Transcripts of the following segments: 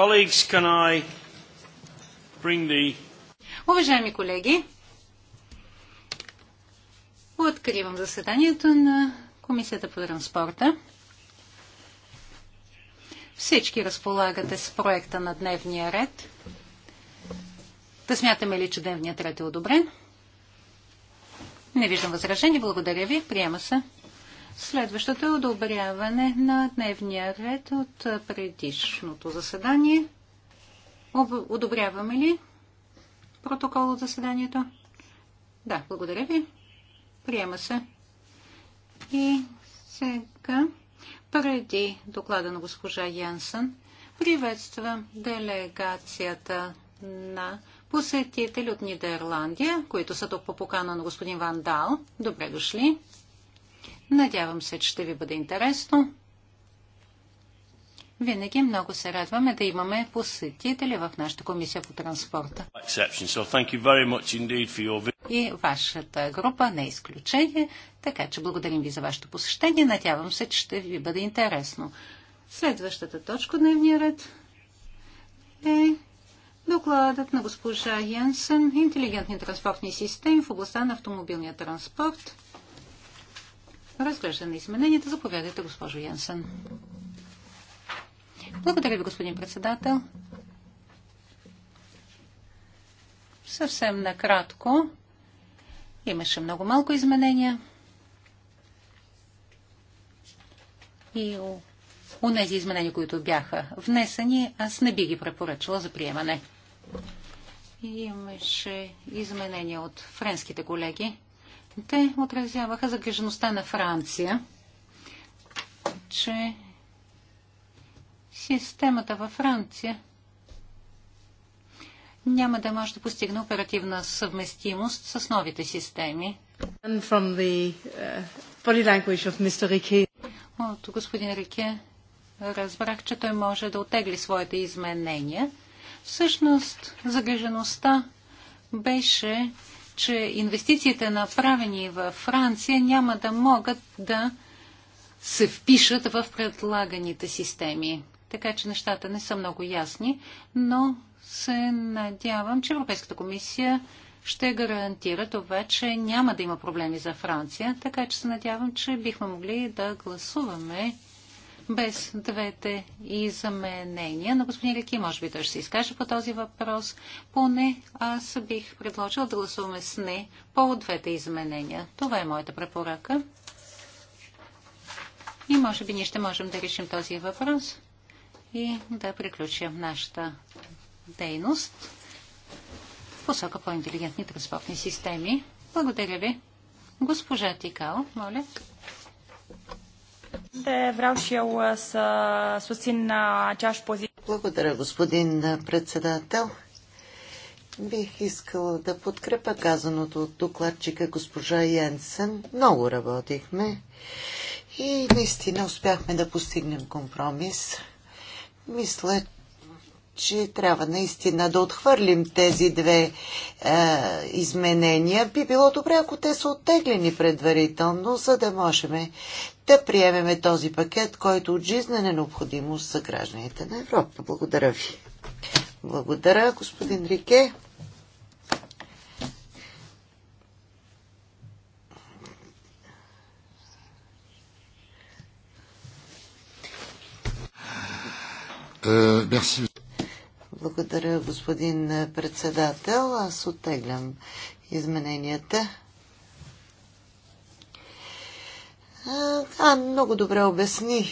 Colleagues, can I bring the... Уважаеми колеги, откривам заседанието на Комисията по транспорта. Всички разполагате с проекта на дневния ред. Да смятаме ли, че дневният ред е одобрен? Не виждам възражение. Благодаря ви. Приема се. Следващото е одобряване на дневния ред от предишното заседание. Об... Одобряваме ли протокол от заседанието? Да, благодаря ви. Приема се. И сега, преди доклада на госпожа Янсън, приветствам делегацията на посетители от Нидерландия, които са тук по покана на господин Ван Дал. Добре дошли. Надявам се, че ще ви бъде интересно. Винаги много се радваме да имаме посетители в нашата комисия по транспорта. И вашата група не е изключение, така че благодарим ви за вашето посещение. Надявам се, че ще ви бъде интересно. Следващата точка дневния ред е докладът на госпожа Янсен «Интелигентни транспортни системи в областта на автомобилния транспорт» разглеждане на измененията. Заповядайте, госпожо Янсен. Благодаря ви, господин председател. Съвсем накратко. Имаше много малко изменения. И у нези изменения, които бяха внесени, аз не би ги препоръчала за приемане. Имаше изменения от френските колеги. Те отразяваха загрижеността на Франция, че системата във Франция няма да може да постигне оперативна съвместимост с новите системи. The, uh, От господин Рике разбрах, че той може да отегли своите изменения. Всъщност, загрижеността беше че инвестициите направени във Франция няма да могат да се впишат в предлаганите системи. Така че нещата не са много ясни, но се надявам, че Европейската комисия ще гарантира това, че няма да има проблеми за Франция, така че се надявам, че бихме могли да гласуваме без двете изменения. Но господин Реки, може би той ще се изкаже по този въпрос. Поне аз бих предложил да гласуваме с не по двете изменения. Това е моята препоръка. И може би ние ще можем да решим този въпрос и да приключим нашата дейност в посока по-интелигентни транспортни системи. Благодаря ви. Госпожа Тикао, моля. Vreau și eu uh, să susțin uh, aceeași poziție. Благодаря, господин uh, председател. Бих искала да подкрепа казаното от докладчика госпожа Йенсен. Много работихме и наистина успяхме да постигнем компромис. Мисля, че трябва наистина да отхвърлим тези две е, изменения. Би било добре, ако те са оттеглени предварително, за да можем да приемеме този пакет, който от жизнена е необходимост за гражданите на Европа. Благодаря ви. Благодаря, господин Рике. Merci. Е, благодаря, господин председател. Аз оттеглям измененията. А, много добре обясни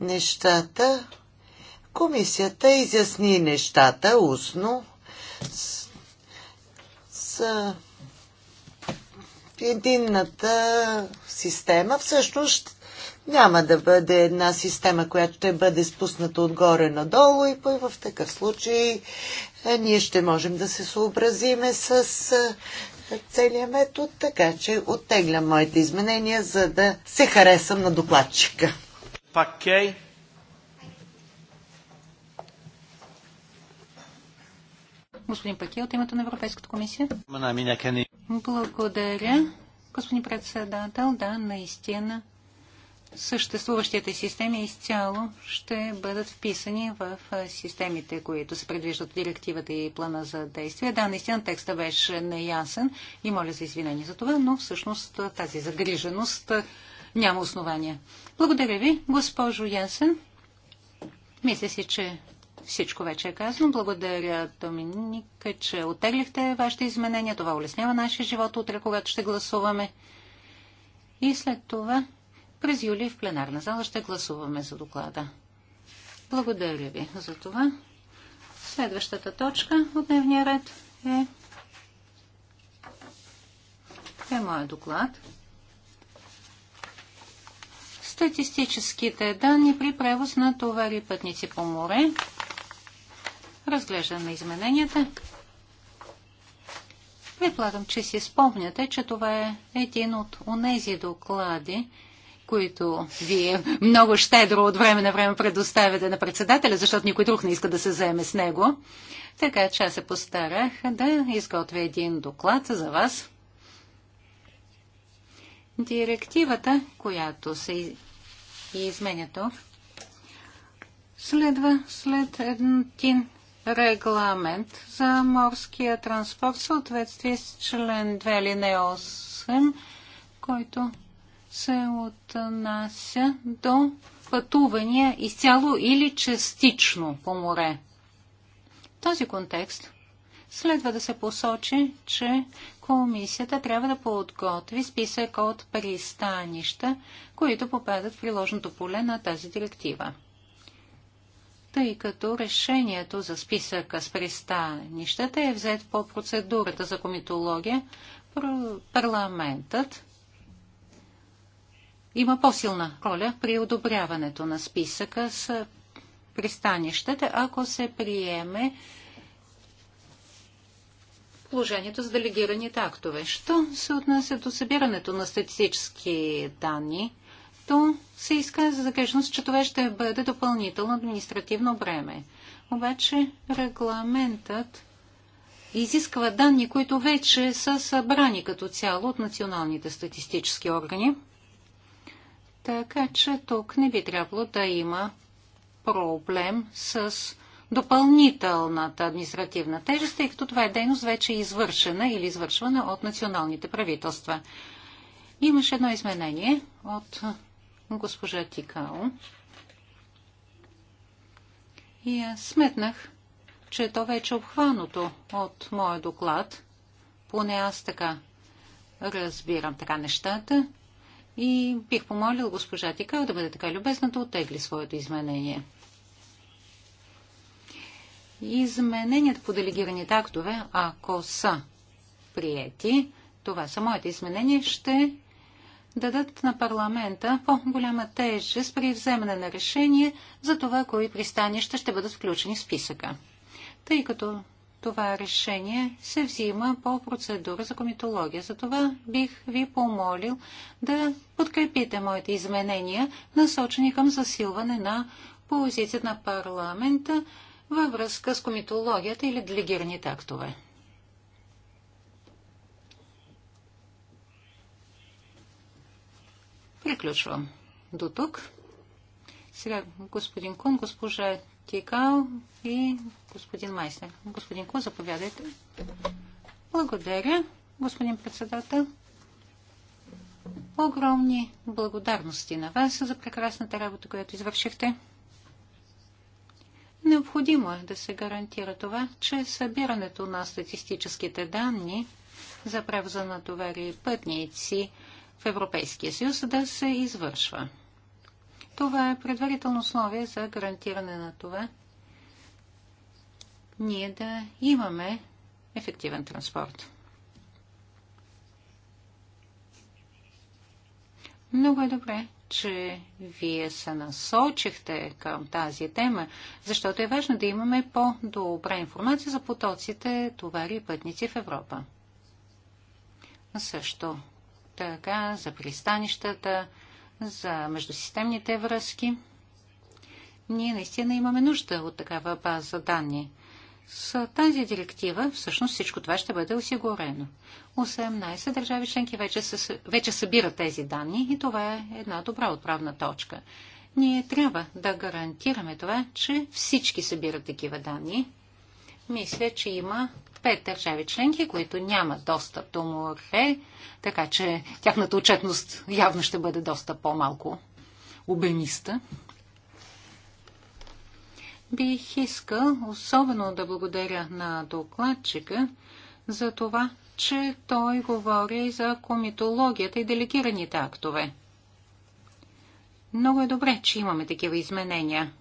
нещата. Комисията изясни нещата устно с, с единната система всъщност няма да бъде една система, която ще бъде спусната отгоре надолу и в такъв случай е, ние ще можем да се съобразиме с е, целия метод, така че оттеглям моите изменения, за да се харесам на докладчика. Пакей. Господин Пакей от името на Европейската комисия. Благодаря. Господин председател, да, наистина съществуващите системи изцяло ще бъдат вписани в системите, които се предвиждат директивата и плана за действие. Да, наистина текста беше неясен и моля за извинение за това, но всъщност тази загриженост няма основания. Благодаря ви, госпожо Ясен. Мисля си, че всичко вече е казано. Благодаря, Доминика, че отеглихте вашите изменения. Това улеснява нашия живот утре, когато ще гласуваме. И след това през юли в пленарна зала ще гласуваме за доклада. Благодаря ви за това. Следващата точка от дневния ред е, е моя доклад. Статистическите данни при превоз на товари пътници по море. Разглеждаме измененията. Предполагам, че си спомняте, че това е един от онези доклади, които вие много щедро от време на време предоставяте на председателя, защото никой друг не иска да се заеме с него. Така че аз се постарах да изготвя един доклад за вас. Директивата, която се изменя тук, следва след един регламент за морския транспорт в съответствие с член 2 линия 8, който се отнася до пътувания изцяло или частично по море. В този контекст следва да се посочи, че комисията трябва да подготви списък от пристанища, които попадат в приложното поле на тази директива. Тъй като решението за списъка с пристанищата е взет по процедурата за комитология, парламентът има по-силна роля при одобряването на списъка с пристанищата, ако се приеме положението с делегираните актове. Що се отнася до събирането на статистически данни, то се иска за загрежност, че това ще бъде допълнително административно бреме. Обаче регламентът изисква данни, които вече са събрани като цяло от националните статистически органи. Така че тук не би трябвало да има проблем с допълнителната административна тежест, тъй като това е дейност вече извършена или извършвана от националните правителства. Имаше едно изменение от госпожа Тикао. И аз сметнах, че то вече е обхванато от моя доклад. Поне аз така разбирам така нещата. И бих помолил госпожа Тикал да бъде така любезна да отегли своето изменение. Измененията по делегираните актове, ако са приети, това са моите изменения, ще дадат на парламента по-голяма тежест при вземане на решение за това, кои пристанища ще бъдат включени в списъка. Тъй като това решение се взима по процедура за комитология. Затова бих ви помолил да подкрепите моите изменения, насочени към засилване на позицията на парламента във връзка с комитологията или делегираните актове. Приключвам до тук. Сега господин Кун, госпожа Тикал и господин Майснер. Господин Ко, заповядайте. Благодаря, господин председател. Огромни благодарности на вас за прекрасната работа, която извършихте. Необходимо е да се гарантира това, че събирането на статистическите данни за превза на товари и пътници в Европейския съюз да се извършва. Това е предварително условие за гарантиране на това ние да имаме ефективен транспорт. Много е добре, че вие се насочихте към тази тема, защото е важно да имаме по-добра информация за потоците товари и пътници в Европа. Също така за пристанищата, за междусистемните връзки. Ние наистина имаме нужда от такава база данни. С тази директива всъщност всичко това ще бъде осигурено. 18 държави членки вече, са, вече събират тези данни и това е една добра отправна точка. Ние трябва да гарантираме това, че всички събират такива данни. Мисля, че има пет държави членки, които нямат достъп до море, така че тяхната отчетност явно ще бъде доста по-малко обемиста. Бих искал особено да благодаря на докладчика за това, че той говори за комитологията и делегираните актове. Много е добре, че имаме такива изменения.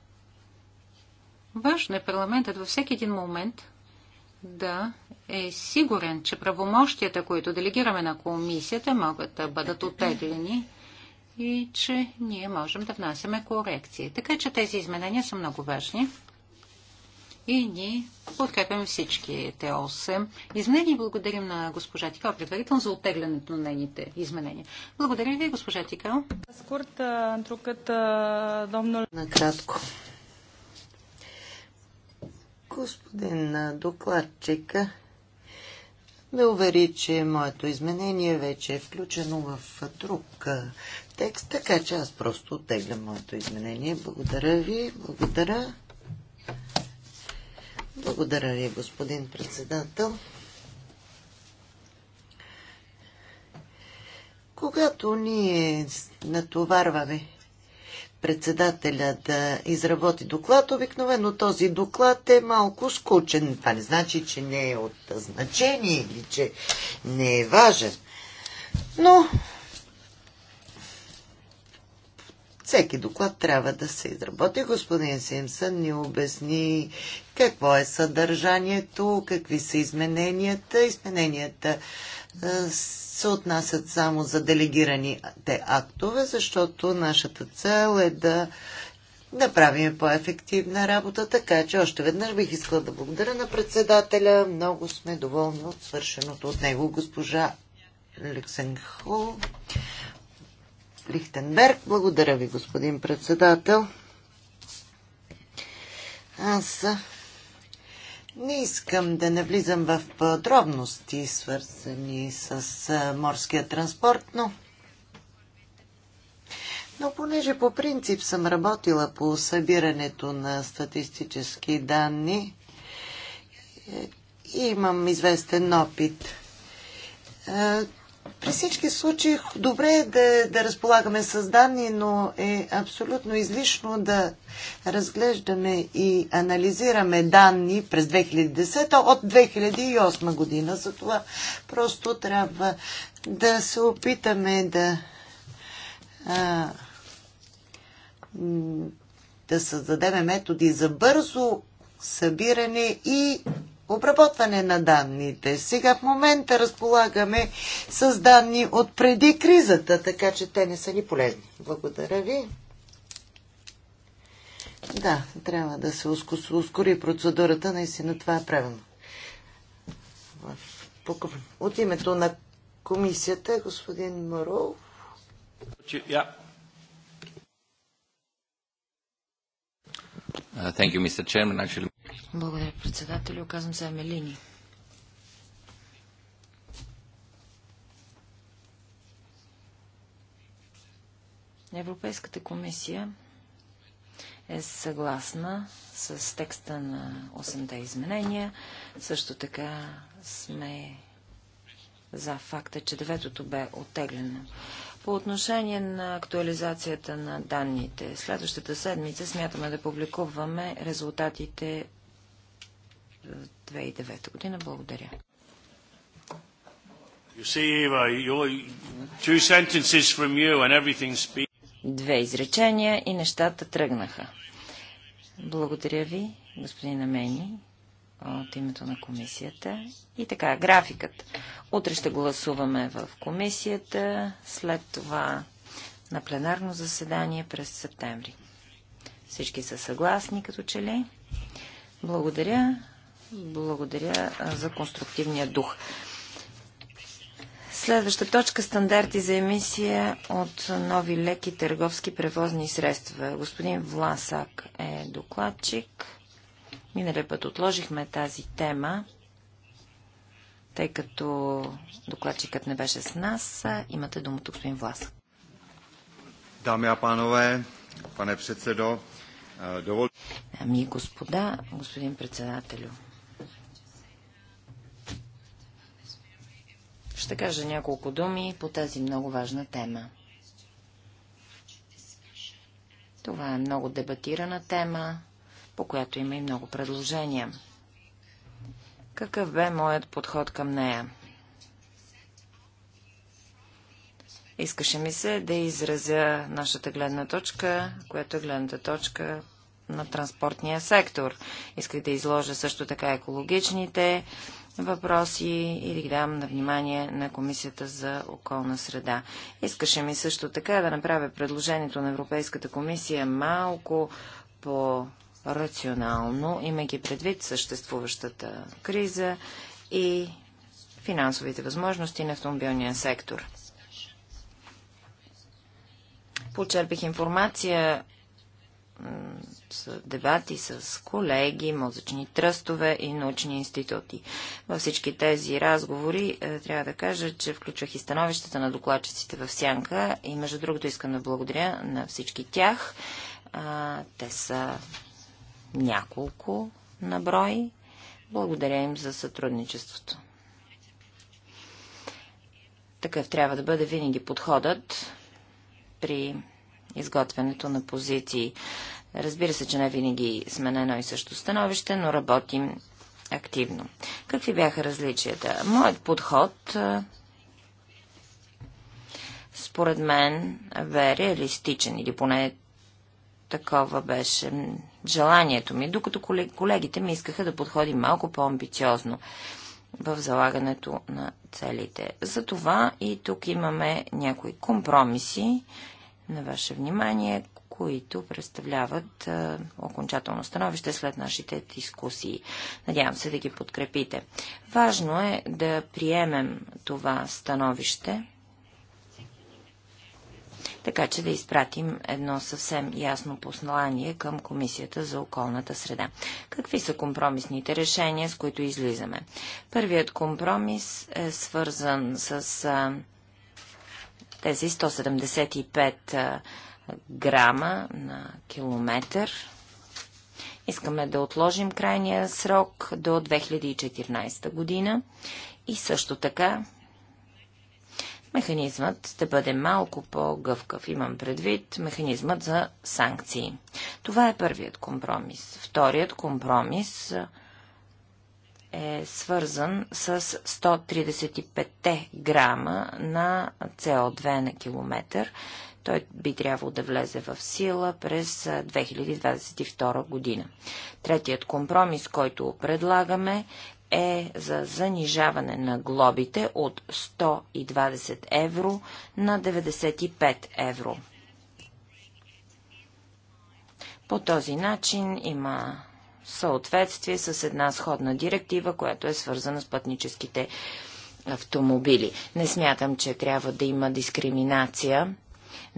Важно е парламентът във всеки един момент да е сигурен, че правомощията, които делегираме на комисията, могат да бъдат отеглени и че ние можем да внасяме корекции. Така че тези изменения са много важни и ние подкрепяме всички те 8 изменения и благодарим на госпожа Тикал предварително за оттеглянето на нейните изменения. Благодаря ви, госпожа Тикал. Накратко. Господин докладчика ме увери, че моето изменение вече е включено в друг текст, така че аз просто оттеглям моето изменение. Благодаря ви, благодаря. Благодаря ви, господин председател. Когато ние натоварваме председателя да изработи доклад, обикновено този доклад е малко скучен. Това не значи, че не е от значение или че не е важен. Но всеки доклад трябва да се изработи. Господин Симсън ни обясни какво е съдържанието, какви са измененията. Измененията се отнасят само за делегираните актове, защото нашата цел е да направим по-ефективна работа, така че още веднъж бих искала да благодаря на председателя. Много сме доволни от свършеното от него госпожа Люксенхол. Лихтенберг. Благодаря ви, господин председател. Аз не искам да навлизам в подробности, свързани с морския транспорт, но... Но понеже по принцип съм работила по събирането на статистически данни, е, имам известен опит. Е, при всички случаи добре е да, да разполагаме с данни, но е абсолютно излишно да разглеждаме и анализираме данни през 2010 от 2008 година. Затова просто трябва да се опитаме да а, да създадем методи за бързо събиране и обработване на данните. Сега в момента разполагаме с данни от преди кризата, така че те не са ни полезни. Благодаря ви. Да, трябва да се ускори процедурата. Наистина това е правилно. От името на комисията, господин Маров. Uh, Благодаря, председател, оказвам се Амелини. Европейската комисия е съгласна с текста на 8-те изменения. Също така сме за факта, че деветото бе оттеглено. По отношение на актуализацията на данните, следващата седмица смятаме да публикуваме резултатите 2009 година. Благодаря. You see, Eva, uh, your two sentences from you and everything speaks. Две изречения и нещата тръгнаха. Благодаря ви, господин Амени, от името на комисията. И така, графикът. Утре ще гласуваме в комисията, след това на пленарно заседание през септември. Всички са съгласни, като че ли. Благодаря. Благодаря за конструктивния дух. Следваща точка – стандарти за емисия от нови леки търговски превозни средства. Господин Власак е докладчик. Миналия път отложихме тази тема, тъй като докладчикът не беше с нас. Имате думата, господин Власак. Дами и панове, пане председо, е, доволно. Ами господа, господин председателю. Ще кажа няколко думи по тази много важна тема. Това е много дебатирана тема, по която има и много предложения. Какъв бе моят подход към нея? Искаше ми се да изразя нашата гледна точка, която е гледната точка на транспортния сектор. Исках да изложа също така екологичните въпроси и да ги дам на внимание на Комисията за околна среда. Искаше ми също така да направя предложението на Европейската комисия малко по рационално, имайки предвид съществуващата криза и финансовите възможности на автомобилния сектор. Почерпих информация дебати с колеги, мозъчни тръстове и научни институти. Във всички тези разговори е, трябва да кажа, че включвах и становищата на докладчиците в Сянка и между другото искам да благодаря на всички тях. те са няколко на брой. Благодаря им за сътрудничеството. Такъв трябва да бъде винаги подходът при изготвянето на позиции. Разбира се, че не винаги сме на едно и също становище, но работим активно. Какви бяха различията? Моят подход според мен бе реалистичен или поне такова беше желанието ми, докато колегите ми искаха да подходим малко по-амбициозно в залагането на целите. Затова и тук имаме някои компромиси на ваше внимание, които представляват окончателно становище след нашите дискусии. Надявам се да ги подкрепите. Важно е да приемем това становище, така че да изпратим едно съвсем ясно послание към Комисията за околната среда. Какви са компромисните решения, с които излизаме? Първият компромис е свързан с а, тези 175 а, грама на километър. Искаме да отложим крайния срок до 2014 година и също така механизмът ще бъде малко по-гъвкав. Имам предвид механизмът за санкции. Това е първият компромис. Вторият компромис е свързан с 135 грама на CO2 на километър той би трябвало да влезе в сила през 2022 година. Третият компромис, който предлагаме, е за занижаване на глобите от 120 евро на 95 евро. По този начин има съответствие с една сходна директива, която е свързана с пътническите автомобили. Не смятам, че трябва да има дискриминация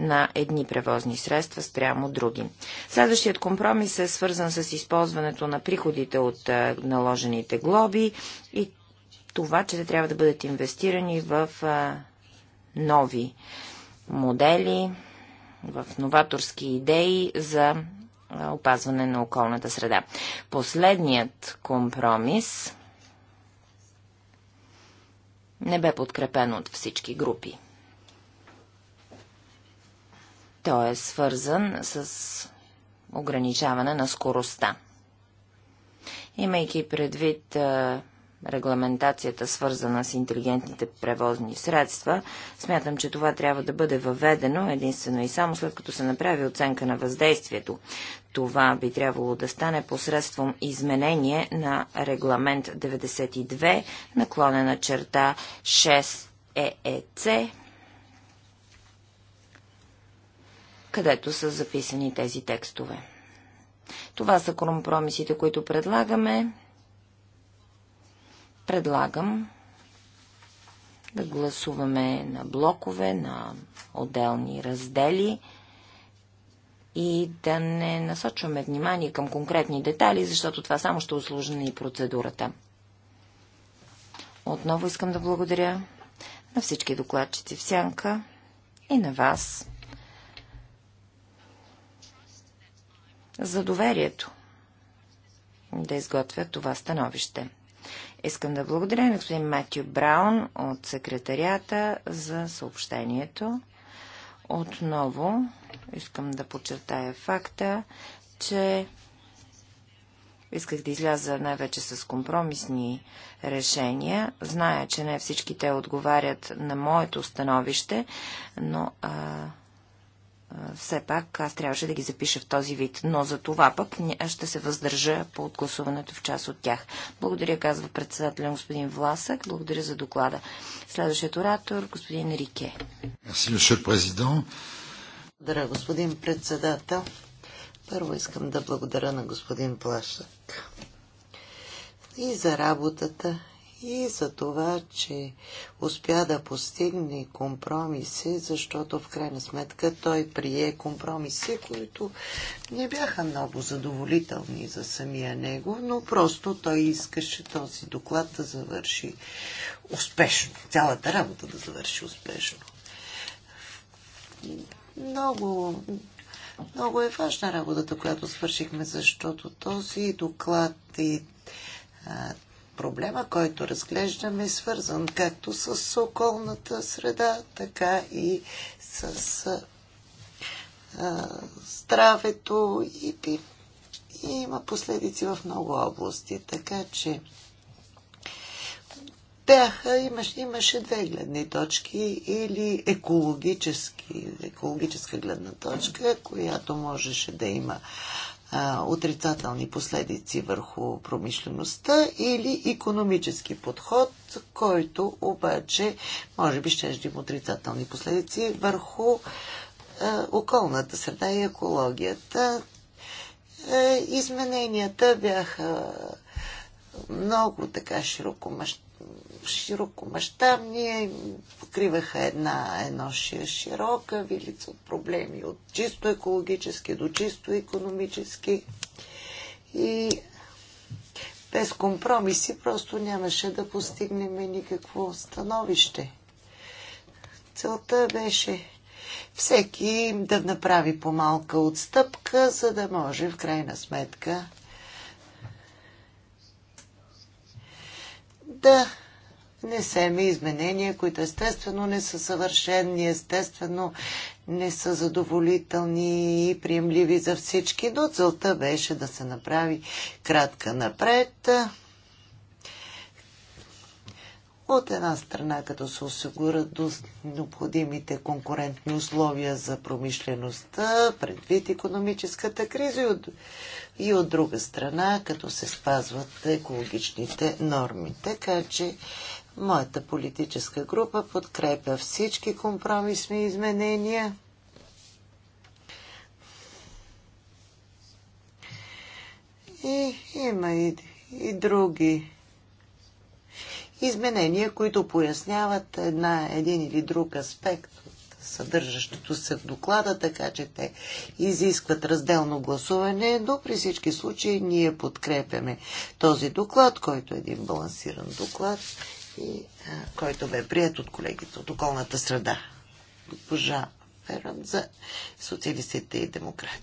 на едни превозни средства спрямо други. Следващият компромис е свързан с използването на приходите от наложените глоби и това, че те трябва да бъдат инвестирани в нови модели, в новаторски идеи за опазване на околната среда. Последният компромис не бе подкрепен от всички групи. Той е свързан с ограничаване на скоростта. Имайки предвид регламентацията, свързана с интелигентните превозни средства. Смятам, че това трябва да бъде въведено единствено и само след като се направи оценка на въздействието. Това би трябвало да стане посредством изменение на регламент 92 наклонена черта 6 ЕЕЦ където са записани тези текстове. Това са компромисите, които предлагаме. Предлагам да гласуваме на блокове, на отделни раздели и да не насочваме внимание към конкретни детали, защото това само ще услужи и процедурата. Отново искам да благодаря на всички докладчици в Сянка и на вас за доверието да изготвят това становище. Искам да благодаря на господин Матю Браун от секретарията за съобщението. Отново искам да подчертая факта, че исках да изляза най-вече с компромисни решения. Зная, че не всички те отговарят на моето становище, но а, все пак аз трябваше да ги запиша в този вид, но за това пък ще се въздържа по отгласуването в част от тях. Благодаря, казва председателя господин Власък. Благодаря за доклада. Следващият оратор, господин Рике. Благодаря, господин председател. Първо искам да благодаря на господин Плашък и за работата, и за това, че успя да постигне компромиси, защото в крайна сметка той прие компромиси, които не бяха много задоволителни за самия него, но просто той искаше този доклад да завърши успешно, цялата работа да завърши успешно. Много много е важна работата, която свършихме, защото този доклад и е, проблема, който разглеждаме, е свързан както с околната среда, така и с а, здравето и, и, и има последици в много области. Така че бяха, имаше, имаше две гледни точки или екологически, екологическа гледна точка, която можеше да има а, отрицателни последици върху промишлеността или економически подход, който обаче може би ще има отрицателни последици върху а, околната среда и екологията. А, измененията бяха много така широко широкомащабни, покриваха една, едно широка вилица от проблеми, от чисто екологически до чисто економически. И без компромиси просто нямаше да постигнем никакво становище. Целта беше всеки да направи по-малка отстъпка, за да може в крайна сметка да внесеме изменения, които естествено не са съвършени, естествено не са задоволителни и приемливи за всички, но целта беше да се направи кратка напред. От една страна, като се осигурят до необходимите конкурентни условия за промишлеността, предвид економическата криза и от, и от друга страна, като се спазват екологичните норми. Така че Моята политическа група подкрепя всички компромисни изменения. И има и, и други изменения, които поясняват една, един или друг аспект от съдържащото се в доклада, така че те изискват разделно гласуване, но при всички случаи ние подкрепяме този доклад, който е един балансиран доклад и а, който бе прият от колегите от околната среда. Госпожа Ферон за социалистите и демократи.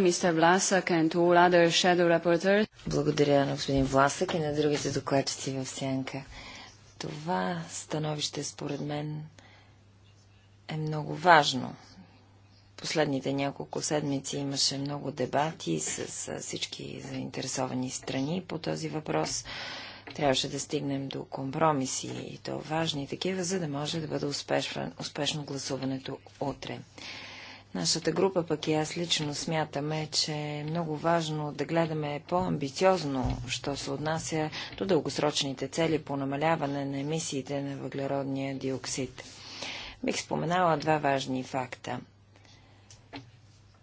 мистер Власък other shadow Благодаря на господин Власък и на другите докладчици в Сянка. Това становище според мен е много важно. Последните няколко седмици имаше много дебати с всички заинтересовани страни по този въпрос. Трябваше да стигнем до компромиси и то важни такива, за да може да бъде успешно, успешно гласуването утре. Нашата група, пък и аз лично смятаме, че е много важно да гледаме по-амбициозно, що се отнася до дългосрочните цели по намаляване на емисиите на въглеродния диоксид. Бих споменала два важни факта.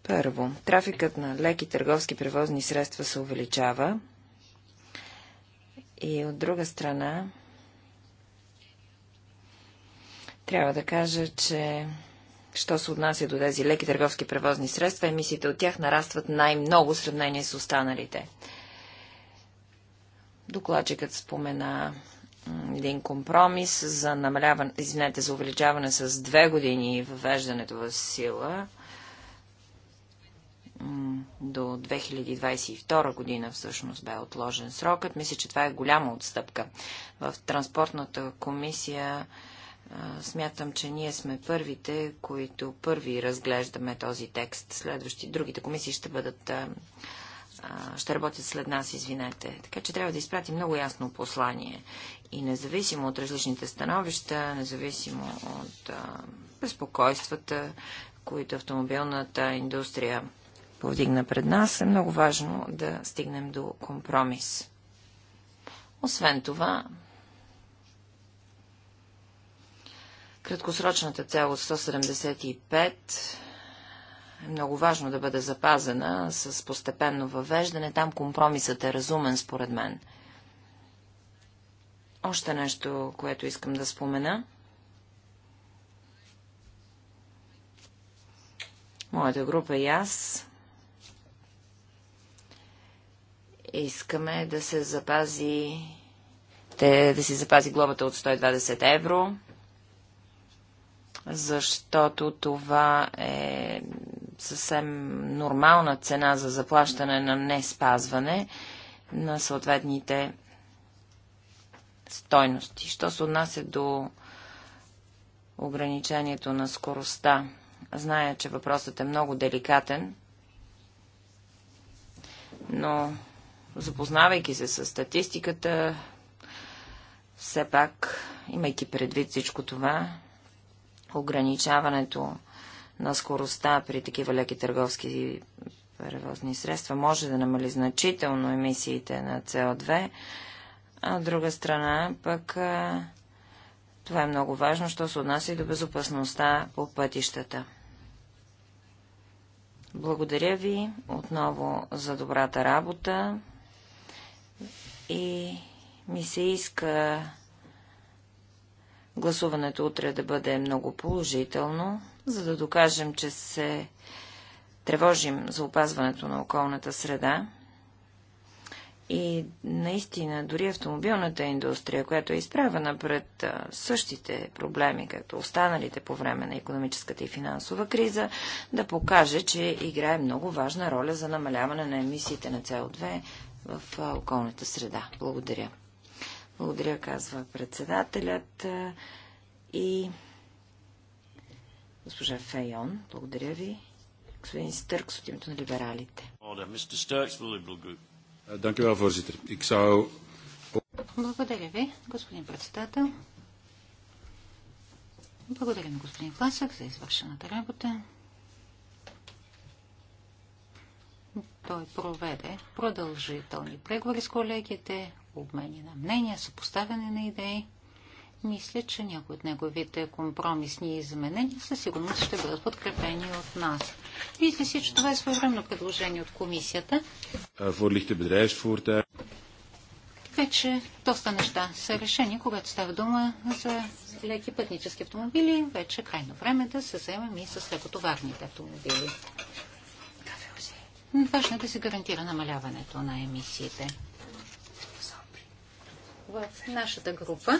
Първо, трафикът на леки търговски превозни средства се увеличава, и от друга страна, трябва да кажа, че що се отнася до тези леки търговски превозни средства, емисиите от тях нарастват най-много в сравнение с останалите. Докладчикът спомена един компромис за намаляване, извинете, за увеличаване с две години въвеждането в сила до 2022 година всъщност бе отложен срокът. Мисля, че това е голяма отстъпка. В транспортната комисия смятам, че ние сме първите, които първи разглеждаме този текст. Следващи, другите комисии ще бъдат ще работят след нас, извинете. Така че трябва да изпрати много ясно послание. И независимо от различните становища, независимо от безпокойствата, които автомобилната индустрия повдигна пред нас, е много важно да стигнем до компромис. Освен това, краткосрочната цел от 175 е много важно да бъде запазена с постепенно въвеждане. Там компромисът е разумен, според мен. Още нещо, което искам да спомена. Моята група и аз Искаме да се запази те, да си запази глобата от 120 евро, защото това е съвсем нормална цена за заплащане на не спазване на съответните стойности. Що се отнася до ограничението на скоростта, зная, че въпросът е много деликатен, но запознавайки се с статистиката, все пак, имайки предвид всичко това, ограничаването на скоростта при такива леки търговски превозни средства може да намали значително емисиите на со 2 а от друга страна пък това е много важно, що се отнася и до безопасността по пътищата. Благодаря ви отново за добрата работа и ми се иска гласуването утре да бъде много положително, за да докажем, че се тревожим за опазването на околната среда. И наистина, дори автомобилната индустрия, която е изправена пред същите проблеми, като останалите по време на економическата и финансова криза, да покаже, че играе много важна роля за намаляване на емисиите на co 2 в околната среда. Благодаря. Благодаря, казва председателят и госпожа Фейон. Благодаря ви. Господин Стъркс от името на либералите. Е, благодаря ви, господин председател. Благодаря на господин Класък за извършената работа. Той проведе продължителни преговори с колегите, обмени на мнения, съпоставяне на идеи. Мисля, че някои от неговите компромисни изменения със сигурност ще бъдат подкрепени от нас. Мисля си, че това е своевременно предложение от комисията. Вече доста неща са решени, когато става дума за леки пътнически автомобили. Вече е крайно време да се вземем и с лекотоварните автомобили. Важно е да се гарантира намаляването на емисиите. В нашата група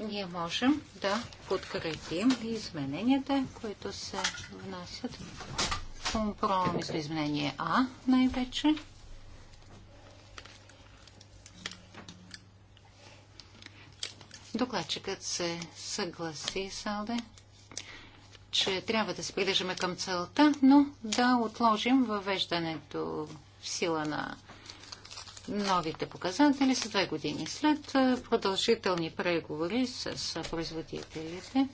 ние можем да подкрепим измененията, които се внасят в компромисно изменение А най-вече. Докладчикът се съгласи с Алде че трябва да се придържаме към целта, но да отложим въвеждането в сила на новите показатели са две години след продължителни преговори с производителите.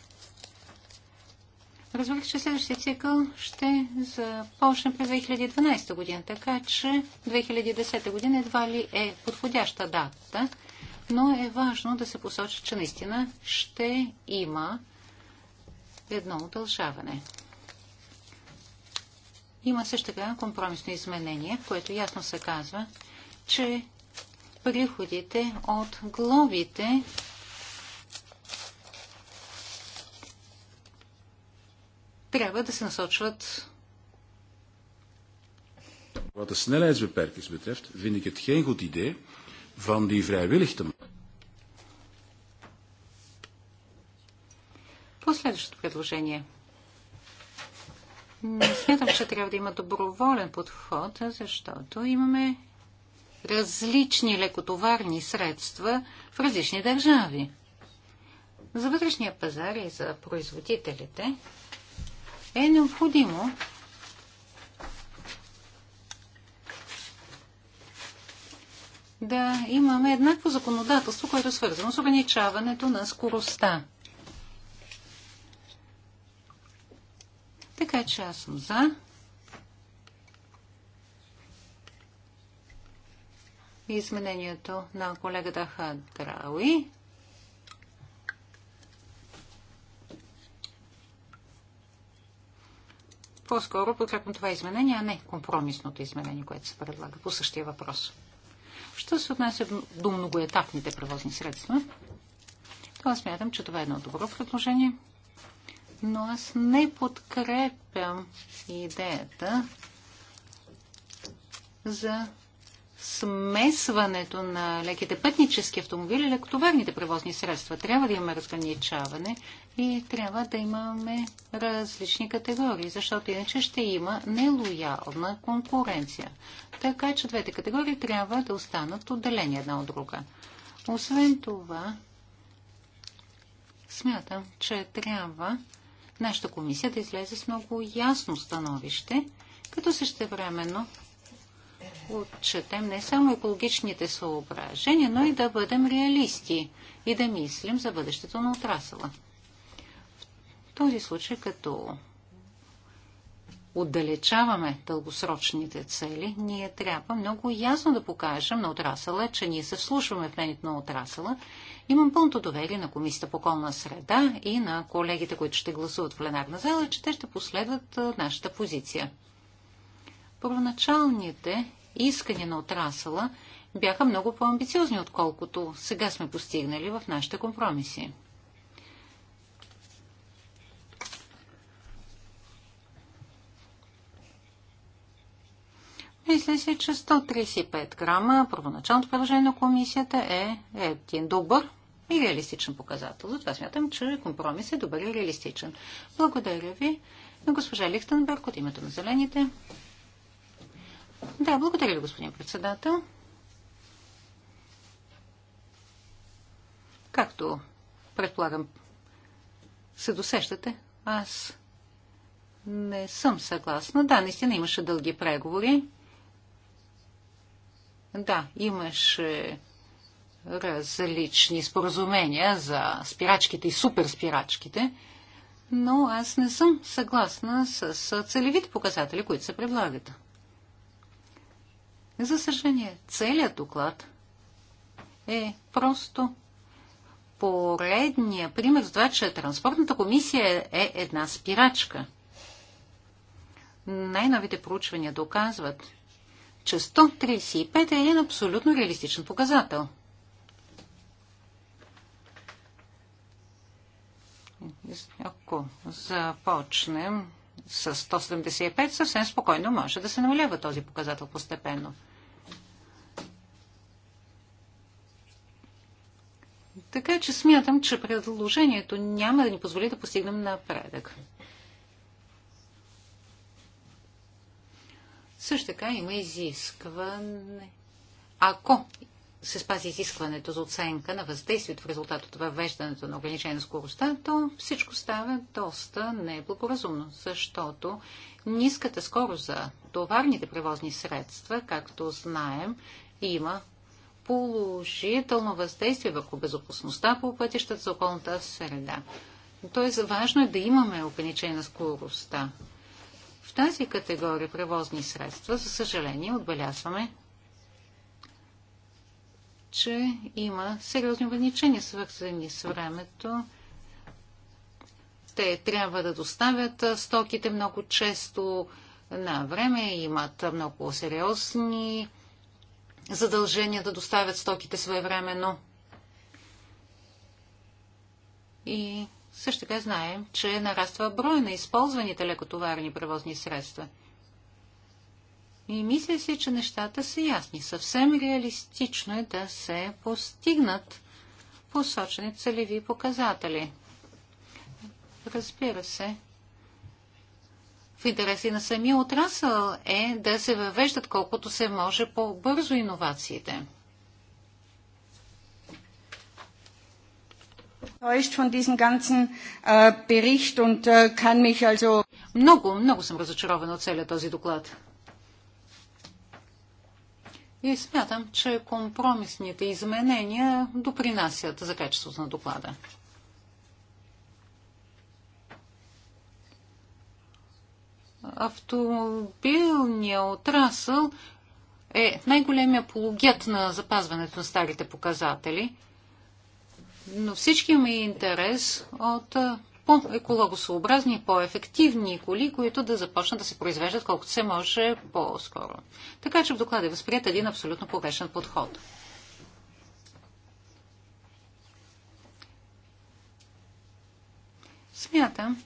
Разбирах, че следващия цикъл ще започне през 2012 година, така че 2010 година едва ли е подходяща дата, но е важно да се посочи, че наистина ще има едно удължаване. Има също така компромисно изменение, в което ясно се казва, че приходите от глобите трябва да се насочват Wat de snelheidsbeperkings betreft, vind ik het geen goed idee van die vrijwillig te maken. Последващото предложение. Не смятам, че трябва да има доброволен подход, защото имаме различни лекотоварни средства в различни държави. За вътрешния пазар и за производителите е необходимо да имаме еднакво законодателство, което е свързано с ограничаването на скоростта. Така че аз съм за. Изменението на колегата Хадрауи. По-скоро подкрепям това изменение, а не компромисното изменение, което се предлага по същия въпрос. Що се отнася до многоетапните превозни средства, това смятам, че това е едно добро предложение но аз не подкрепям идеята за смесването на леките пътнически автомобили и лекотоварните превозни средства. Трябва да имаме разграничаване и трябва да имаме различни категории, защото иначе ще има нелоялна конкуренция. Така че двете категории трябва да останат отделени една от друга. Освен това, смятам, че трябва нашата комисия да излезе с много ясно становище, като същевременно отчетем не само екологичните съображения, но и да бъдем реалисти и да мислим за бъдещето на отрасъла. В този случай, като отдалечаваме дългосрочните цели, ние трябва много ясно да покажем на отрасъла, че ние се вслушваме в мените на отрасъла. Имам пълното доверие на Комисията по околна среда и на колегите, които ще гласуват в пленарна зала, че те ще последват нашата позиция. Първоначалните искания на отрасъла бяха много по-амбициозни, отколкото сега сме постигнали в нашите компромиси. Мисля си, че 135 грама първоначалното предложение на комисията е един добър и реалистичен показател. Затова смятам, че компромис е добър и реалистичен. Благодаря ви на госпожа Лихтенберг от името на Зелените. Да, благодаря ви, господин председател. Както предполагам, се досещате, аз не съм съгласна. Да, наистина имаше дълги преговори. Да, имаше различни споразумения за спирачките и суперспирачките, но аз не съм съгласна с целевите показатели, които се предлагат. За съжаление, целият доклад е просто поредния пример за това, че Транспортната комисия е една спирачка. Най-новите проучвания доказват, че 135 е един абсолютно реалистичен показател. Ако започнем с 175, съвсем спокойно може да се намалява този показател постепенно. Така че смятам, че предложението няма да ни позволи да постигнем напредък. Също така има изискване. Ако се спази изискването за оценка на въздействието в резултат от въвеждането на ограничение на скоростта, то всичко става доста неблагоразумно, защото ниската скорост за товарните превозни средства, както знаем, има положително въздействие върху безопасността по пътищата за околната среда. Тоест, важно е да имаме ограничение на скоростта в тази категория превозни средства, за съжаление, отбелязваме, че има сериозни ограничения, свързани с времето. Те трябва да доставят стоките много често на време, имат много сериозни задължения да доставят стоките своевременно. И също така знаем, че нараства брой на използваните лекотоварни превозни средства. И мисля си, че нещата са ясни. Съвсем реалистично е да се постигнат посочени целеви показатели. Разбира се, в интереси на самия отрасъл е да се въвеждат колкото се може по-бързо иновациите. Много, много съм разочарована от целият този доклад. И смятам, че компромисните изменения допринасят за качеството на доклада. Автомобилният отрасъл е най-големия пологет на запазването на старите показатели – но всички има интерес от по-екологосообразни по-ефективни коли, които да започнат да се произвеждат колкото се може по-скоро. Така че в доклада е възприят един абсолютно погрешен подход. Смятам,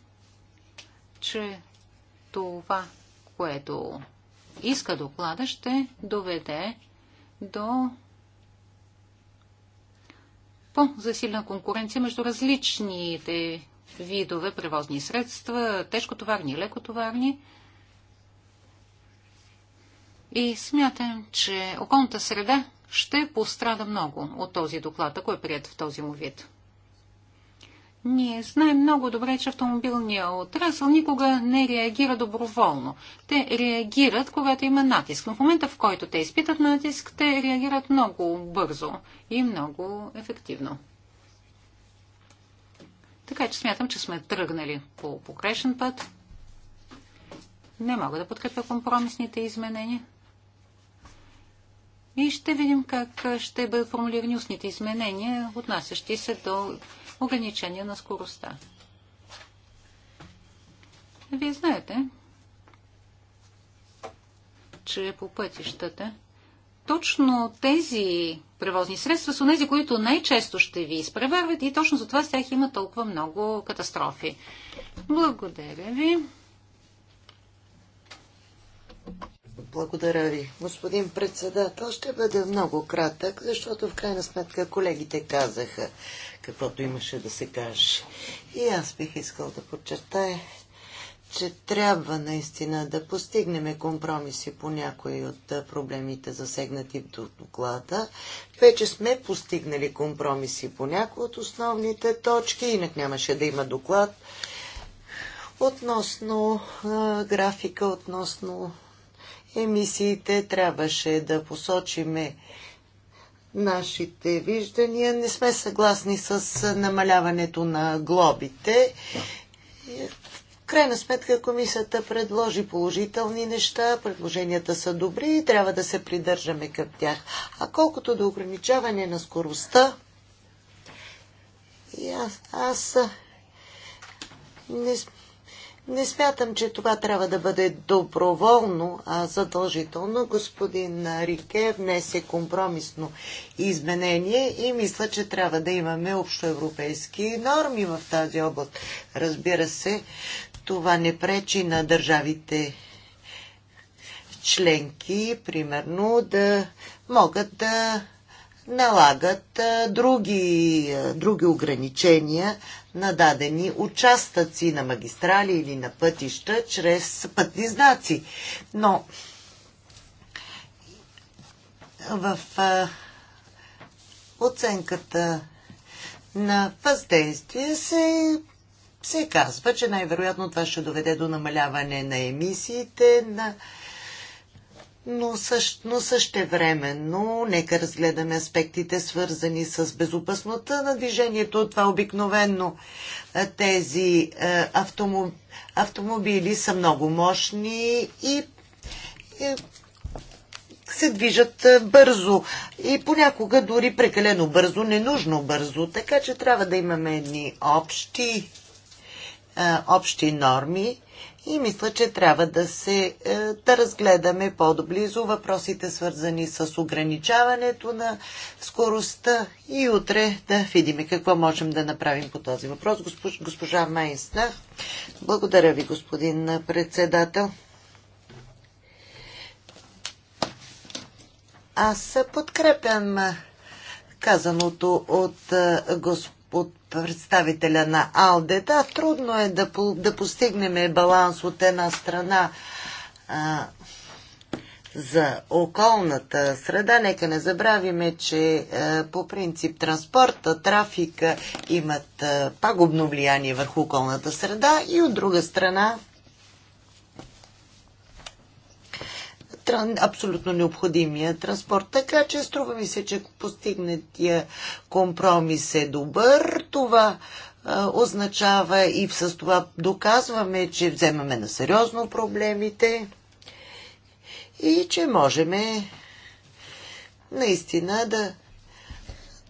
че това, което иска доклада, ще доведе до по-засилена конкуренция между различните видове превозни средства, тежкотоварни и лекотоварни. И смятам, че околната среда ще пострада много от този доклад, ако е прият в този му вид. Ние знаем много добре, че автомобилния отрасъл никога не реагира доброволно. Те реагират, когато има натиск. Но в момента, в който те изпитат натиск, те реагират много бързо и много ефективно. Така че смятам, че сме тръгнали по погрешен път. Не мога да подкрепя компромисните изменения. И ще видим как ще бъдат формулирани устните изменения, отнасящи се до ограничение на скоростта. Вие знаете, че по пътищата точно тези превозни средства са тези, които най-често ще ви изпреварват и точно за това с тях има толкова много катастрофи. Благодаря ви. Благодаря ви. Господин председател, ще бъде много кратък, защото в крайна сметка колегите казаха каквото имаше да се каже. И аз бих искал да подчертая, че трябва наистина да постигнем компромиси по някои от проблемите засегнати в доклада. Вече сме постигнали компромиси по някои от основните точки, инак нямаше да има доклад относно а, графика, относно емисиите, трябваше да посочиме нашите виждания. Не сме съгласни с намаляването на глобите. В крайна сметка комисията предложи положителни неща, предложенията са добри и трябва да се придържаме към тях. А колкото до ограничаване на скоростта, аз, аз не, не смятам, че това трябва да бъде доброволно, а задължително. Господин Рике внесе компромисно изменение и мисля, че трябва да имаме общоевропейски норми в тази област. Разбира се, това не пречи на държавите членки, примерно, да могат да налагат други, други ограничения на дадени участъци на магистрали или на пътища чрез пътни знаци. Но в а, оценката на въздействие се, се казва, че най-вероятно това ще доведе до намаляване на емисиите, на но, също, но същевременно нека разгледаме аспектите свързани с безопасността на движението. Това обикновенно тези автомобили, автомобили са много мощни и, и се движат бързо и понякога дори прекалено бързо, ненужно бързо. Така че трябва да имаме едни общи, общи норми и мисля, че трябва да се е, да разгледаме по-доблизо въпросите свързани с ограничаването на скоростта и утре да видим какво можем да направим по този въпрос. Госпож, госпожа Майсна, благодаря ви, господин председател. Аз подкрепям казаното от е, господин от представителя на АЛДЕ. Да, трудно е да, по, да постигнем баланс от една страна а, за околната среда. Нека не забравиме, че а, по принцип транспорта, трафика имат а, пагубно влияние върху околната среда и от друга страна абсолютно необходимия транспорт. Така че струва ми се, че постигнатия компромис е добър. Това означава и с това доказваме, че вземаме на сериозно проблемите и че можем наистина да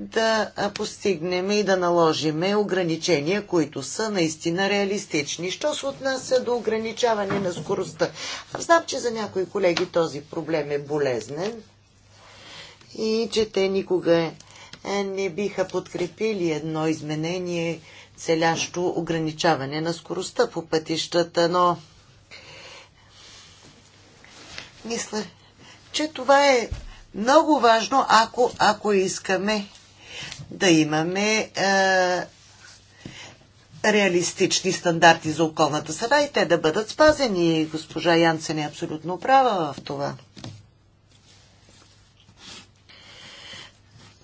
да постигнем и да наложиме ограничения, които са наистина реалистични. Що се отнася до ограничаване на скоростта? Аз знам, че за някои колеги този проблем е болезнен и че те никога е, не биха подкрепили едно изменение, целящо ограничаване на скоростта по пътищата, но мисля, че това е много важно, ако, ако искаме да имаме е, реалистични стандарти за околната среда и те да бъдат спазени. Госпожа Янсен е абсолютно права в това.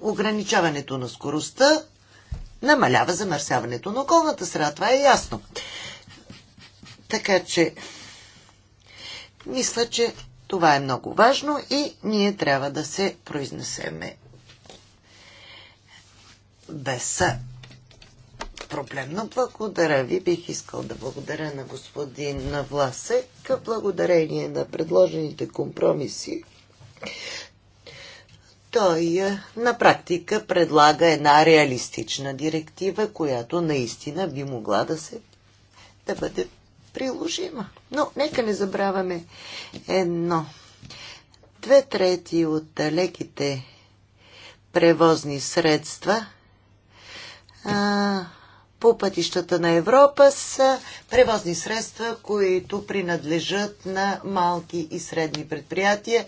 Ограничаването на скоростта намалява замърсяването на околната среда. Това е ясно. Така че, мисля, че това е много важно и ние трябва да се произнесеме беса. проблемно. Благодаря ви. Бих искал да благодаря на господин Власек. Благодарение на предложените компромиси той е, на практика предлага една реалистична директива, която наистина би могла да се да бъде приложима. Но нека не забравяме едно. Две трети от леките превозни средства а, по пътищата на Европа са превозни средства, които принадлежат на малки и средни предприятия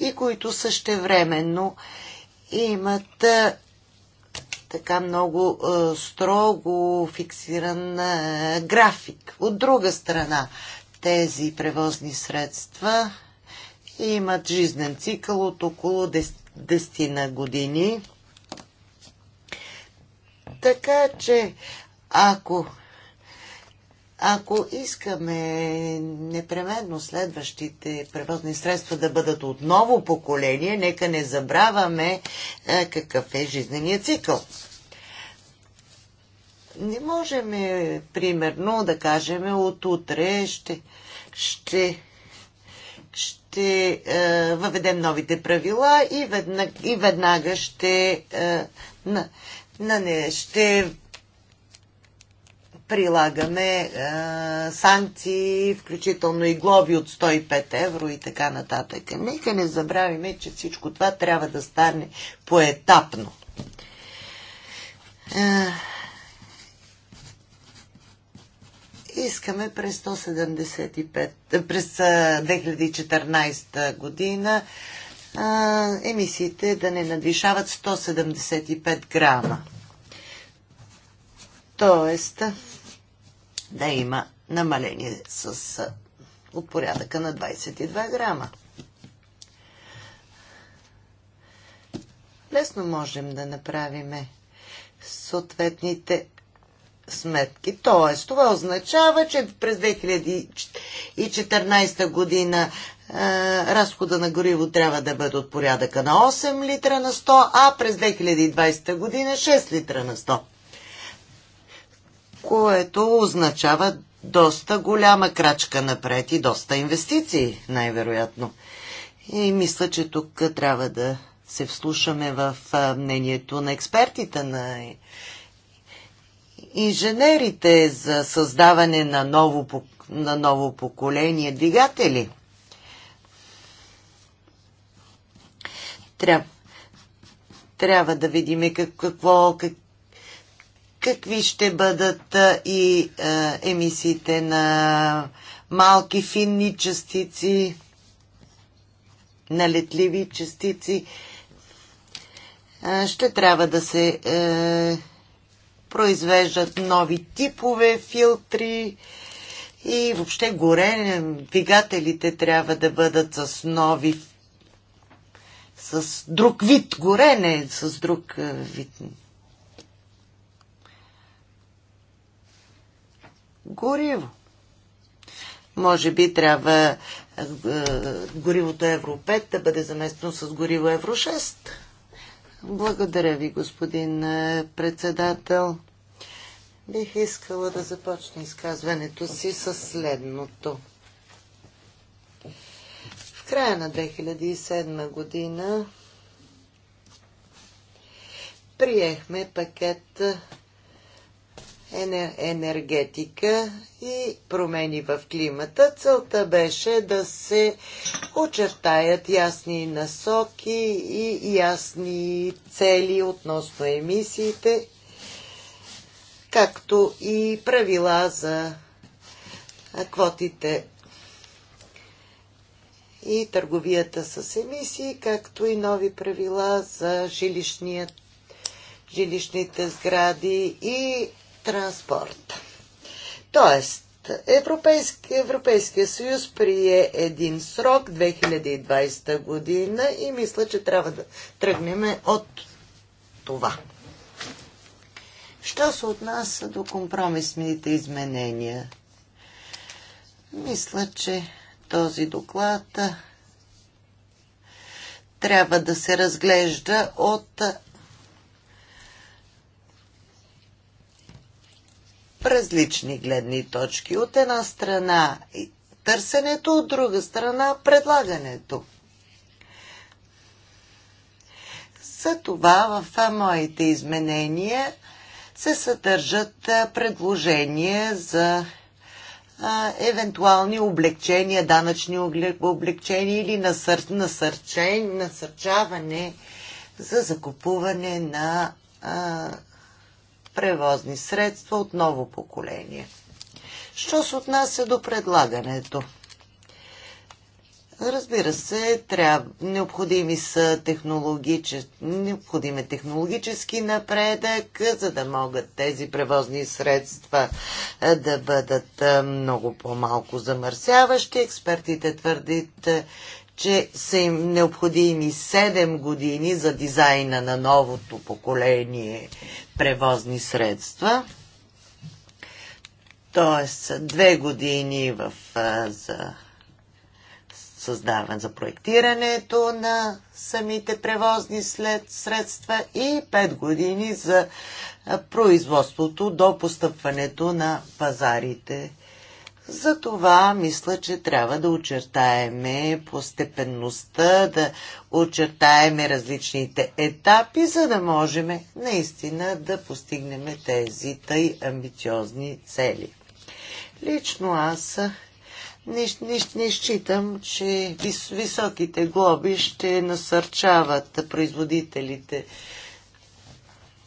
и които същевременно имат а, така много а, строго фиксиран а, график. От друга страна, тези превозни средства имат жизнен цикъл от около 10 на години така че, ако ако искаме непременно следващите превозни средства да бъдат отново поколение, нека не забравяме а, е, какъв е жизненият цикъл. Не можем, е, примерно, да кажем от утре ще, ще, ще е, въведем новите правила и веднага, и веднага ще е, на, на нея ще прилагаме а, санкции, включително и глоби от 105 евро и така нататък. Нека не забравяме, че всичко това трябва да стане поетапно. А, искаме през 175, през 2014 година а, емисиите да не надвишават 175 грама. Тоест да има намаление с а, от порядъка на 22 грама. Лесно можем да направиме съответните сметки. Тоест, това означава, че през 2014 година е, разхода на гориво трябва да бъде от порядъка на 8 литра на 100, а през 2020 година 6 литра на 100. Което означава доста голяма крачка напред и доста инвестиции, най-вероятно. И мисля, че тук трябва да се вслушаме в мнението на експертите, на инженерите за създаване на ново, на ново поколение двигатели – Трябва, трябва да видим какво, как, какви ще бъдат и а, емисиите на малки финни частици, налетливи частици. А, ще трябва да се а, е, произвеждат нови типове филтри и въобще горе двигателите трябва да бъдат с нови с друг вид горене, с друг е, вид. Гориво. Може би трябва е, горивото Евро 5 да бъде заместено с гориво Евро 6. Благодаря ви, господин е, председател. Бих искала да започна изказването си с следното края на 2007 година приехме пакет е, е, енергетика и промени в климата. Целта беше да се очертаят ясни насоки и ясни цели относно емисиите, както и правила за квотите и търговията с емисии, както и нови правила за жилищния, жилищните сгради и транспорт. Тоест, Европейски, Европейския съюз прие един срок 2020 година и мисля, че трябва да тръгнем от това. Що се отнася до компромисните изменения? Мисля, че този доклад трябва да се разглежда от различни гледни точки. От една страна търсенето, от друга страна предлагането. За това в моите изменения се съдържат предложения за а, евентуални облегчения, данъчни облегчения или насър, насърчен, насърчаване за закупуване на а, превозни средства от ново поколение. Що се отнася до предлагането? Разбира се, трябва, необходими са технологичес, необходим е технологически напредък, за да могат тези превозни средства да бъдат много по-малко замърсяващи. Експертите твърдят, че са им необходими 7 години за дизайна на новото поколение превозни средства. Тоест, две години в, за създаване, за проектирането на самите превозни след средства и 5 години за производството до постъпването на пазарите. За това мисля, че трябва да очертаеме постепенността, да очертаеме различните етапи, за да можем наистина да постигнем тези тъй амбициозни цели. Лично аз не, не, не считам, че вис, високите глоби ще насърчават производителите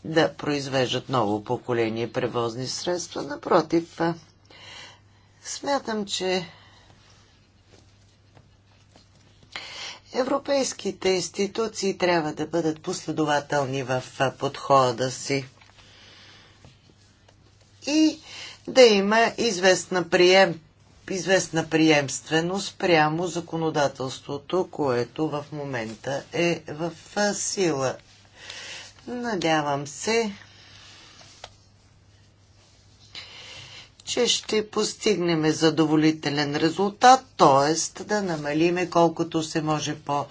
да произвеждат ново поколение превозни средства. Напротив, смятам, че европейските институции трябва да бъдат последователни в подхода си и да има известна приемка известна приемственост прямо законодателството, което в момента е в сила. Надявам се, че ще постигнем задоволителен резултат, т.е. да намалиме колкото се може по-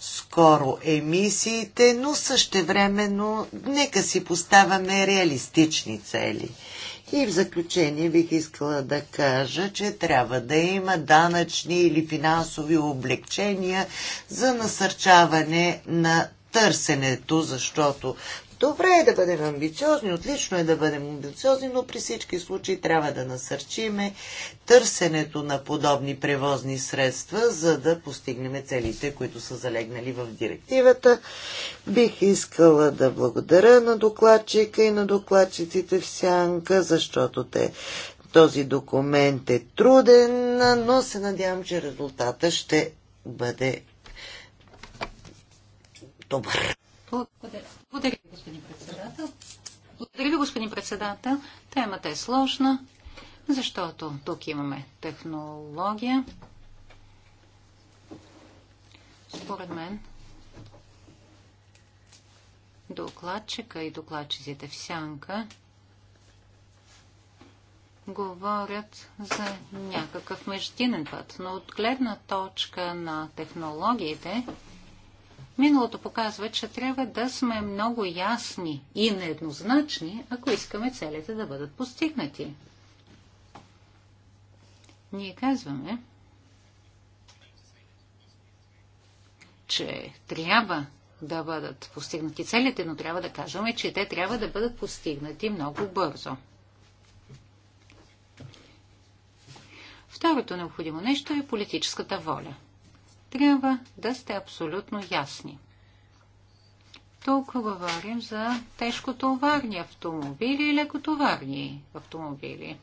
скоро емисиите, но същевременно нека си поставяме реалистични цели. И в заключение бих искала да кажа, че трябва да има данъчни или финансови облегчения за насърчаване на търсенето, защото Добре е да бъдем амбициозни, отлично е да бъдем амбициозни, но при всички случаи трябва да насърчиме търсенето на подобни превозни средства, за да постигнем целите, които са залегнали в директивата. Бих искала да благодаря на докладчика и на докладчиците в Сянка, защото те този документ е труден, но се надявам, че резултата ще бъде добър. Благодаря. ви, господин председател. Благодаря ви, господин председател. Темата е сложна, защото тук имаме технология. Според мен, докладчика и докладчиците в сянка говорят за някакъв междинен път, но от гледна точка на технологиите, Миналото показва, че трябва да сме много ясни и нееднозначни, ако искаме целите да бъдат постигнати. Ние казваме, че трябва да бъдат постигнати целите, но трябва да кажем, че те трябва да бъдат постигнати много бързо. Второто необходимо нещо е политическата воля – трябва да сте абсолютно ясни. Тук говорим за тежкотоварни автомобили и лекотоварни автомобили.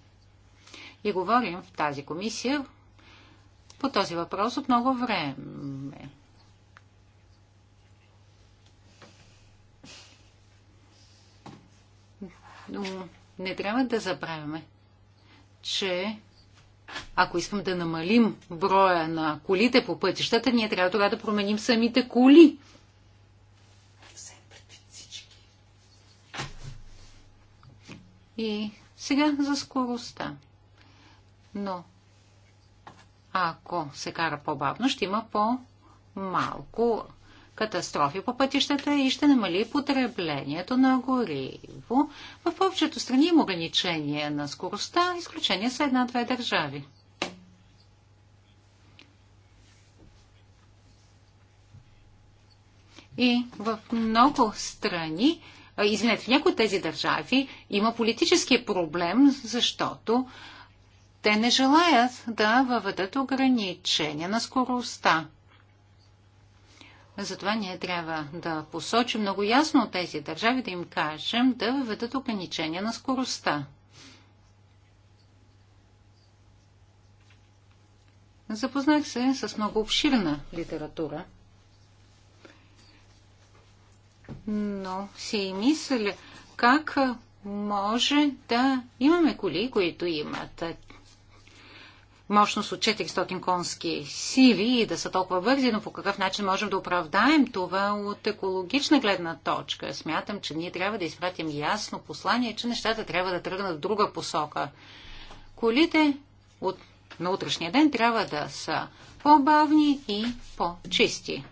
И говорим в тази комисия по този въпрос от много време. Но не трябва да забравяме, че ако искам да намалим броя на колите по пътищата, ние трябва тогава да променим самите коли. И сега за скоростта. Но ако се кара по-бавно, ще има по-малко катастрофи по пътищата и ще намали потреблението на гориво. В повечето страни има ограничение на скоростта, изключение са една-две държави. И в много страни, извинете, в някои от тези държави има политически проблем, защото те не желаят да въведат ограничения на скоростта. Затова ние трябва да посочим много ясно тези държави, да им кажем да въведат ограничения на скоростта. Запознах се с много обширна литература, но си и мисля как може да имаме коли, които имат мощност от 400 конски сили и да са толкова бързи, но по какъв начин можем да оправдаем това от екологична гледна точка? Смятам, че ние трябва да изпратим ясно послание, че нещата трябва да тръгнат в друга посока. Колите от, на утрешния ден трябва да са по-бавни и по-чисти.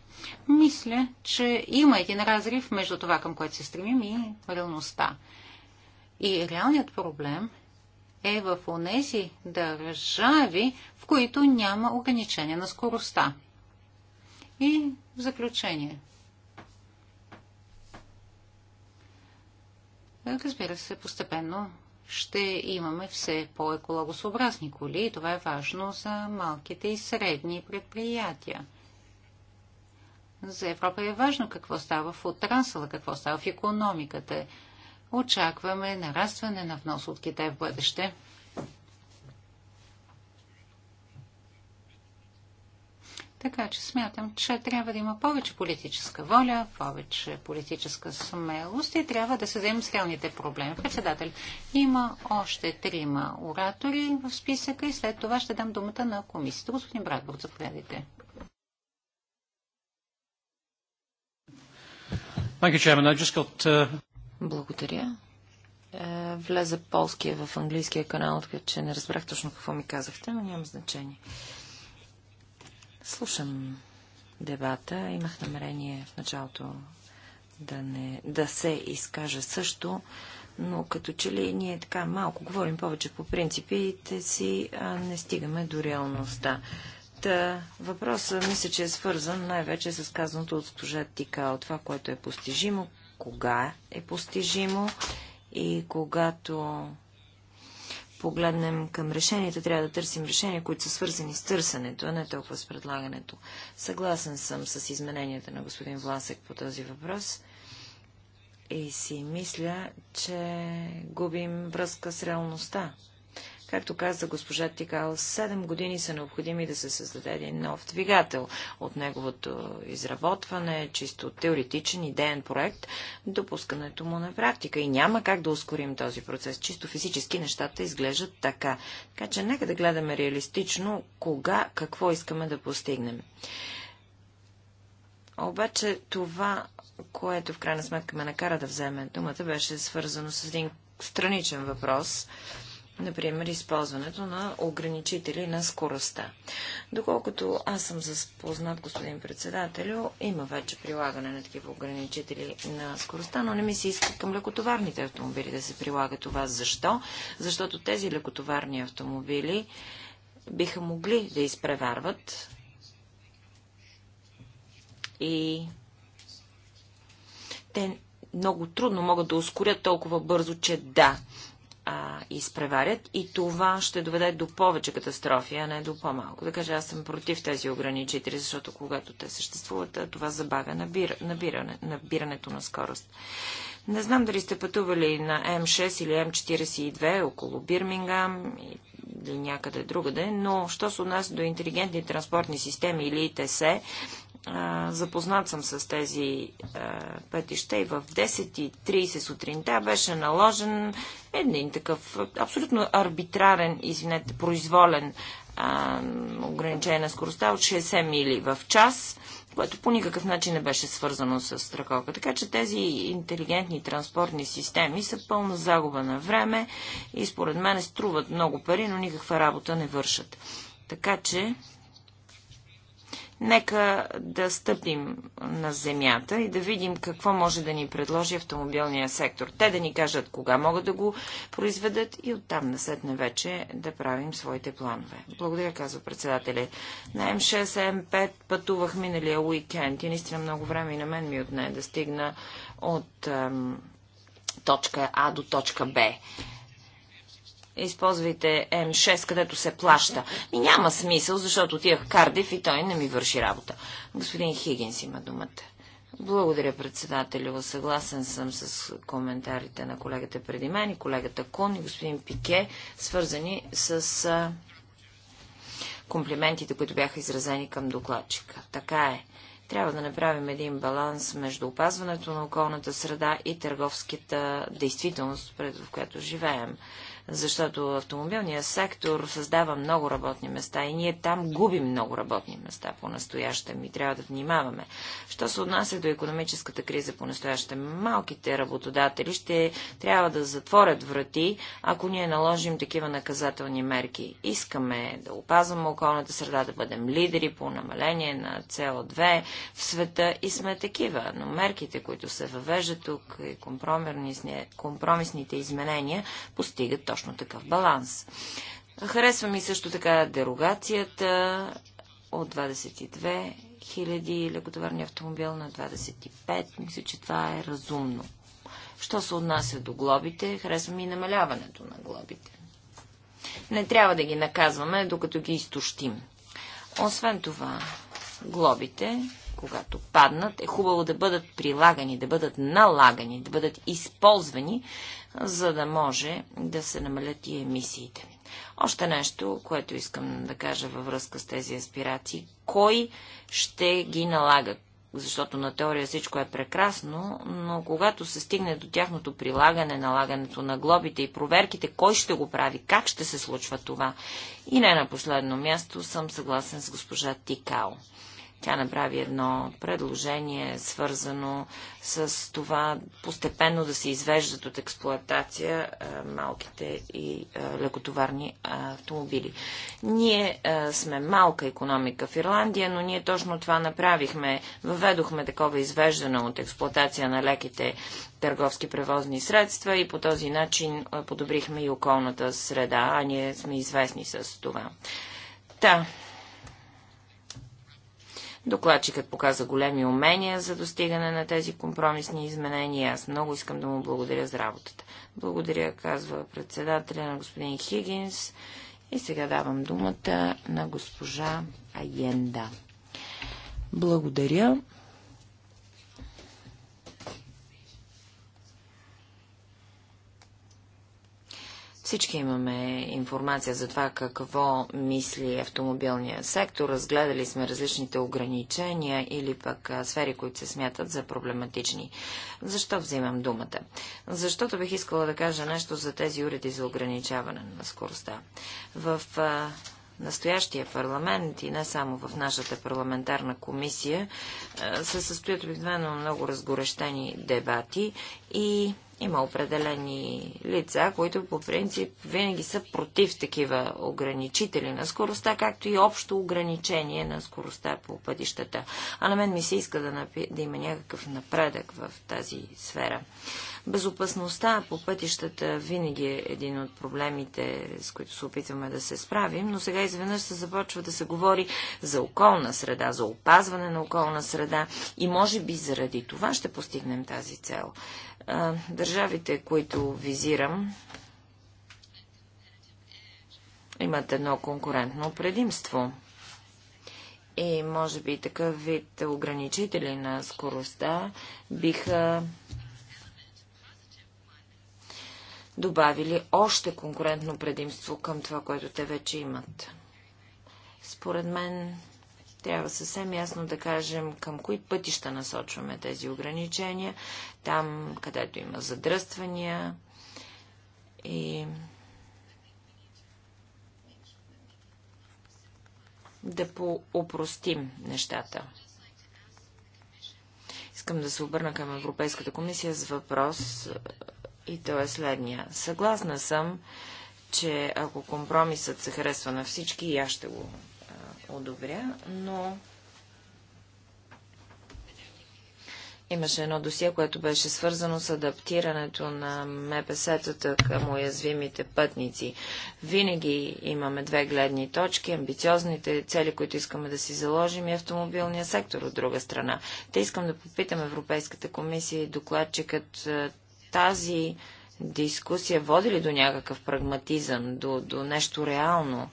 Мисля, че има един разрив между това, към което се стремим и реалността. И реалният проблем е в онези държави, в които няма ограничение на скоростта. И в заключение. Разбира се, постепенно ще имаме все по-екологосообразни коли и това е важно за малките и средни предприятия. За Европа е важно какво става в отрасъла, какво става в економиката очакваме нарастване на внос от Китай в бъдеще. Така че смятам, че трябва да има повече политическа воля, повече политическа смелост и трябва да се вземем с реалните проблеми. Председател, има още трима оратори в списъка и след това ще дам думата на комисията. Господин Братбург, заповядайте. Thank you, Chairman. I just got uh, благодаря. Е, влезе полския в английския канал, така че не разбрах точно какво ми казахте, но няма значение. Слушам дебата. Имах намерение в началото да, не, да се изкажа също, но като че ли ние така малко говорим повече по принципите си, а не стигаме до реалността. Та, въпросът мисля, че е свързан най-вече с казаното от госпожа Тикао, това, което е постижимо, кога е постижимо и когато погледнем към решенията, трябва да търсим решения, които са свързани с търсенето, а не толкова с предлагането. Съгласен съм с измененията на господин Власек по този въпрос и си мисля, че губим връзка с реалността. Както каза госпожа Тикал, 7 години са необходими да се създаде един нов двигател от неговото изработване, чисто теоретичен идеен проект, допускането му на практика. И няма как да ускорим този процес. Чисто физически нещата изглеждат така. Така че нека да гледаме реалистично кога, какво искаме да постигнем. Обаче това, което в крайна сметка ме накара да вземе думата, беше свързано с един страничен въпрос. Uh, Например, използването на ограничители на скоростта. Доколкото аз съм запознат, господин председателю, има вече прилагане на такива ограничители на скоростта, но не ми се иска към лекотоварните автомобили да се прилага това. Защо? Защото тези лекотоварни автомобили биха могли да изпреварват и те много трудно могат да ускорят толкова бързо, че да, а, изпреварят и това ще доведе до повече катастрофи, а не до по-малко. Да кажа, аз съм против тези ограничители, защото когато те съществуват, това забавя набир, набиране, набирането на скорост. Не знам дали сте пътували на М6 или М42 около Бирмингам или някъде другаде, но що се отнася до интелигентни транспортни системи или ИТС, запознат съм с тези е, пътища и в 10.30 сутринта беше наложен един такъв е, абсолютно арбитрарен, извинете, произволен ограничение на скоростта от 60 мили в час, което по никакъв начин не беше свързано с страховка. Така че тези интелигентни транспортни системи са пълна загуба на време и според мен струват много пари, но никаква работа не вършат. Така че Нека да стъпим на земята и да видим какво може да ни предложи автомобилния сектор. Те да ни кажат кога могат да го произведат и оттам насетне вече да правим своите планове. Благодаря, казва председателя. На М6, М5 пътувах миналия уикенд и наистина много време и на мен ми отне да стигна от точка А до точка Б използвайте М6, където се плаща. И няма смисъл, защото отивах Кардиф Кардив и той не ми върши работа. Господин Хигинс има думата. Благодаря, председателю. Съгласен съм с коментарите на колегата преди мен и колегата Кун и господин Пике, свързани с а, комплиментите, които бяха изразени към докладчика. Така е. Трябва да направим един баланс между опазването на околната среда и търговската действителност, в която живеем защото автомобилният сектор създава много работни места и ние там губим много работни места по настояща и трябва да внимаваме. Що се отнася до економическата криза по настояща малките работодатели ще трябва да затворят врати, ако ние наложим такива наказателни мерки. Искаме да опазваме околната среда, да бъдем лидери по намаление на CO2 в света и сме такива, но мерките, които се въвеждат тук и компромисните изменения, постигат точно такъв баланс. Харесва ми също така дерогацията от 22 000 лекотоварни автомобил на 25. Мисля, че това е разумно. Що се отнася до глобите, харесва ми и намаляването на глобите. Не трябва да ги наказваме, докато ги изтощим. Освен това, глобите, когато паднат, е хубаво да бъдат прилагани, да бъдат налагани, да бъдат използвани, за да може да се намалят и емисиите. Още нещо, което искам да кажа във връзка с тези аспирации. Кой ще ги налага? Защото на теория всичко е прекрасно, но когато се стигне до тяхното прилагане, налагането на глобите и проверките, кой ще го прави, как ще се случва това? И не на последно място съм съгласен с госпожа Тикао. Тя направи едно предложение, свързано с това постепенно да се извеждат от експлоатация малките и лекотоварни автомобили. Ние сме малка економика в Ирландия, но ние точно това направихме. Въведохме такова извеждане от експлоатация на леките търговски превозни средства и по този начин подобрихме и околната среда, а ние сме известни с това. Та, да. Докладчикът показа големи умения за достигане на тези компромисни изменения. Аз много искам да му благодаря за работата. Благодаря, казва председателя на господин Хигинс. И сега давам думата на госпожа Аенда. Благодаря. Всички имаме информация за това какво мисли автомобилния сектор. Разгледали сме различните ограничения или пък сфери, които се смятат за проблематични. Защо взимам думата? Защото бих искала да кажа нещо за тези уреди за ограничаване на скоростта. В настоящия парламент и не само в нашата парламентарна комисия се състоят обикновено много разгорещени дебати и има определени лица, които по принцип винаги са против такива ограничители на скоростта, както и общо ограничение на скоростта по пътищата. А на мен ми се иска да, напи... да има някакъв напредък в тази сфера. Безопасността по пътищата винаги е един от проблемите, с които се опитваме да се справим, но сега изведнъж се започва да се говори за околна среда, за опазване на околна среда и може би заради това ще постигнем тази цел. Държавите, които визирам, имат едно конкурентно предимство. И може би такъв вид ограничители на скоростта биха добавили още конкурентно предимство към това, което те вече имат. Според мен трябва съвсем ясно да кажем към кои пътища насочваме тези ограничения, там където има задръствания и да поопростим нещата. Искам да се обърна към Европейската комисия с въпрос и то е следния. Съгласна съм, че ако компромисът се харесва на всички, и аз ще го одобря, но Имаше едно досие, което беше свързано с адаптирането на МПС-тата към уязвимите пътници. Винаги имаме две гледни точки, амбициозните цели, които искаме да си заложим и автомобилния сектор от друга страна. Те искам да попитам Европейската комисия и докладчикът е, тази дискусия води ли до някакъв прагматизъм, до, до нещо реално?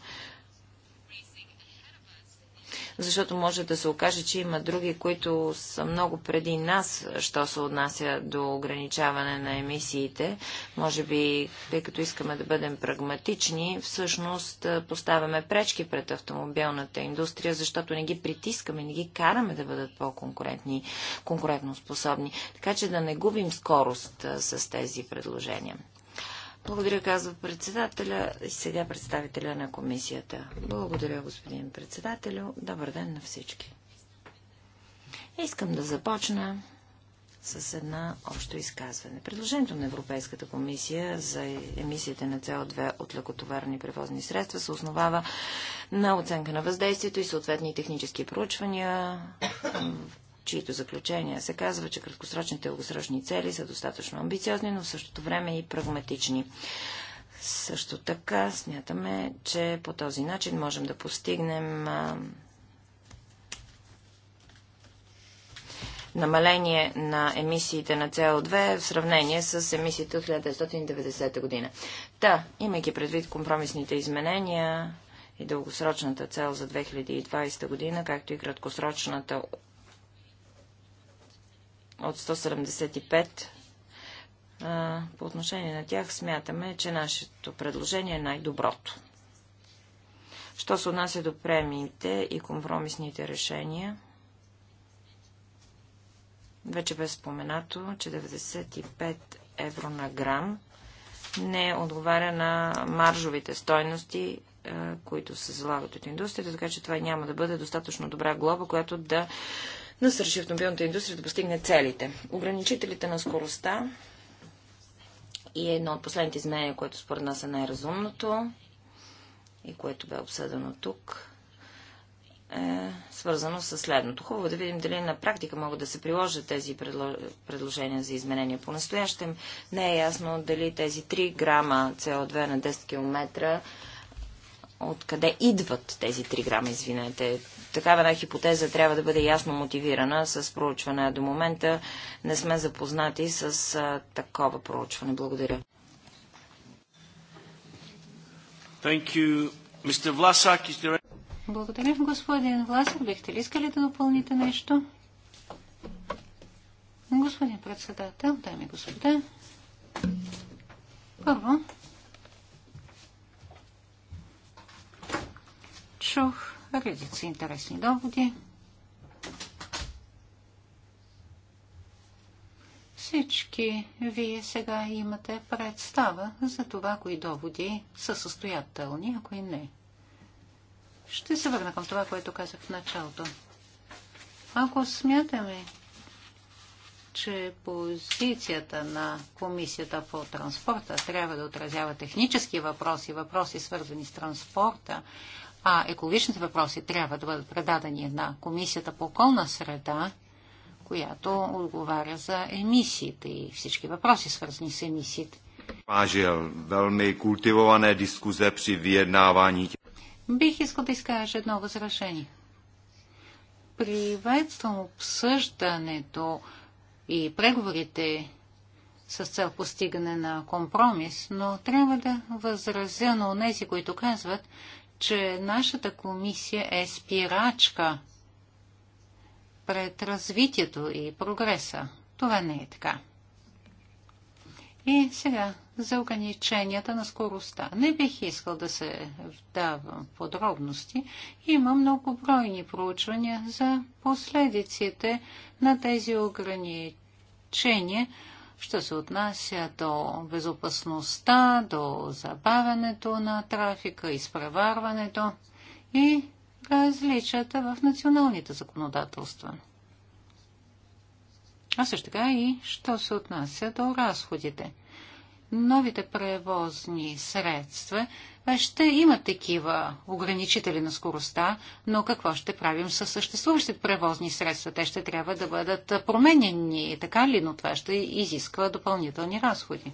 защото може да се окаже, че има други, които са много преди нас, що се отнася до ограничаване на емисиите. Може би, тъй като искаме да бъдем прагматични, всъщност поставяме пречки пред автомобилната индустрия, защото не ги притискаме, не ги караме да бъдат по-конкурентни, конкурентно способни. Така че да не губим скорост с тези предложения. Благодаря, казва председателя и сега представителя на комисията. Благодаря, господин председателю. Добър ден на всички. Искам да започна с една общо изказване. Предложението на Европейската комисия за емисиите на CO2 от лекотоварни превозни средства се основава на оценка на въздействието и съответни технически проучвания чието заключение се казва, че краткосрочните и дългосрочни цели са достатъчно амбициозни, но в същото време и прагматични. Също така смятаме, че по този начин можем да постигнем а, намаление на емисиите на CO2 в сравнение с емисиите от 1990 година. Та, да, имайки предвид компромисните изменения и дългосрочната цел за 2020 година, както и краткосрочната от 175. По отношение на тях смятаме, че нашето предложение е най-доброто. Що се отнася до премиите и компромисните решения, вече бе споменато, че 95 евро на грам не отговаря на маржовите стойности, които се залагат от индустрията, така че това няма да бъде достатъчно добра глоба, която да насърчи автомобилната индустрия да постигне целите. Ограничителите на скоростта и е едно от последните изменения, което според нас е най-разумното и което бе обсъдено тук, е свързано с следното. Хубаво е да видим дали на практика могат да се приложат тези предложения за изменения. По-настоящем не е ясно дали тези 3 грама CO2 на 10 км откъде идват тези 3 грама, извинете такава една хипотеза трябва да бъде ясно мотивирана с проучване. До момента не сме запознати с а, такова проучване. Благодаря. Thank you. Mr. Vlasak, is there... Благодаря, господин Власък. Бихте ли искали да допълните нещо? Господин председател, дами и господа, първо чух редица интересни доводи. Всички вие сега имате представа за това, кои доводи са състоятелни, а кои не. Ще се върна към това, което казах в началото. Ако смятаме, че позицията на Комисията по транспорта трябва да отразява технически въпроси, въпроси свързани с транспорта, а екологичните въпроси трябва да бъдат предадени на Комисията по околна среда, която отговаря за емисиите и всички въпроси, свързани с емисиите. Бих искал да изкажа едно възражение. Приветствам обсъждането и преговорите с цел постигане на компромис, но трябва да възразя на онези, които казват, че нашата комисия е спирачка пред развитието и прогреса. Това не е така. И сега за ограниченията на скоростта. Не бих искал да се вдавам подробности. Има много бройни проучвания за последиците на тези ограничения Що се отнася до безопасността, до забавянето на трафика, изпреварването и различията в националните законодателства. А също така и що се отнася до разходите – новите превозни средства е, ще имат такива ограничители на скоростта, но какво ще правим с съществуващите превозни средства? Те ще трябва да бъдат променени, така ли, но това ще изисква допълнителни разходи.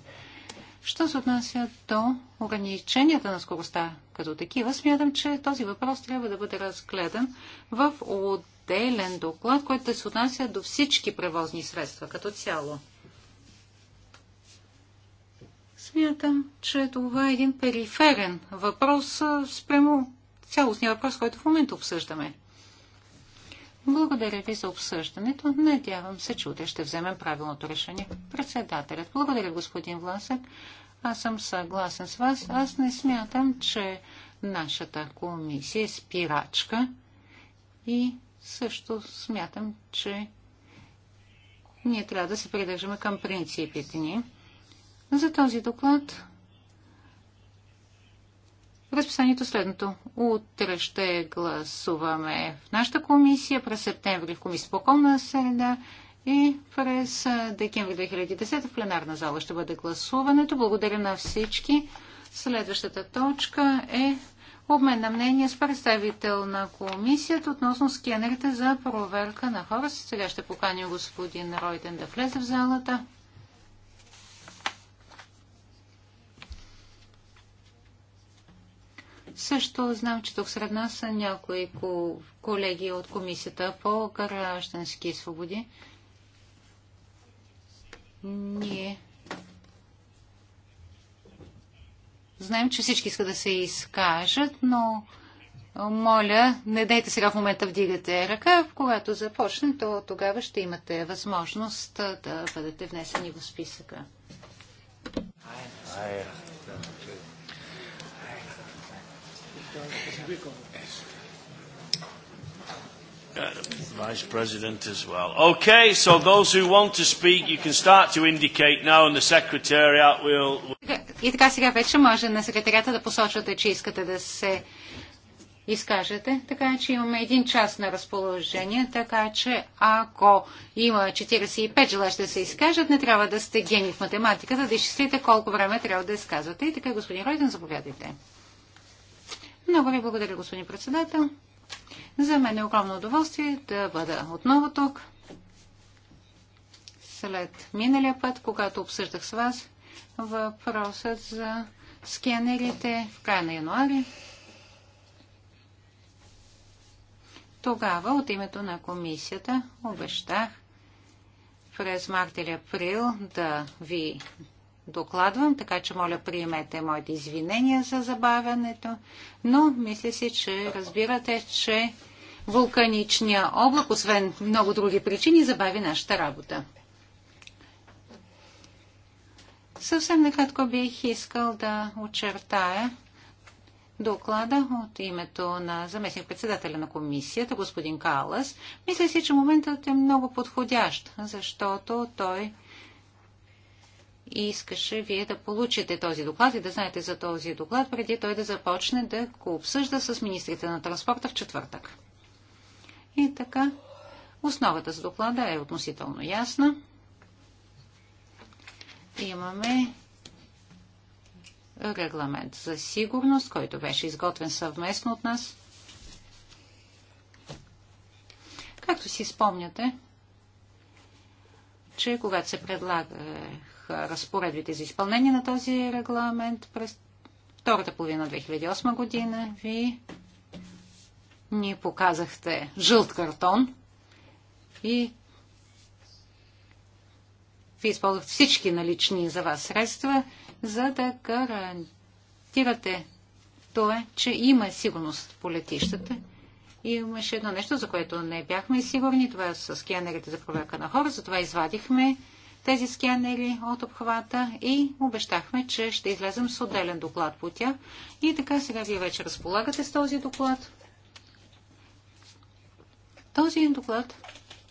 Що се отнася до ограниченията на скоростта като такива, смятам, че този въпрос трябва да бъде разгледан в отделен доклад, който се отнася до всички превозни средства като цяло. Смятам, че това е един периферен въпрос спрямо цялостния въпрос, който в момента обсъждаме. Благодаря ви за обсъждането. Надявам се, че утре ще вземем правилното решение. Председателят. Благодаря, господин Власък. Аз съм съгласен с вас. Аз не смятам, че нашата комисия е спирачка и също смятам, че ние трябва да се придържаме към принципите ни. За този доклад разписанието следното. Утре ще гласуваме в нашата комисия, през септември в комисия по околна среда и през декември 2010 в пленарна зала ще бъде гласуването. Благодаря на всички. Следващата точка е обмен на мнение с представител на комисията относно скенерите за проверка на хора. Сега ще поканя господин Ройден да влезе в залата. Също знам, че тук сред нас са някои колеги от Комисията по граждански свободи. Ние знаем, че всички искат да се изкажат, но моля, не дайте сега в момента вдигате ръка. Когато започне, то тогава ще имате възможност да бъдете внесени в списъка. Uh, Vice President as well. Okay, so those who want to speak, you can start to indicate now and the Secretariat will... И така сега вече може на секретарията да посочвате, че искате да се изкажете, така че имаме един час на разположение, така че ако има 45 желащи да се изкажат, не трябва да сте гени в математиката, да изчислите колко време трябва да изказвате. И така, господин Ройден, заповядайте. Много ви благодаря, господин председател. За мен е огромно удоволствие да бъда отново тук. След миналия път, когато обсъждах с вас въпросът за скенерите в края на януари, тогава от името на комисията обещах през март или април да ви докладвам, така че моля приемете моите извинения за забавянето, но мисля си, че разбирате, че вулканичния облак, освен много други причини, забави нашата работа. Съвсем накратко бих искал да очертая доклада от името на заместник председателя на комисията, господин Калас. Мисля си, че моментът е много подходящ, защото той и искаше вие да получите този доклад и да знаете за този доклад, преди той да започне да го обсъжда с министрите на транспорта в четвъртък. И така, основата за доклада е относително ясна. Имаме регламент за сигурност, който беше изготвен съвместно от нас. Както си спомняте, че когато се предлага разпоредбите за изпълнение на този регламент през втората половина 2008 година. Ви ни показахте жълт картон и ви използвахте всички налични за вас средства, за да гарантирате това, че има сигурност по летищата. И имаше едно нещо, за което не бяхме сигурни. Това е с скенерите за проверка на хора. Затова извадихме тези скянери от обхвата и обещахме, че ще излезем с отделен доклад по тях. И така сега вие вече разполагате с този доклад. Този доклад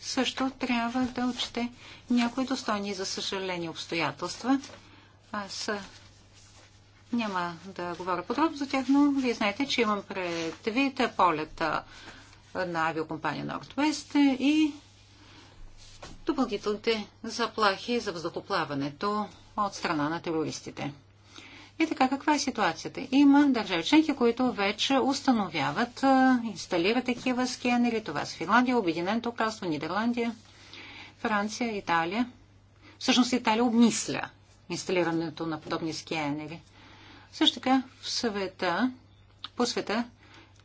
също трябва да отчете някои достойни за съжаление обстоятелства. Аз няма да говоря подробно за тях, но вие знаете, че имам предвид полета на авиокомпания Northwest и допълнителните заплахи за въздухоплаването от страна на терористите. И така, каква е ситуацията? Има държави членки, които вече установяват, инсталират такива скенери. Това са Финландия, Обединеното кралство, Нидерландия, Франция, Италия. Всъщност Италия обмисля инсталирането на подобни скенери. Също така в света, по света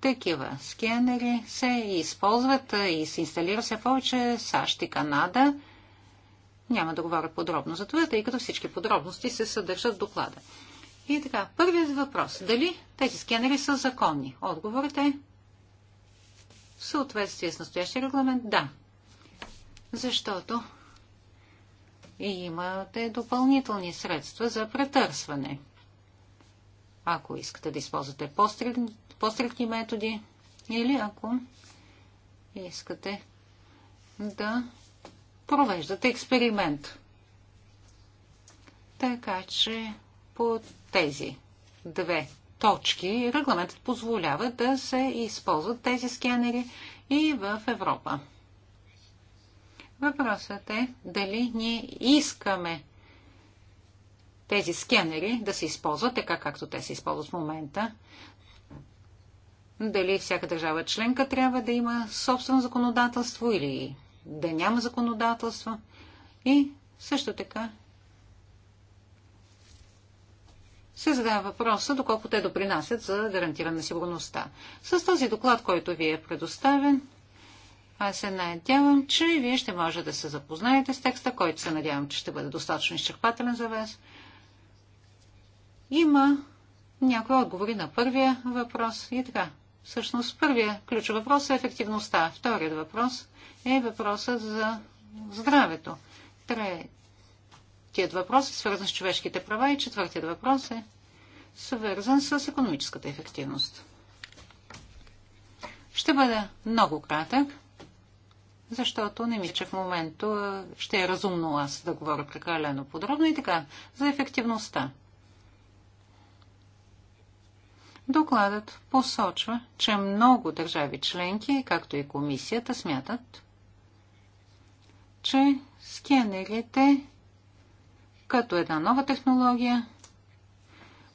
такива скенери се използват и се инсталира се повече САЩ и Канада. Няма да говоря подробно за това, тъй като всички подробности се съдържат в доклада. И така, първият въпрос. Дали тези скенери са законни? Отговорът е в съответствие с настоящия регламент да. Защото имате допълнителни средства за претърсване ако искате да използвате по-стрикни методи или ако искате да провеждате експеримент. Така че по тези две точки регламентът позволява да се използват тези скенери и в Европа. Въпросът е дали ние искаме тези скенери да се използват така, както те се използват в момента. Дали всяка държава членка трябва да има собствено законодателство или да няма законодателство. И също така се задава въпроса, доколко те допринасят за гарантиране сигурността. С този доклад, който ви е предоставен, аз се надявам, че вие ще може да се запознаете с текста, който се надявам, че ще бъде достатъчно изчерпателен за вас. Има някои отговори на първия въпрос и така. Всъщност първия ключов въпрос е ефективността. Вторият въпрос е въпросът за здравето. Третият въпрос е свързан с човешките права и четвъртият въпрос е свързан с економическата ефективност. Ще бъда много кратък, защото не мисля, че в момента ще е разумно аз да говоря прекалено подробно и така за ефективността. Докладът посочва, че много държави членки, както и комисията, смятат, че скенерите като една нова технология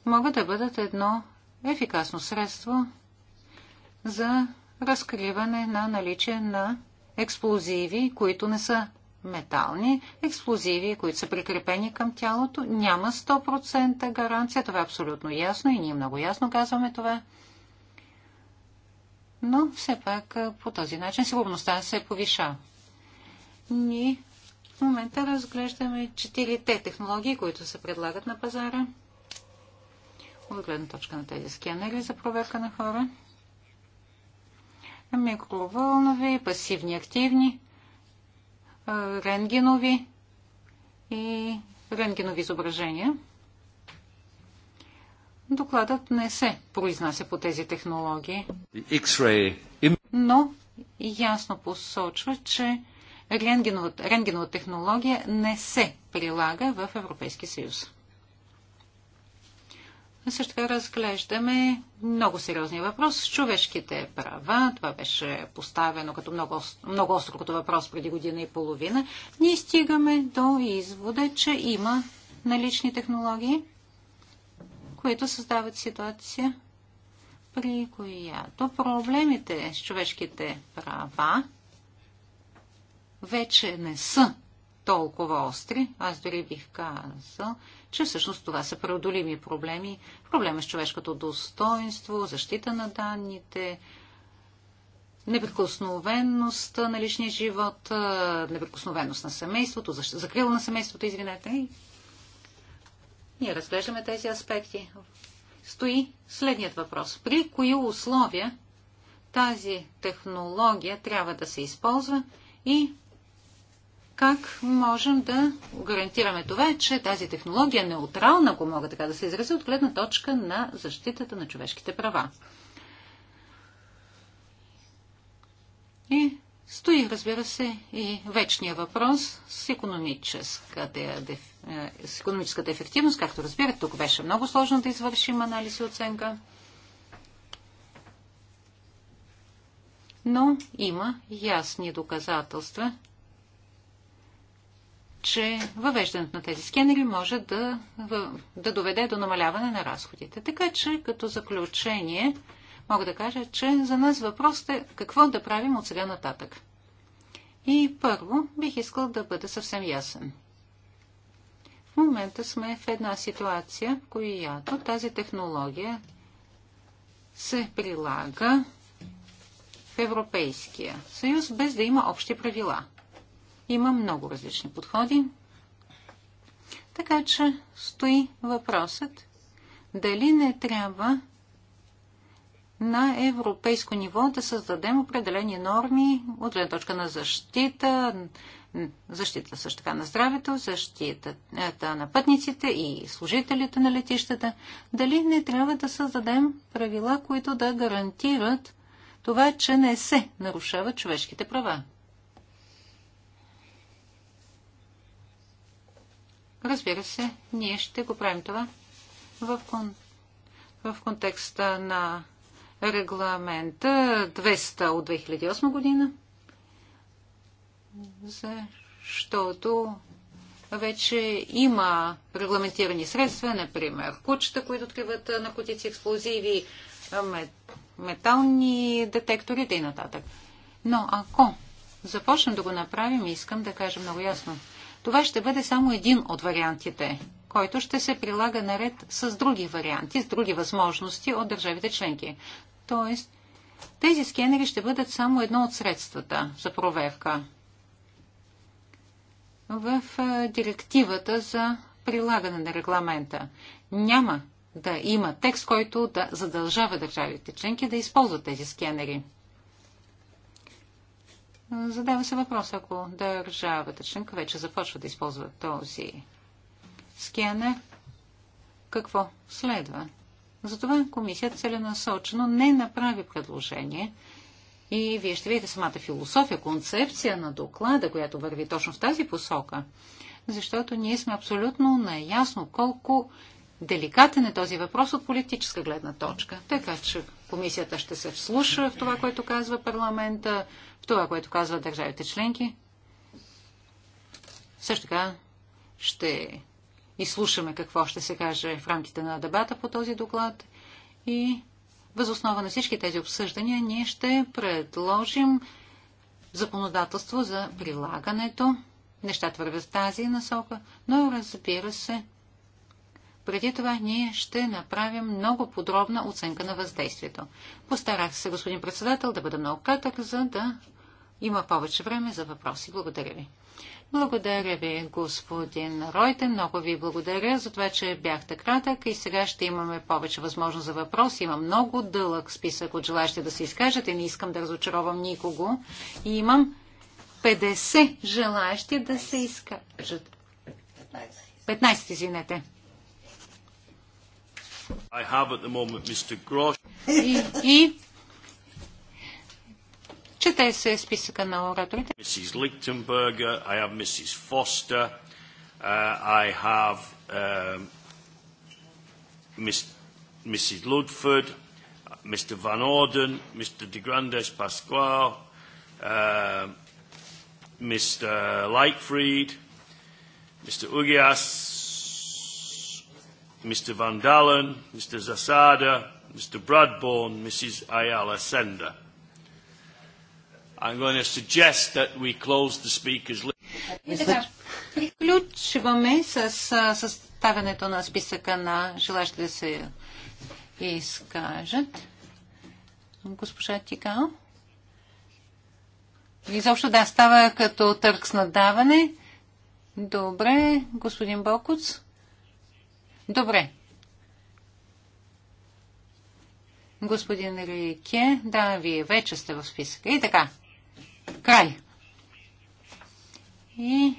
могат да бъдат едно ефикасно средство за разкриване на наличие на експлозиви, които не са метални експлозиви, които са прикрепени към тялото. Няма 100% гаранция. Това е абсолютно ясно и ние много ясно казваме това. Но все пак по този начин сигурността се повиша. Ние в момента разглеждаме четирите технологии, които се предлагат на пазара. От гледна точка на тези скенери за проверка на хора. Микровълнови, пасивни, активни рентгенови и рентгенови изображения. Докладът не се произнася по тези технологии, но ясно посочва, че рентгенова, рентгенова технология не се прилага в Европейския съюз. Също така разглеждаме много сериозния въпрос с човешките права. Това беше поставено като много, много остро като въпрос преди година и половина. Ние стигаме до извода, че има налични технологии, които създават ситуация, при която проблемите с човешките права вече не са толкова остри. Аз дори бих казал, че всъщност това са преодолими проблеми. Проблеми с човешкото достоинство, защита на данните, неприкосновеност на личния живот, неприкосновеност на семейството, закрила на семейството, извинете. Ние разглеждаме тези аспекти. Стои следният въпрос. При кои условия тази технология трябва да се използва и как можем да гарантираме това, че тази технология е неутрална, ако мога така да се изрази от гледна точка на защитата на човешките права. И стои, разбира се, и вечния въпрос с економическата, е, с економическата ефективност. Както разбирате, тук беше много сложно да извършим анализ и оценка. Но има ясни доказателства, че въвеждането на тези скенери може да, да доведе до намаляване на разходите. Така че, като заключение, мога да кажа, че за нас въпросът е какво да правим от сега нататък. И първо, бих искал да бъда съвсем ясен. В момента сме в една ситуация, в която тази технология се прилага в Европейския съюз, без да има общи правила. Има много различни подходи. Така че стои въпросът дали не трябва на европейско ниво да създадем определени норми от гледна точка на защита, защита също така на здравето, защита на пътниците и служителите на летищата. Дали не трябва да създадем правила, които да гарантират това, че не се нарушават човешките права? Разбира се, ние ще го правим това в, кон... в контекста на регламента 200 от 2008 година, защото вече има регламентирани средства, например кучета, които откриват наркотици, експлозиви, метални детектори и нататък. Но ако започнем да го направим, искам да кажа много ясно – това ще бъде само един от вариантите, който ще се прилага наред с други варианти, с други възможности от държавите членки. Тоест, тези скенери ще бъдат само едно от средствата за проверка. В директивата за прилагане на регламента няма да има текст, който да задължава държавите членки да използват тези скенери. Задава се въпрос, ако държавата членка вече започва да използва този скенер, какво следва? Затова комисията целенасочено не направи предложение и вие ще видите самата философия, концепция на доклада, която върви точно в тази посока, защото ние сме абсолютно наясно колко деликатен е този въпрос от политическа гледна точка. Така че Комисията ще се вслуша в това, което казва парламента, в това, което казват държавите членки. Също така ще изслушаме какво ще се каже в рамките на дебата по този доклад и възоснова на всички тези обсъждания ние ще предложим законодателство за прилагането. Неща вървят в тази насока, но разбира се, преди това ние ще направим много подробна оценка на въздействието. Постарах се, господин председател, да бъда много кратък, за да има повече време за въпроси. Благодаря ви. Благодаря ви, господин Ройтен. Много ви благодаря за това, че бяхте кратък и сега ще имаме повече възможност за въпроси. Има много дълъг списък от желащи да се изкажат и не искам да разочаровам никого. И имам 50 желащи да се изкажат. 15, извинете. I have at the moment Mr. Grosh. И, и чете се списъка на ораторите. Mrs. Lichtenberger, I have Mrs. Foster, uh, I have um, Miss, Mrs. Ludford, Mr. Van Orden, Mr. de Grandes Pasquale, uh, Mr. Lightfried, Mr. Ugias, Mr Van Dalen, Mr Zasada, Mr Bradbourne, Mrs Ayala Sender. I'm going to suggest that we close the speakers list. Е, приключваме с съставянето на списъка на желащите да се изкажат. Госпожа Тикао. Изобщо да става като търк с надаване. Добре, господин Бокуц. Добре. Господин Рике, да, вие вече сте в списъка. И така. Край. И...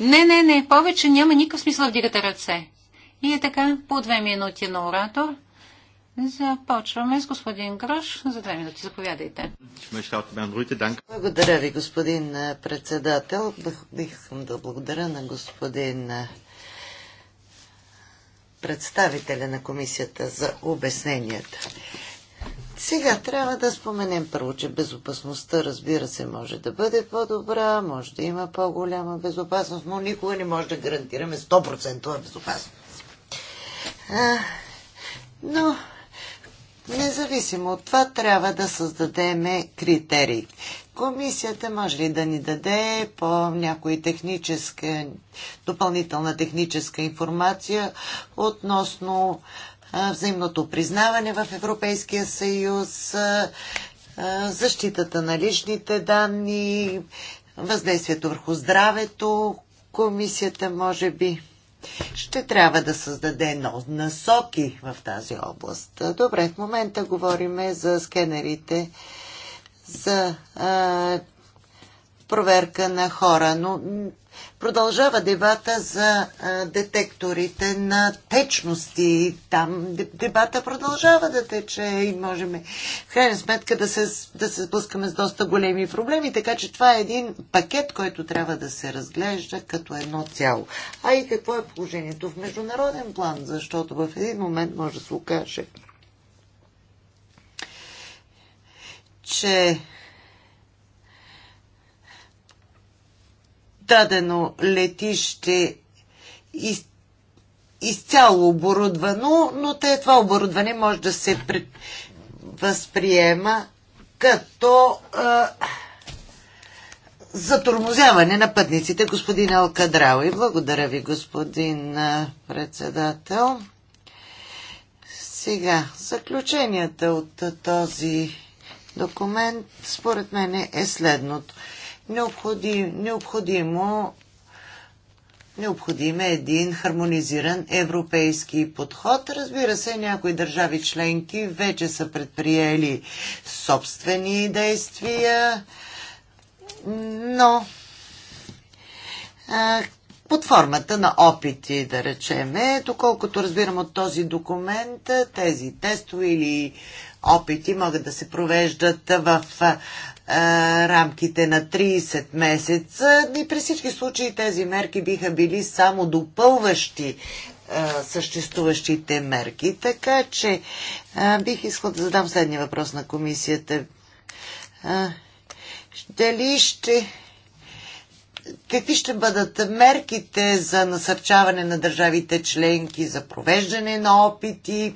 Не, не, не, повече няма никакъв смисъл да дигата ръце. И е така, по две минути на оратор. Започваме с господин Грош. За две минути заповядайте. Благодаря ви, господин председател. Бих да благодаря на господин представителя на комисията за обясненията. Сега трябва да споменем първо, че безопасността, разбира се, може да бъде по-добра, може да има по-голяма безопасност, но никога не може да гарантираме 100% безопасност. А, но, независимо от това, трябва да създадем критерии. Комисията може ли да ни даде по някои техническа, допълнителна техническа информация относно взаимното признаване в Европейския съюз, защитата на личните данни, въздействието върху здравето. Комисията, може би, ще трябва да създаде насоки в тази област. Добре, в момента говориме за скенерите за а, проверка на хора, но продължава дебата за а, детекторите на течности. Там дебата продължава да тече и можем в крайна сметка да се, да се спускаме с доста големи проблеми, така че това е един пакет, който трябва да се разглежда като едно цяло. А и какво е положението в международен план, защото в един момент може да се окаже, че дадено летище из, изцяло оборудвано, но те, това оборудване може да се при, възприема като а, затормозяване на пътниците, господин И Благодаря ви, господин а, председател. Сега, заключенията от този документ, според мен е следното. Необходим, необходимо Необходим е един хармонизиран европейски подход. Разбира се, някои държави членки вече са предприели собствени действия, но а, под формата на опити, да речеме, доколкото разбирам от този документ, тези тестове или опити могат да се провеждат в рамките на 30 месеца. И при всички случаи тези мерки биха били само допълващи съществуващите мерки. Така че бих искал да задам следния въпрос на комисията. Дали ще какви ще бъдат мерките за насърчаване на държавите членки, за провеждане на опити,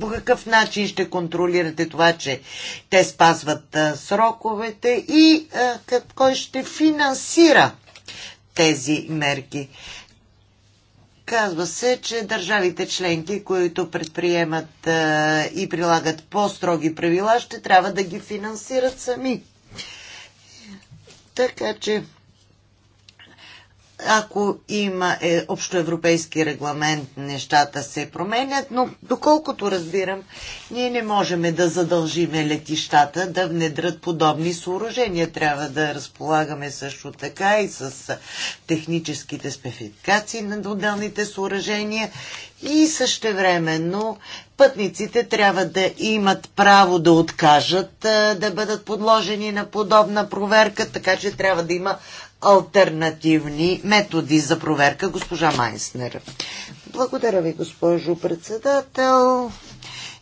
по какъв начин ще контролирате това, че те спазват а, сроковете и а, как, кой ще финансира тези мерки? Казва се, че държавите членки, които предприемат а, и прилагат по-строги правила, ще трябва да ги финансират сами. Така че ако има е, общоевропейски регламент, нещата се променят, но доколкото разбирам, ние не можем да задължиме летищата да внедрят подобни съоръжения. Трябва да разполагаме също така и с техническите спефикации на отделните съоръжения и същевременно пътниците трябва да имат право да откажат да бъдат подложени на подобна проверка, така че трябва да има альтернативни методи за проверка, госпожа Майснер. Благодаря ви, госпожо председател.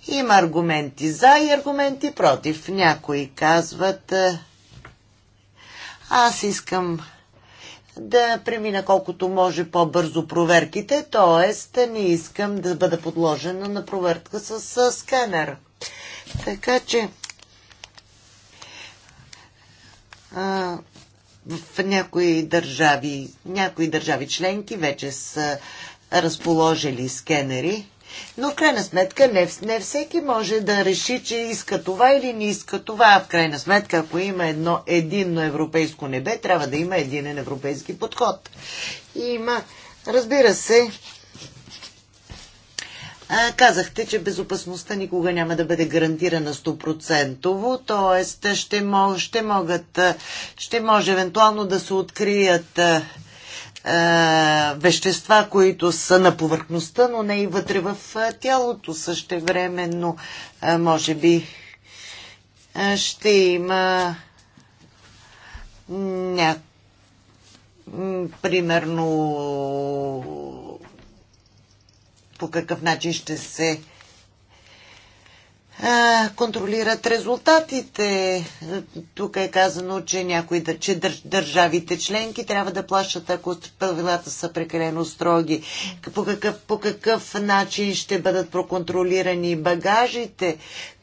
Има аргументи за и аргументи против. Някои казват, е, аз искам да премина колкото може по-бързо проверките, т.е. не искам да бъда подложена на проверка с, с сканер. Така че а, в някои държави, някои държави членки вече са разположили скенери, но в крайна сметка не, не всеки може да реши, че иска това или не иска това. В крайна сметка, ако има едно единно европейско небе, трябва да има единен европейски подход. И има, разбира се, Казахте, че безопасността никога няма да бъде гарантирана 100%, т.е. Ще, мож, ще, могат, ще може евентуално да се открият вещества, които са на повърхността, но не и вътре в тялото същевременно. Е, може би ще има ня... примерно по какъв начин ще се контролират резултатите. Тук е казано, че някои че държавите членки трябва да плащат, ако правилата са прекалено строги. По какъв, по какъв начин ще бъдат проконтролирани багажите?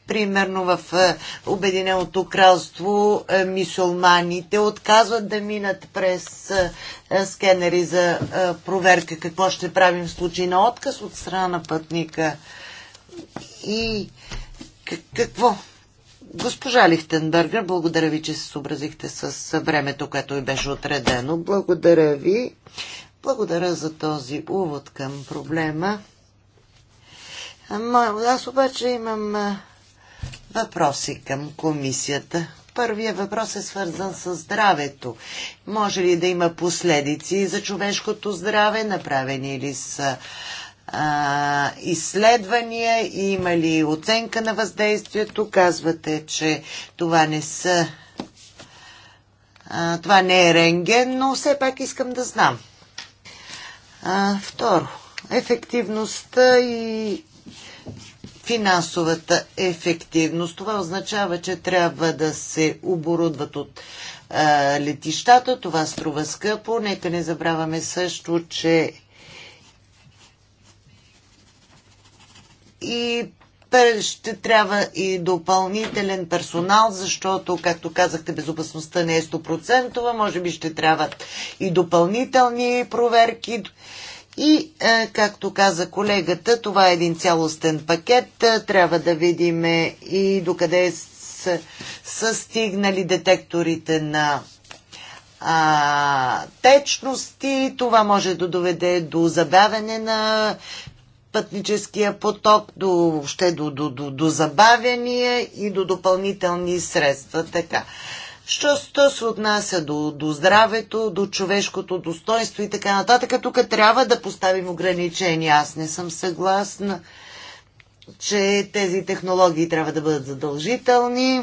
Примерно в е, Обединеното кралство е, мисулманите отказват да минат през е, скенери за проверка какво ще правим в случай на отказ от страна на пътника. И какво? Госпожа Лихтенбергер, благодаря ви, че се съобразихте с времето, което ви беше отредено. Благодаря ви. Благодаря за този увод към проблема. Аз обаче имам въпроси към комисията. Първият въпрос е свързан с здравето. Може ли да има последици за човешкото здраве? Направени ли са а, изследвания? Има ли оценка на въздействието? Казвате, че това не са. А, това не е рентген, но все пак искам да знам. А, второ, ефективността и финансовата ефективност. Това означава, че трябва да се оборудват от а, летищата. Това струва скъпо. Нека не забравяме също, че и ще трябва и допълнителен персонал, защото, както казахте, безопасността не е 100%, може би ще трябват и допълнителни проверки и, е, както каза колегата, това е един цялостен пакет. Е, трябва да видим е, и докъде са, са стигнали детекторите на а, течности. Това може да доведе до забавяне на пътническия поток, до, въобще до, до, до, до забавяния и до допълнителни средства. Така. Що, що се отнася до, до здравето, до човешкото достоинство и така нататък, тук трябва да поставим ограничения. Аз не съм съгласна, че тези технологии трябва да бъдат задължителни,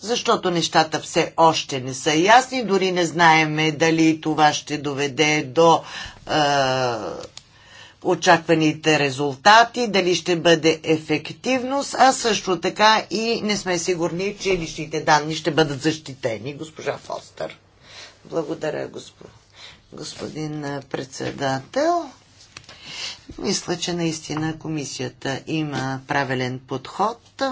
защото нещата все още не са ясни, дори не знаеме дали това ще доведе до. Е, очакваните резултати, дали ще бъде ефективност, а също така и не сме сигурни, че личните данни ще бъдат защитени, госпожа Фостер. Благодаря, господин председател. Мисля, че наистина комисията има правилен подход.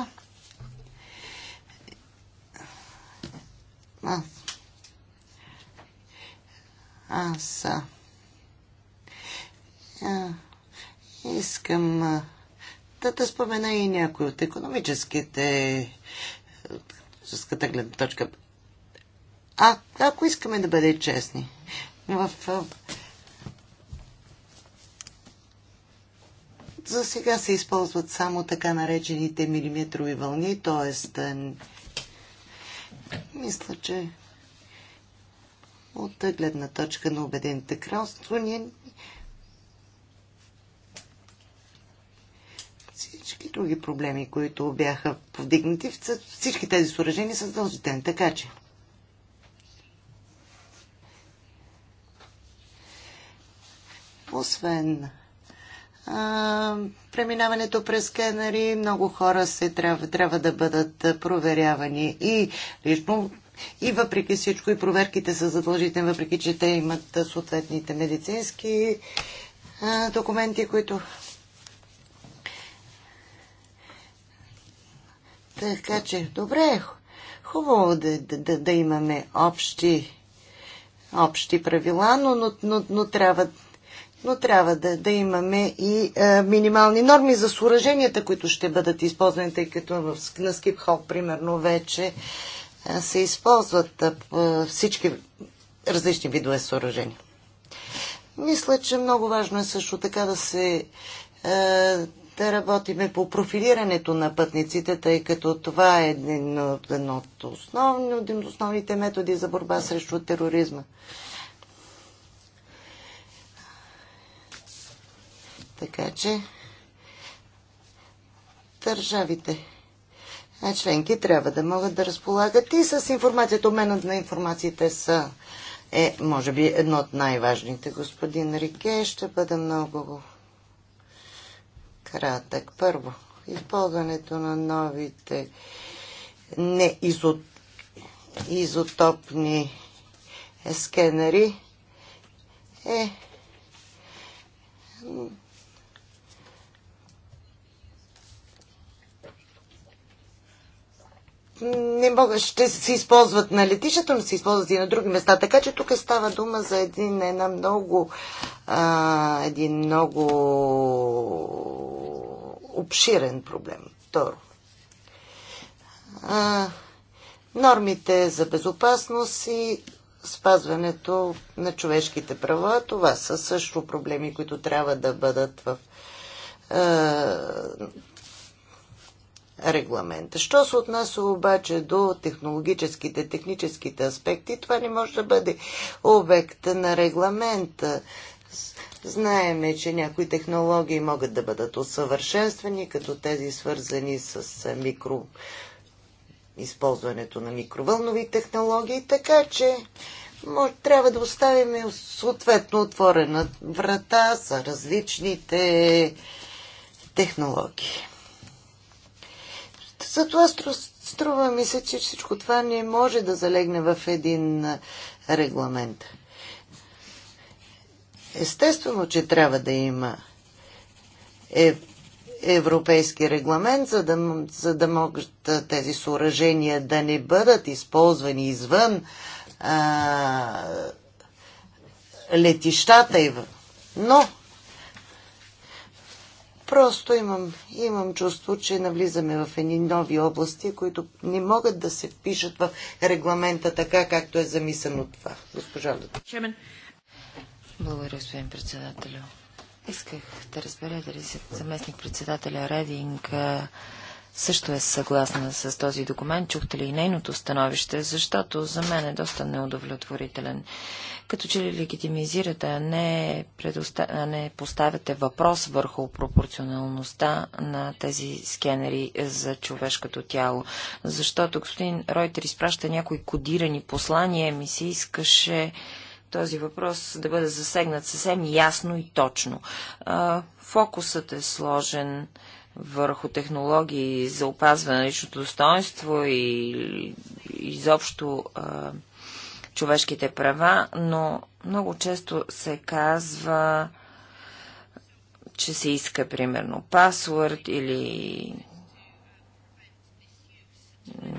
Аз. Аз искам да, те спомена и някои от економическите ската гледна точка. А, ако искаме да бъде честни, в, За сега се използват само така наречените милиметрови вълни, т.е. мисля, че от гледна точка на Обедените кралство ние всички други проблеми, които бяха повдигнати, всички тези съоръжения са задължителни. Така че. Освен а, преминаването през скенери, много хора се трябва, трябва да бъдат проверявани и лично и въпреки всичко и проверките са задължителни, въпреки че те имат съответните медицински а, документи, които Така че, добре, хубаво да, да, да имаме общи, общи правила, но, но, но, но трябва, но трябва да, да имаме и е, минимални норми за съоръженията, които ще бъдат използвани, тъй като в, на скипхоп, примерно, вече е, се използват е, всички различни видове съоръжения. Мисля, че много важно е също така да се е, да работиме по профилирането на пътниците, тъй като това е един от, едно от, основни, един от основните методи за борба срещу тероризма. Така че държавите а членки трябва да могат да разполагат и с информацията. Обменът на информациите са, е, може би, едно от най-важните. Господин Рике, ще бъде много кратък. Първо, използването на новите не изотопни скенери е не могат, ще се използват на летището, но се използват и на други места. Така че тук става дума за един, една много, а, един много обширен проблем. Второ. А, нормите за безопасност и спазването на човешките права, това са също проблеми, които трябва да бъдат в регламента. Що се отнася обаче до технологическите, техническите аспекти, това не може да бъде обект на регламента. Знаеме, че някои технологии могат да бъдат усъвършенствани, като тези свързани с микро... използването на микровълнови технологии, така че може, трябва да оставим съответно отворена врата за различните технологии. Затова струва ми се, че всичко това не може да залегне в един регламент. Естествено, че трябва да има е, европейски регламент, за да, за да могат тези съоръжения да не бъдат използвани извън а, летищата. Но Просто имам, имам чувство, че навлизаме в едни нови области, които не могат да се впишат в регламента така, както е замислено това. Госпожа Лъд. Благодаря, господин председателю. Исках да разберете дали заместник председателя Рединг също е съгласна с този документ. Чухте ли и нейното становище, защото за мен е доста неудовлетворителен. Като че ли легитимизирате, а не, предоста... а не поставяте въпрос върху пропорционалността на тези скенери за човешкото тяло. Защото господин Ройтер изпраща някои кодирани послания, ми се искаше този въпрос да бъде засегнат съвсем ясно и точно. Фокусът е сложен върху технологии за опазване на личното достоинство и изобщо а, човешките права, но много често се казва, че се иска примерно пасворд или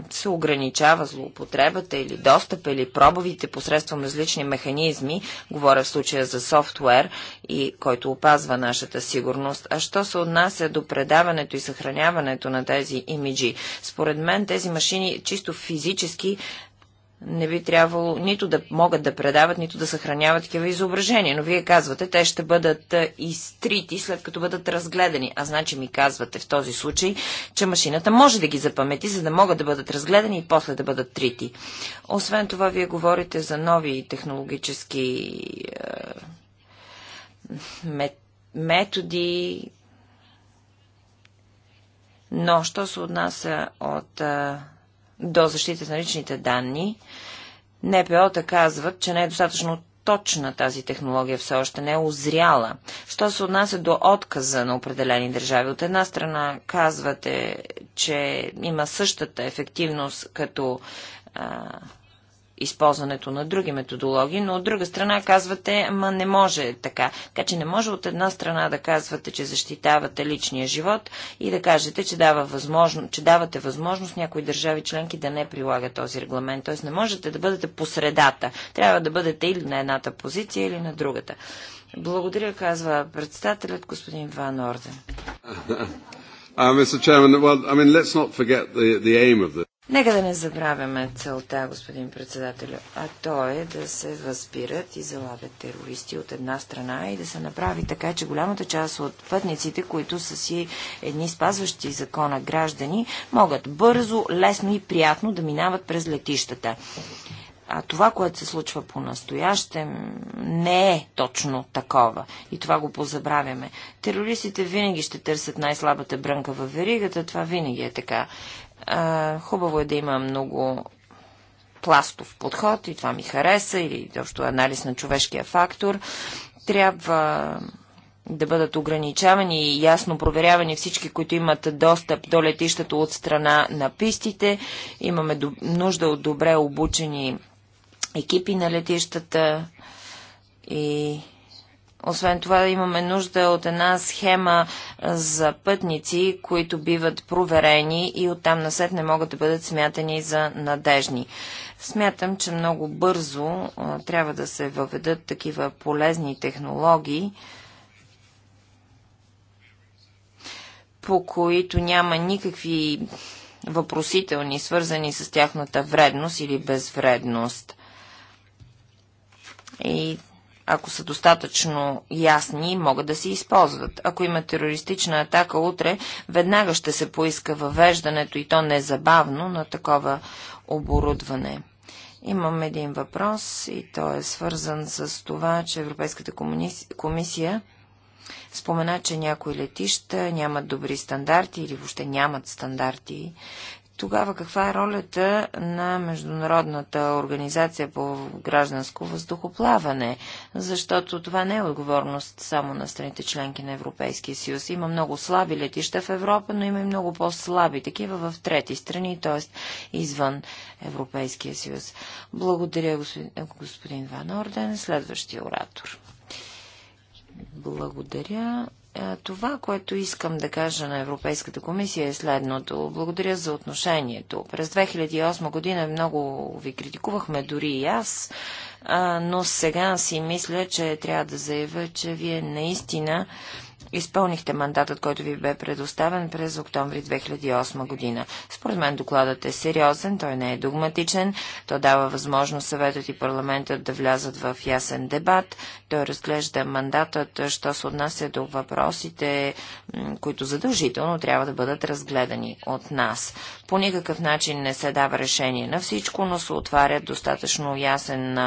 се ограничава злоупотребата или достъп или пробовите посредством различни механизми, говоря в случая за софтуер, и който опазва нашата сигурност. А що се отнася до предаването и съхраняването на тези имиджи? Според мен тези машини чисто физически не би трябвало нито да могат да предават, нито да съхраняват такива изображения. Но вие казвате, те ще бъдат е, изтрити след като бъдат разгледани. А значи ми казвате в този случай, че машината може да ги запамети, за да могат да бъдат разгледани и после да бъдат трити. Освен това, вие говорите за нови технологически е, методи, но що се отнася от е, до защита на личните данни, НПО-та казват, че не е достатъчно точна тази технология все още не е озряла. Що се отнася до отказа на определени държави? От една страна казвате, че има същата ефективност като а, използването на други методологии, но от друга страна казвате, ма не може така. Така че не може от една страна да казвате, че защитавате личния живот и да кажете, че, дава възможно, че давате възможност някои държави членки да не прилагат този регламент. Тоест не можете да бъдете по средата. Трябва да бъдете или на едната позиция, или на другата. Благодаря, казва председателят господин Ван Орден. Uh, Mr. Chairman, well, I mean, let's not forget the, the aim of this. Нека да не забравяме целта, господин председателю, а то е да се възпират и залавят терористи от една страна и да се направи така, че голямата част от пътниците, които са си едни спазващи закона граждани, могат бързо, лесно и приятно да минават през летищата. А това, което се случва по настояще, не е точно такова. И това го позабравяме. Терористите винаги ще търсят най-слабата брънка във веригата, това винаги е така. А, хубаво е да има много пластов подход и това ми хареса, или точно анализ на човешкия фактор. Трябва да бъдат ограничавани и ясно проверявани всички, които имат достъп до летището от страна на пистите. Имаме нужда от добре обучени екипи на летищата и освен това имаме нужда от една схема за пътници, които биват проверени и оттам насет не могат да бъдат смятани за надежни. Смятам, че много бързо трябва да се въведат такива полезни технологии, по които няма никакви въпросителни, свързани с тяхната вредност или безвредност. И ако са достатъчно ясни, могат да се използват. Ако има терористична атака утре, веднага ще се поиска въвеждането и то незабавно на такова оборудване. Имам един въпрос и той е свързан с това, че Европейската комисия спомена, че някои летища нямат добри стандарти или въобще нямат стандарти тогава каква е ролята на Международната организация по гражданско въздухоплаване? Защото това не е отговорност само на страните членки на Европейския съюз. Има много слаби летища в Европа, но има и много по-слаби такива в трети страни, т.е. извън Европейския съюз. Благодаря, господин, Ван Орден. Следващия оратор. Благодаря. Е, това, което искам да кажа на Европейската комисия е следното. Благодаря за отношението. През 2008 година много ви критикувахме, дори и аз, но сега си мисля, че трябва да заявя, че вие наистина изпълнихте мандатът, който ви бе предоставен през октомври 2008 година. Според мен докладът е сериозен, той не е догматичен, то дава възможност съветът и парламентът да влязат в ясен дебат, той разглежда мандатът, що се отнася до въпросите, които задължително трябва да бъдат разгледани от нас. По никакъв начин не се дава решение на всичко, но се отваря достатъчно ясен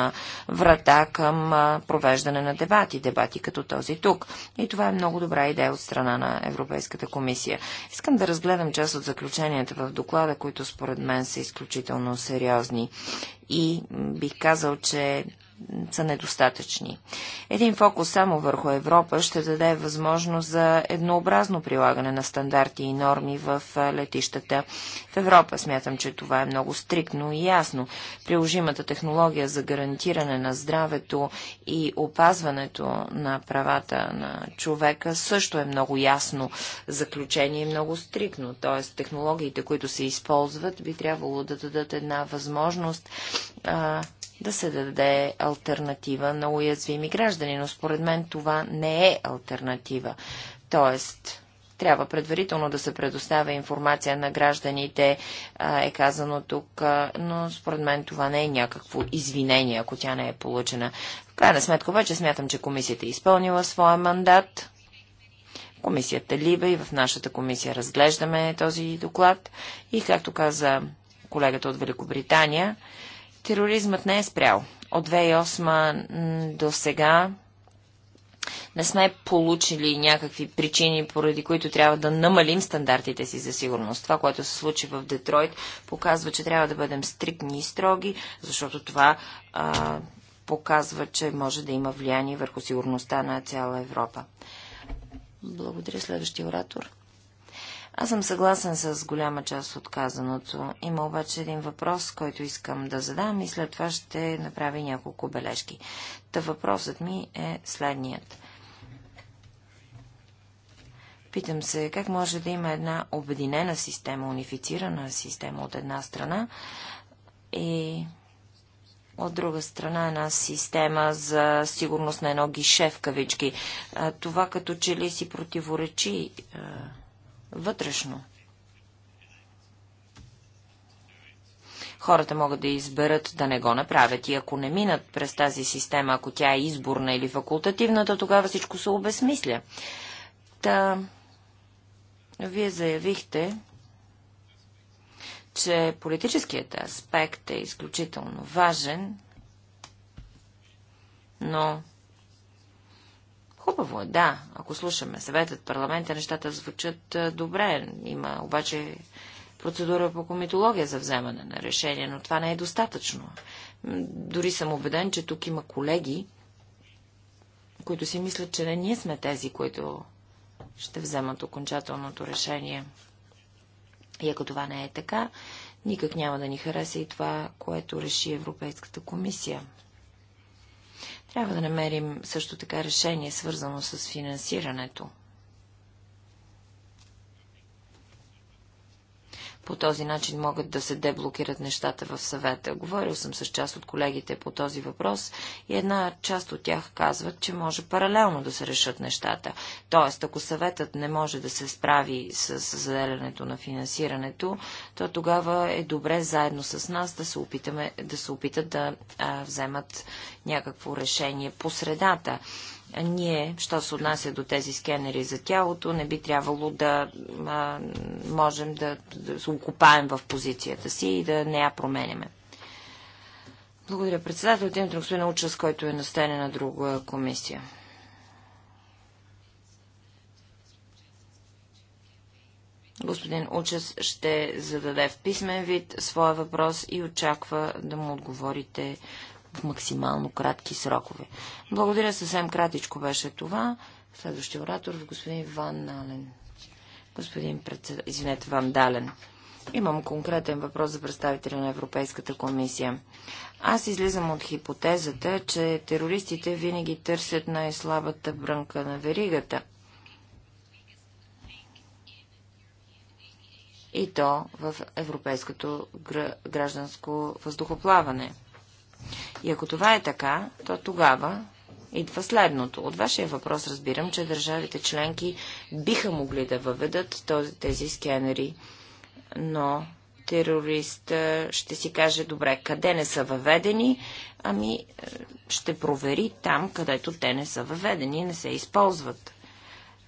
врата към провеждане на дебати, дебати като този тук. И това е много добре добра идея от страна на Европейската комисия. Искам да разгледам част от заключенията в доклада, които според мен са изключително сериозни. И бих казал, че са недостатъчни. Един фокус само върху Европа ще даде възможност за еднообразно прилагане на стандарти и норми в летищата в Европа. Смятам, че това е много стриктно и ясно. Приложимата технология за гарантиране на здравето и опазването на правата на човека също е много ясно заключение и много стриктно. Т.е. технологиите, които се използват, би трябвало да дадат една възможност да се даде альтернатива на уязвими граждани, но според мен това не е альтернатива. Тоест, трябва предварително да се предоставя информация на гражданите, е казано тук, но според мен това не е някакво извинение, ако тя не е получена. В крайна сметка обаче смятам, че комисията е изпълнила своя мандат. Комисията Либе и в нашата комисия разглеждаме този доклад и, както каза колегата от Великобритания, Тероризмът не е спрял. От 2008 до сега не сме получили някакви причини, поради които трябва да намалим стандартите си за сигурност. Това, което се случи в Детройт, показва, че трябва да бъдем стриктни и строги, защото това а, показва, че може да има влияние върху сигурността на цяла Европа. Благодаря следващия оратор. Аз съм съгласен с голяма част от казаното. Има обаче един въпрос, който искам да задам и след това ще направя няколко бележки. Та въпросът ми е следният. Питам се, как може да има една обединена система, унифицирана система от една страна и от друга страна една система за сигурност на едно гише в кавички. Това като че ли си противоречи вътрешно. Хората могат да изберат да не го направят и ако не минат през тази система, ако тя е изборна или факултативна, то тогава всичко се обезмисля. Та, вие заявихте, че политическият аспект е изключително важен, но Хубаво е, да. Ако слушаме съветът, парламента, нещата звучат добре. Има обаче процедура по комитология за вземане на решение, но това не е достатъчно. Дори съм убеден, че тук има колеги, които си мислят, че не ние сме тези, които ще вземат окончателното решение. И ако това не е така, никак няма да ни хареса и това, което реши Европейската комисия. Трябва да намерим също така решение, свързано с финансирането. По този начин могат да се деблокират нещата в съвета. Говорил съм с част от колегите по този въпрос и една част от тях казват, че може паралелно да се решат нещата. Тоест, ако съветът не може да се справи с заделянето на финансирането, то тогава е добре заедно с нас да се, опитаме, да се опитат да а, вземат някакво решение по средата ние, що се отнася до тези скенери за тялото, не би трябвало да а, можем да, да се окупаем в позицията си и да не я променяме. Благодаря. Председател от името господин Учас, който е настане на друга комисия. Господин Учас ще зададе в писмен вид своя въпрос и очаква да му отговорите в максимално кратки срокове. Благодаря, съвсем кратичко беше това. Следващия оратор е господин Ван Нален. Господин председ... Извинете, Ван Дален. Имам конкретен въпрос за представителя на Европейската комисия. Аз излизам от хипотезата, че терористите винаги търсят най-слабата брънка на веригата. И то в европейското гражданско въздухоплаване – и ако това е така, то тогава идва следното. От вашия въпрос разбирам, че държавите членки биха могли да въведат тези скенери, но терорист ще си каже, добре, къде не са въведени, ами е, ще провери там, където те не са въведени, и не се използват.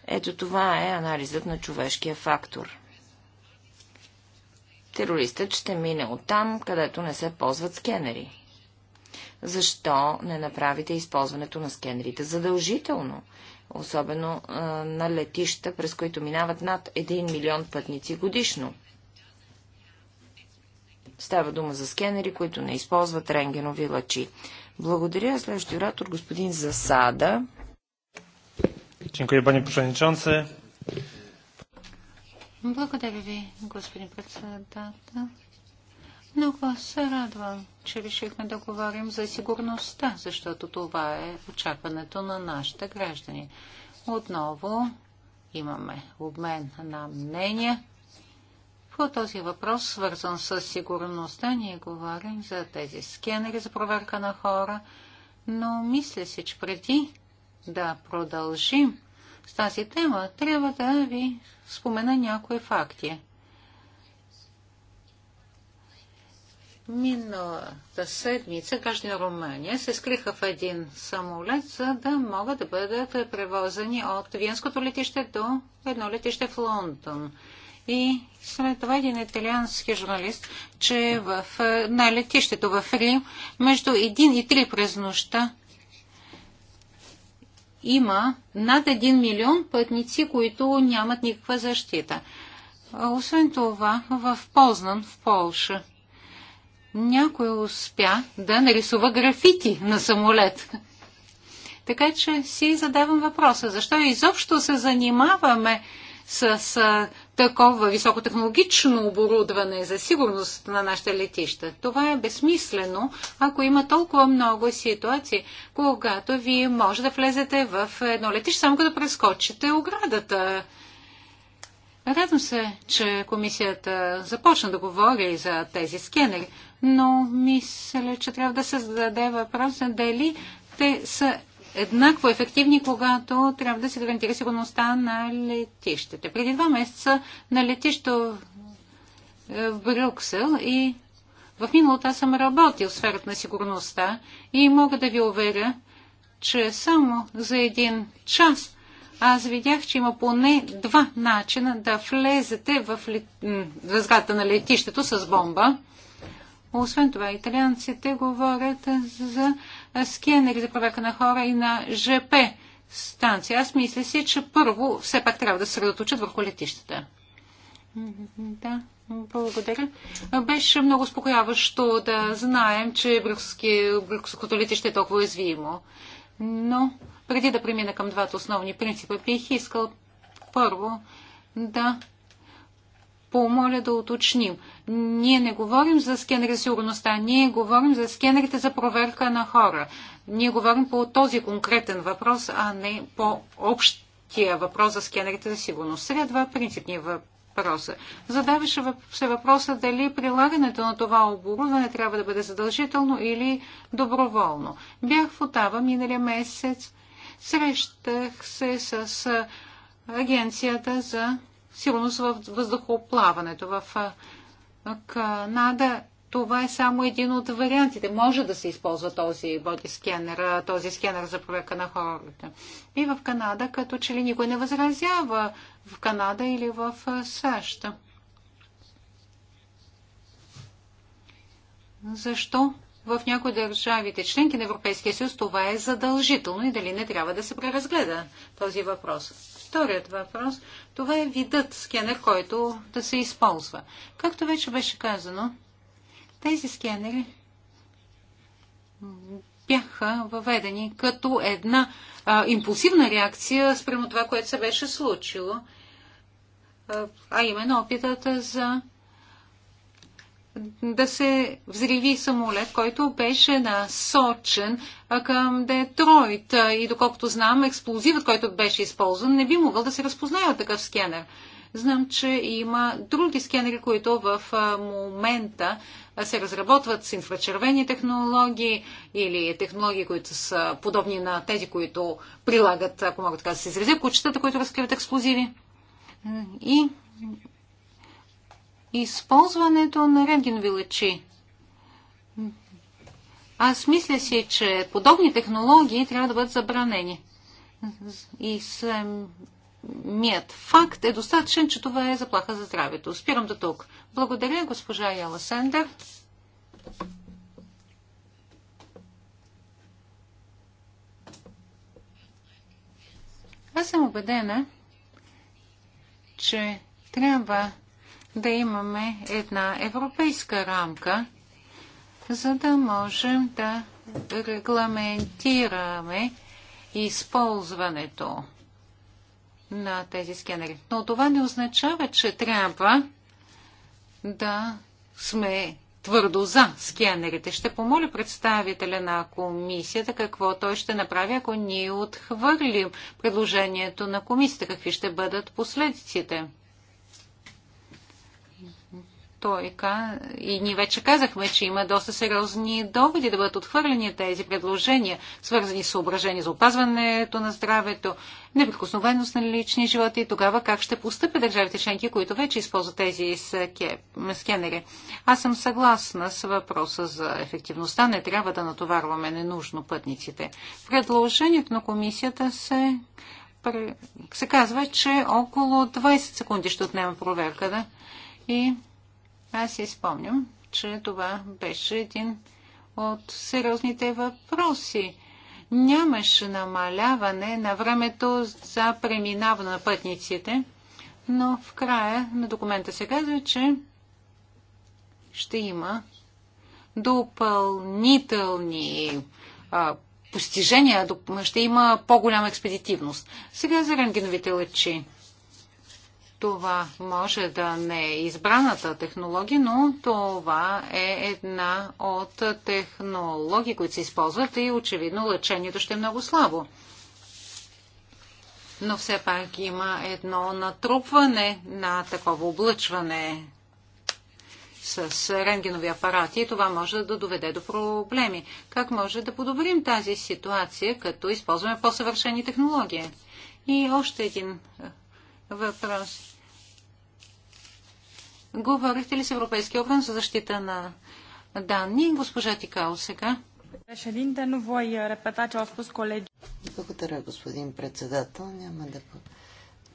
Ето това е анализът на човешкия фактор. Терористът ще мине от там, където не се ползват скенери. Защо не направите използването на скенерите задължително? Особено а, на летища, през които минават над 1 милион пътници годишно. Става дума за скенери, които не използват рентгенови лъчи. Благодаря. Следващия оратор, господин Засада. пани Благодаря ви, господин председател. Много се радвам, че решихме да говорим за сигурността, защото това е очакването на нашите граждани. Отново имаме обмен на мнения. По този въпрос, свързан с сигурността, ние говорим за тези скенери за проверка на хора, но мисля си, че преди да продължим с тази тема, трябва да ви спомена някои факти. Миналата седмица граждани Румъния се скриха в един самолет, за да могат да бъдат превозени от Виенското летище до едно летище в Лондон. И след това един италиански журналист, че в, е, на летището в Рим между 1 и 3 през нощта има над 1 милион пътници, които нямат никаква защита. Освен това, в Познан, в Полша, някой успя да нарисува графити на самолет. Така че си задавам въпроса, защо изобщо се занимаваме с, с такова високотехнологично оборудване за сигурност на нашите летища. Това е безсмислено, ако има толкова много ситуации, когато вие може да влезете в едно летище, само като прескочите оградата Радвам се, че комисията започна да говори за тези скенери, но мисля, че трябва да се зададе въпроса дали те са еднакво ефективни, когато трябва да се гарантира сигурността на летищите. Преди два месеца на летището в Брюксел и в миналото аз съм работил в сферата на сигурността и мога да ви уверя, че само за един час аз видях, че има поне два начина да влезете в лет... на летището с бомба. Освен това, италианците говорят за скенери за проверка на хора и на ЖП станция. Аз мисля си, че първо все пак трябва да се средоточат върху летищата. Да, благодаря. Беше много успокояващо да знаем, че Брюкското летище е толкова уязвимо. Но преди да премина към двата основни принципа, бих искал първо да помоля да уточним. Ние не говорим за скенери за сигурността, ние говорим за скенерите за проверка на хора. Ние говорим по този конкретен въпрос, а не по общия въпрос за скенерите за сигурност. два принципни въпроса. Задаваше се въпроса дали прилагането на това оборудване трябва да бъде задължително или доброволно. Бях в Отава миналия месец Срещах се с Агенцията за сигурност в въздухоплаването в Канада. Това е само един от вариантите. Може да се използва този боди скенер, този скенер за проверка на хората. И в Канада, като че ли никой не възразява в Канада или в САЩ. Защо? в някои държавите членки на Европейския съюз това е задължително и дали не трябва да се преразгледа този въпрос. Вторият въпрос, това е видът скенер, който да се използва. Както вече беше казано, тези скенери бяха въведени като една а, импулсивна реакция спрямо това, което се беше случило, а, а именно опитата за да се взриви самолет, който беше насочен към Детройт. И доколкото знам, експлозивът, който беше използван, не би могъл да се разпознае от такъв скенер. Знам, че има други скенери, които в момента се разработват с инфрачервени технологии или технологии, които са подобни на тези, които прилагат, ако мога така да се изразя, кучетата, които разкриват експлозиви. И използването на рентгенови лъчи. Аз мисля си, че подобни технологии трябва да бъдат забранени. И самият факт е достатъчен, че това е заплаха за здравето. Спирам до тук. Благодаря, госпожа Яла Сендер. Аз съм убедена, че трябва да имаме една европейска рамка, за да можем да регламентираме използването на тези скенери. Но това не означава, че трябва да сме твърдо за скенерите. Ще помоля представителя на комисията какво той ще направи, ако ние отхвърлим предложението на комисията, какви ще бъдат последиците той и ние вече казахме, че има доста сериозни доводи да бъдат отхвърлени тези предложения, свързани с съображения за опазването на здравето, неприкосновеност на лични животи и тогава как ще постъпят държавите членки, които вече използват тези скенери. Аз съм съгласна с въпроса за ефективността. Не трябва да натоварваме ненужно пътниците. Предложението на комисията се, се казва, че около 20 секунди ще отнема проверка Да? И аз си спомням, че това беше един от сериозните въпроси. Нямаше намаляване на времето за преминаване на пътниците, но в края на документа се казва, че ще има допълнителни а, постижения, ще има по-голяма експедитивност. Сега за рентгеновите лъчи. Това може да не е избраната технология, но това е една от технологии, които се използват и очевидно лечението ще е много слабо. Но все пак има едно натрупване на такова облъчване с рентгенови апарати и това може да доведе до проблеми. Как може да подобрим тази ситуация, като използваме по-съвършени технологии? И още един въпрос. Говорихте ли с Европейския орган за защита на данни? Госпожа Тикао сега. Благодаря, господин председател. Няма да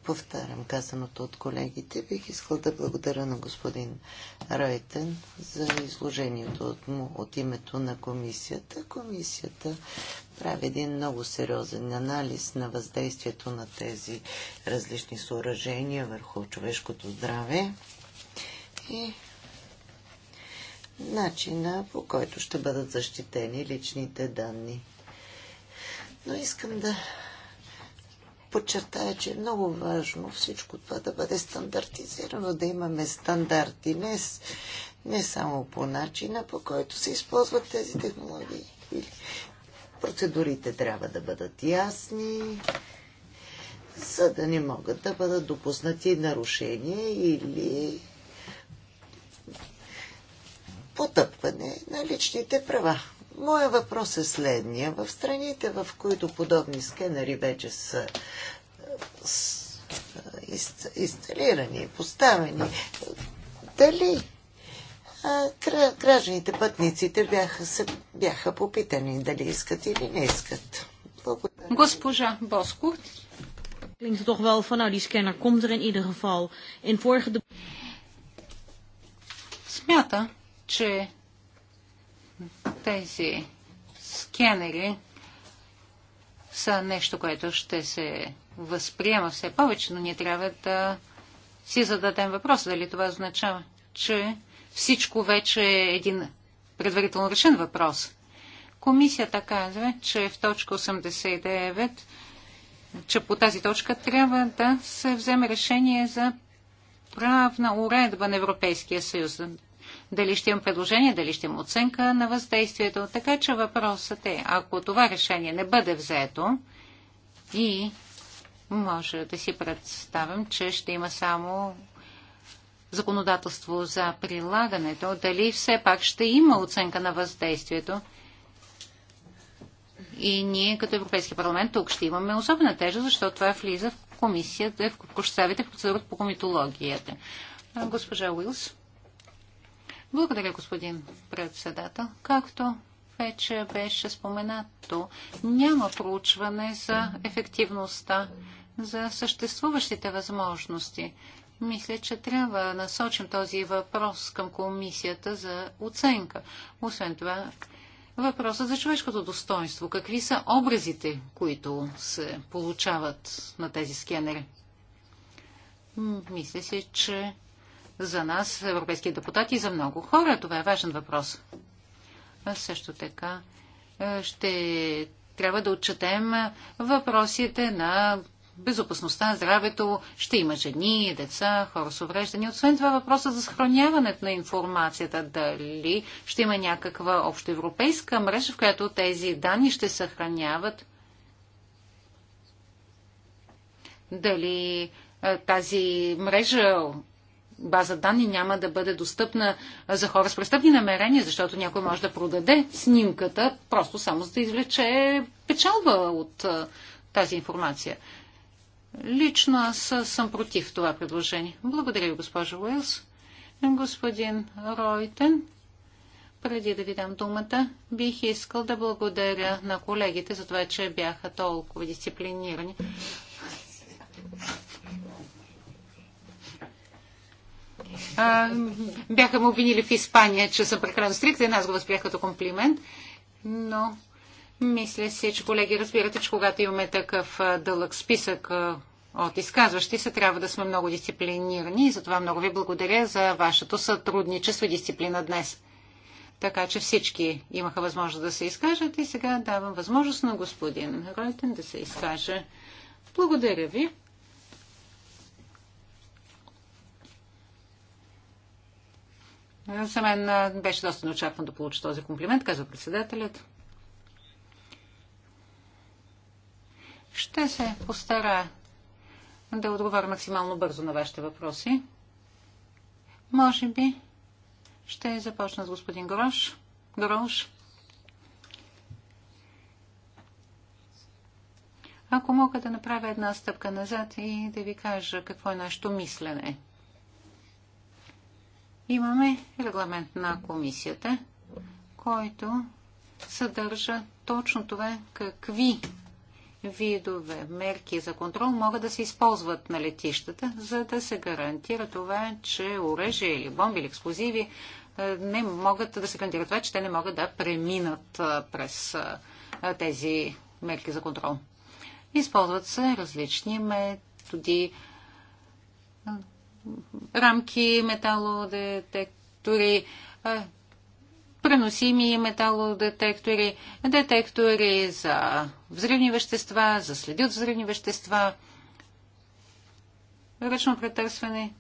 повтарям казаното от колегите. Бих искал да благодаря на господин Ройтен за изложението от, му, от името на комисията. Комисията прави един много сериозен анализ на въздействието на тези различни съоръжения върху човешкото здраве и начина по който ще бъдат защитени личните данни. Но искам да подчертая, че е много важно всичко това да бъде стандартизирано, да имаме стандарти, не, не само по начина, по който се използват тези технологии. Процедурите трябва да бъдат ясни, за да не могат да бъдат допуснати нарушения или потъпване на личните права. Моя въпрос е следния. В страните, в които подобни скенери вече са инсталирани, поставени, дали гражданите, пътниците бяха, се, бяха попитани дали искат или не искат. Благодаря. Госпожа Боско, Klinkt het toch wel van, nou die scanner komt er in ieder geval. In vorige... Смята, че тези скенери са нещо, което ще се възприема все повече, но ние трябва да си зададем въпрос, дали това означава, че всичко вече е един предварително решен въпрос. Комисията казва, че в точка 89, че по тази точка трябва да се вземе решение за правна уредба на Европейския съюз дали ще имам предложение, дали ще има оценка на въздействието. Така че въпросът е, ако това решение не бъде взето и може да си представим, че ще има само законодателство за прилагането, дали все пак ще има оценка на въздействието. И ние като Европейски парламент тук ще имаме особена тежа, защото това влиза в комисията, в кощавите процедури процедурата по комитологията. Госпожа Уилс. Благодаря, господин председател. Както вече беше споменато, няма проучване за ефективността, за съществуващите възможности. Мисля, че трябва да насочим този въпрос към комисията за оценка. Освен това, въпросът за човешкото достоинство. Какви са образите, които се получават на тези скенери? Мисля си, че за нас, европейски депутати и за много хора. Това е важен въпрос. А също така е, ще трябва да отчетем въпросите на безопасността, здравето, ще има жени, деца, хора с увреждания. Освен това въпроса за съхраняването на информацията, дали ще има някаква общоевропейска мрежа, в която тези данни ще съхраняват. Дали е, тази мрежа база данни няма да бъде достъпна за хора с престъпни намерения, защото някой може да продаде снимката, просто само за да извлече печалба от тази информация. Лично аз съм против това предложение. Благодаря ви, госпожо Уилс. Господин Ройтен, преди да ви дам думата, бих искал да благодаря на колегите за това, че бяха толкова дисциплинирани. а, бяха му обвинили в Испания, че съм прекалено стриктен. Аз го възприех като комплимент. Но мисля си, че колеги разбирате, че когато имаме такъв дълъг списък от изказващи се, трябва да сме много дисциплинирани и затова много ви благодаря за вашето сътрудничество и дисциплина днес. Така че всички имаха възможност да се изкажат и сега давам възможност на господин Ройтен да се изкаже. Благодаря ви. За мен беше доста неочаквано да получа този комплимент, казва председателят. Ще се постара да отговоря максимално бързо на вашите въпроси. Може би ще започна с господин Грош. Грош. Ако мога да направя една стъпка назад и да ви кажа какво е нашето мислене – Имаме регламент на комисията, който съдържа точно това какви видове мерки за контрол могат да се използват на летищата, за да се гарантира това, че оръжие или бомби или експлозиви е, не могат да се гарантира това, че те не могат да преминат е, през е, тези мерки за контрол. Използват се различни методи, рамки, металодетектори, преносими металодетектори, детектори за взривни вещества, за следи от взривни вещества, ръчно претърсване.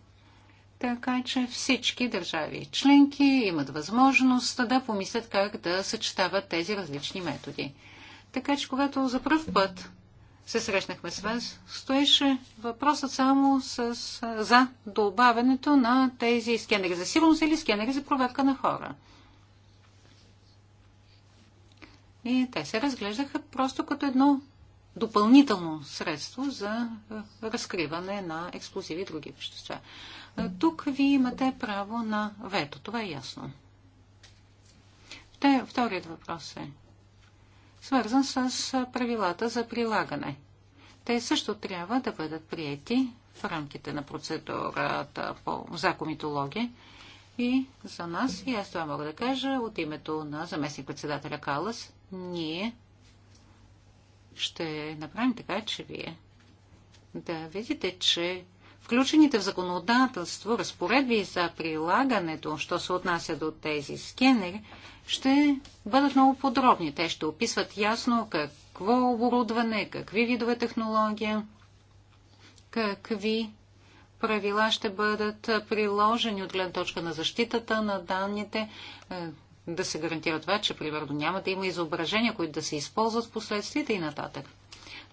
Така че всички държави членки имат възможност да помислят как да съчетават тези различни методи. Така че когато за първ път се срещнахме с вас, стоеше въпросът само с, за добавянето на тези скенери за сигурност или скенери за проверка на хора. И те се разглеждаха просто като едно допълнително средство за разкриване на експлозиви и други вещества. Тук ви имате право на вето, това е ясно. Вторият въпрос е свързан с правилата за прилагане. Те също трябва да бъдат приети в рамките на процедурата по, за комитология. И за нас, и аз това мога да кажа, от името на заместник-председателя Калас, ние ще направим така, че вие да видите, че Включените в законодателство разпоредби за прилагането, що се отнася до тези скенери, ще бъдат много подробни. Те ще описват ясно какво оборудване, какви видове технология, какви правила ще бъдат приложени от гледна точка на защитата на данните, е, да се гарантира това, че примерно няма да има изображения, които да се използват в последствията и нататък.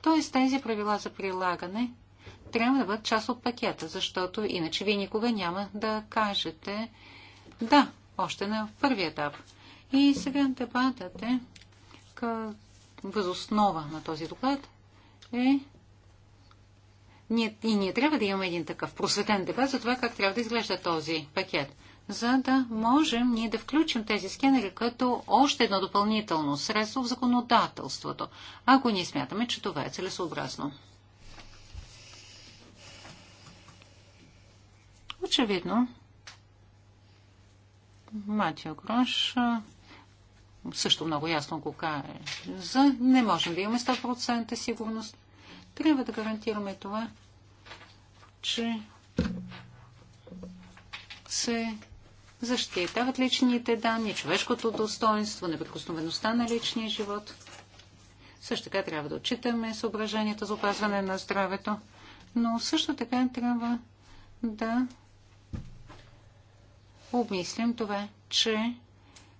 Тоест тези правила за прилагане трябва да бъдат част от пакета, защото иначе вие никога няма да кажете да, още на първи етап. И сега дебатът е възоснова на този доклад е ние, и ние трябва да имаме един такъв просветен дебат за това как трябва да изглежда този пакет, за да можем ние да включим тези скенери като още едно допълнително средство в законодателството, ако ние смятаме, че това е целесообразно. Очевидно, Матио Грош също много ясно го за, Не можем да имаме 100% сигурност. Трябва да гарантираме това, че се защитават личните данни, човешкото достоинство, неприкосновеността на личния живот. Също така трябва да отчитаме съображенията за опазване на здравето, но също така трябва да обмислим това, че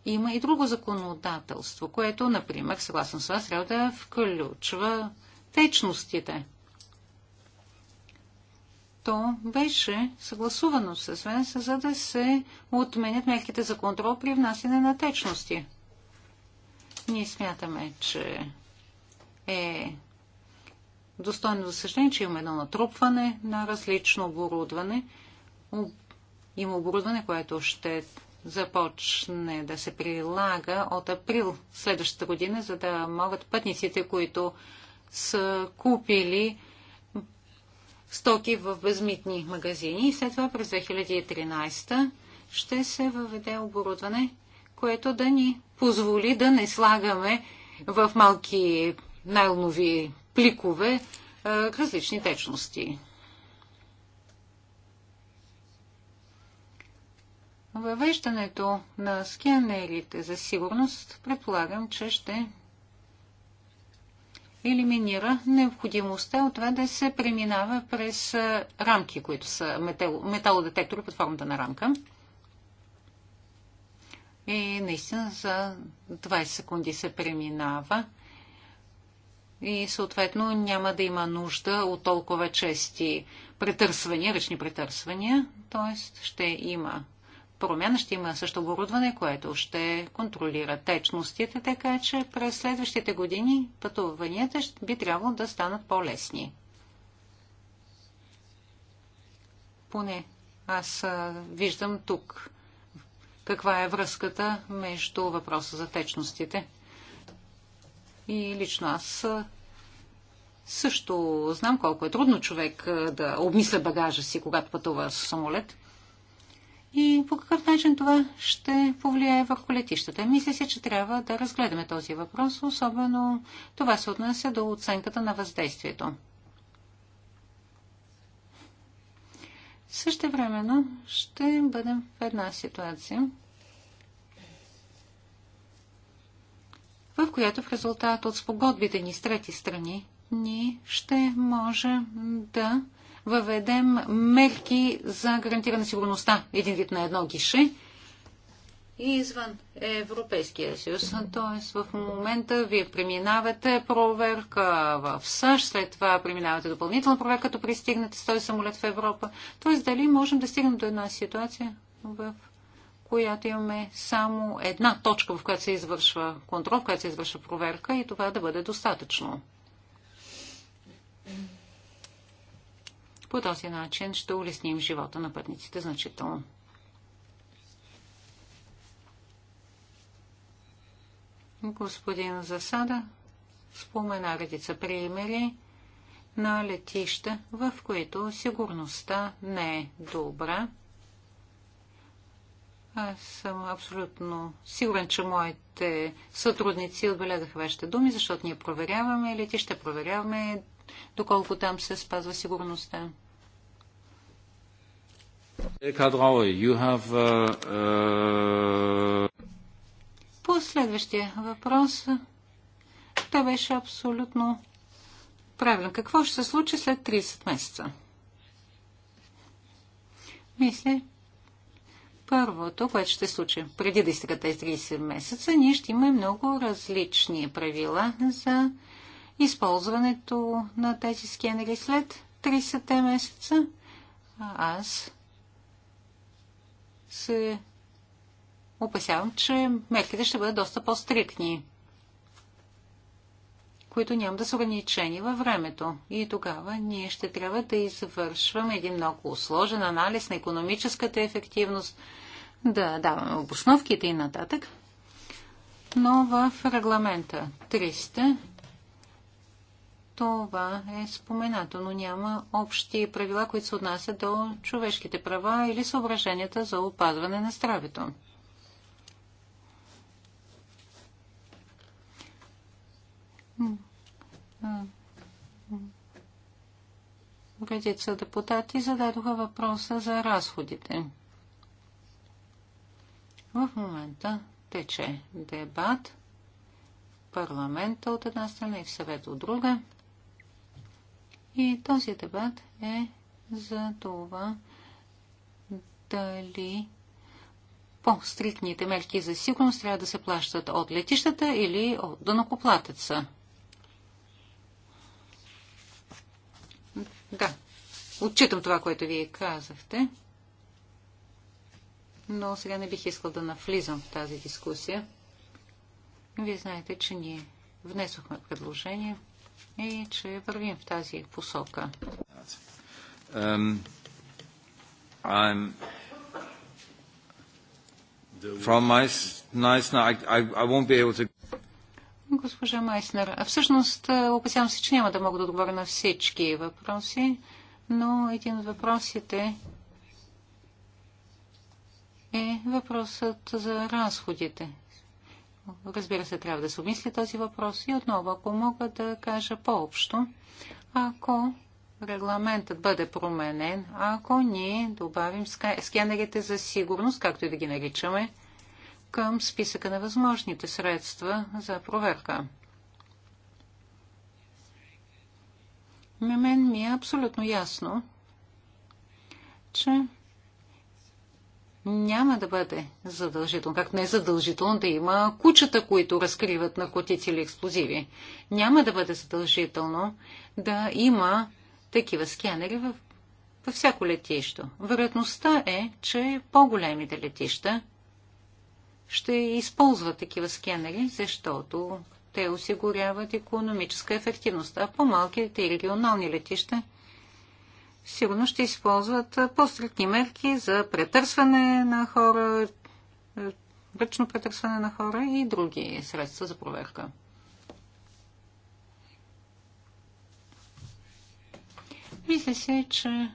има и друго законодателство, което, например, съгласно с вас, трябва да включва течностите. То беше съгласувано с мен, за да се отменят мерките за контрол при внасяне на течности. Ние смятаме, че е достойно за съжаление, че имаме едно натрупване на различно оборудване, има оборудване, което ще започне да се прилага от април следващата година, за да могат пътниците, които са купили стоки в безмитни магазини. И след това през 2013 ще се въведе оборудване, което да ни позволи да не слагаме в малки найлонови пликове различни течности. Въвеждането на скенерите за сигурност предполагам, че ще елиминира необходимостта от това да се преминава през рамки, които са метал, металодетектори под формата на рамка. И наистина за 20 секунди се преминава. И съответно няма да има нужда от толкова чести претърсвания, ръчни претърсвания. Т.е. ще има промяна. Ще има също оборудване, което ще контролира течностите, така че през следващите години пътуванията би трябвало да станат по-лесни. Поне аз виждам тук каква е връзката между въпроса за течностите. И лично аз също знам колко е трудно човек да обмисля багажа си, когато пътува с самолет – и по какъв начин това ще повлияе върху летищата. Мисля се, че трябва да разгледаме този въпрос, особено това се отнася до оценката на въздействието. Също времено ще бъдем в една ситуация, в която в резултат от спогодбите ни с трети страни, ние ще можем да въведем мерки за гарантиране сигурността. Един вид на едно гише и извън Европейския съюз. Тоест в момента вие преминавате проверка в САЩ, след това преминавате допълнителна проверка, като пристигнете с този самолет в Европа. Тоест дали можем да стигнем до една ситуация, в която имаме само една точка, в която се извършва контрол, в която се извършва проверка и това да бъде достатъчно. По този начин ще улесним живота на пътниците значително. Господин Засада спомена редица примери на летища, в които сигурността не е добра. Аз съм абсолютно сигурен, че моите сътрудници отбелязаха вашите думи, защото ние проверяваме летища, проверяваме доколко там се спазва сигурността. Uh, uh, По следващия въпрос. Той беше абсолютно правилен. Какво ще се случи след 30 месеца? Мисля, първото, което ще случи преди да изтекат тези 30 месеца, ние ще имаме много различни правила за използването на тези скенери след 30 те месеца. Аз се опасявам, че мерките ще бъдат доста по-стрикни, които няма да са ограничени във времето. И тогава ние ще трябва да извършваме един много сложен анализ на економическата ефективност, да даваме обосновките и нататък. Но в регламента това е споменато, но няма общи правила, които се отнасят до човешките права или съображенията за опазване на здравето. Редица депутати зададоха въпроса за разходите. В момента тече дебат парламента от една страна и в съвет от друга – и този дебат е за това дали по стриктните мерки за сигурност трябва да се плащат от летищата или от дънокоплатеца. Да, отчитам това, което вие казахте, но сега не бих искал да навлизам в тази дискусия. Вие знаете, че ние внесохме предложение – и че вървим в тази посока. Um, From my... Meissner, I, I, I won't be able to... Госпожа Майснер, всъщност е, опасявам се, че няма да мога да отговоря на всички въпроси, но един от въпросите е въпросът за разходите. Разбира се, трябва да се обмисли този въпрос. И отново, ако мога да кажа по-общо, ако регламентът бъде променен, ако ние добавим скенерите за сигурност, както и да ги наричаме, към списъка на възможните средства за проверка. На мен ми е абсолютно ясно, че няма да бъде задължително. както не е задължително да има кучета, които разкриват наркотици или експлозиви. Няма да бъде задължително да има такива скенери в, във всяко летище. Вероятността е, че по-големите летища ще използват такива скенери, защото те осигуряват економическа ефективност, а по-малките и регионални летища – сигурно ще използват по-стрикни мерки за претърсване на хора, е, ръчно претърсване на хора и други средства за проверка. Мисля се, че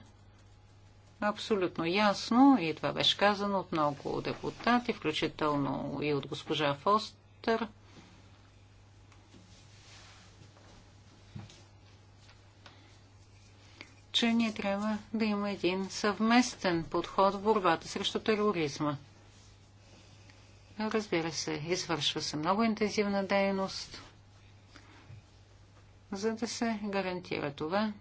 абсолютно ясно, и това беше казано от много депутати, включително и от госпожа Фостер – че ние трябва да има един съвместен подход в борбата срещу тероризма. Разбира се, извършва се много интензивна дейност, за да се гарантира това,